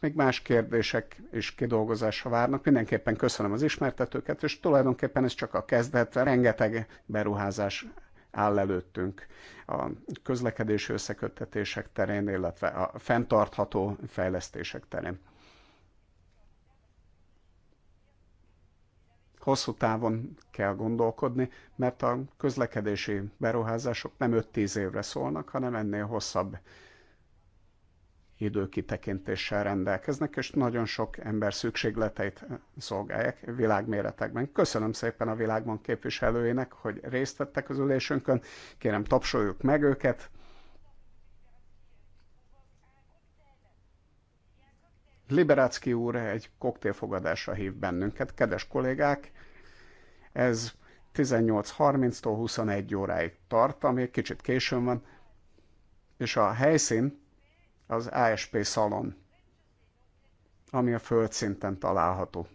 még más kérdések és kidolgozása várnak. Mindenképpen köszönöm az ismertetőket, és tulajdonképpen ez csak a kezdet, rengeteg beruházás áll előttünk a közlekedési összeköttetések terén, illetve a fenntartható fejlesztések terén. hosszú távon kell gondolkodni, mert a közlekedési beruházások nem 5-10 évre szólnak, hanem ennél hosszabb időkitekintéssel rendelkeznek, és nagyon sok ember szükségleteit szolgálják világméretekben. Köszönöm szépen a világban képviselőinek, hogy részt vettek az ülésünkön. Kérem, tapsoljuk meg őket. Liberácki úr egy koktélfogadásra hív bennünket. Kedves kollégák, ez 18.30-tól 21 óráig tart, ami egy kicsit későn van, és a helyszín az ASP szalon, ami a földszinten található.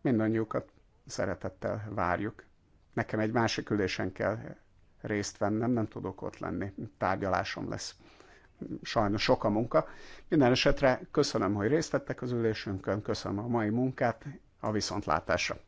Mindannyiukat szeretettel várjuk. Nekem egy másik ülésen kell részt vennem, nem tudok ott lenni, tárgyalásom lesz. Sajnos sok a munka. Minden esetre köszönöm, hogy részt vettek az ülésünkön, köszönöm a mai munkát, a viszontlátásra.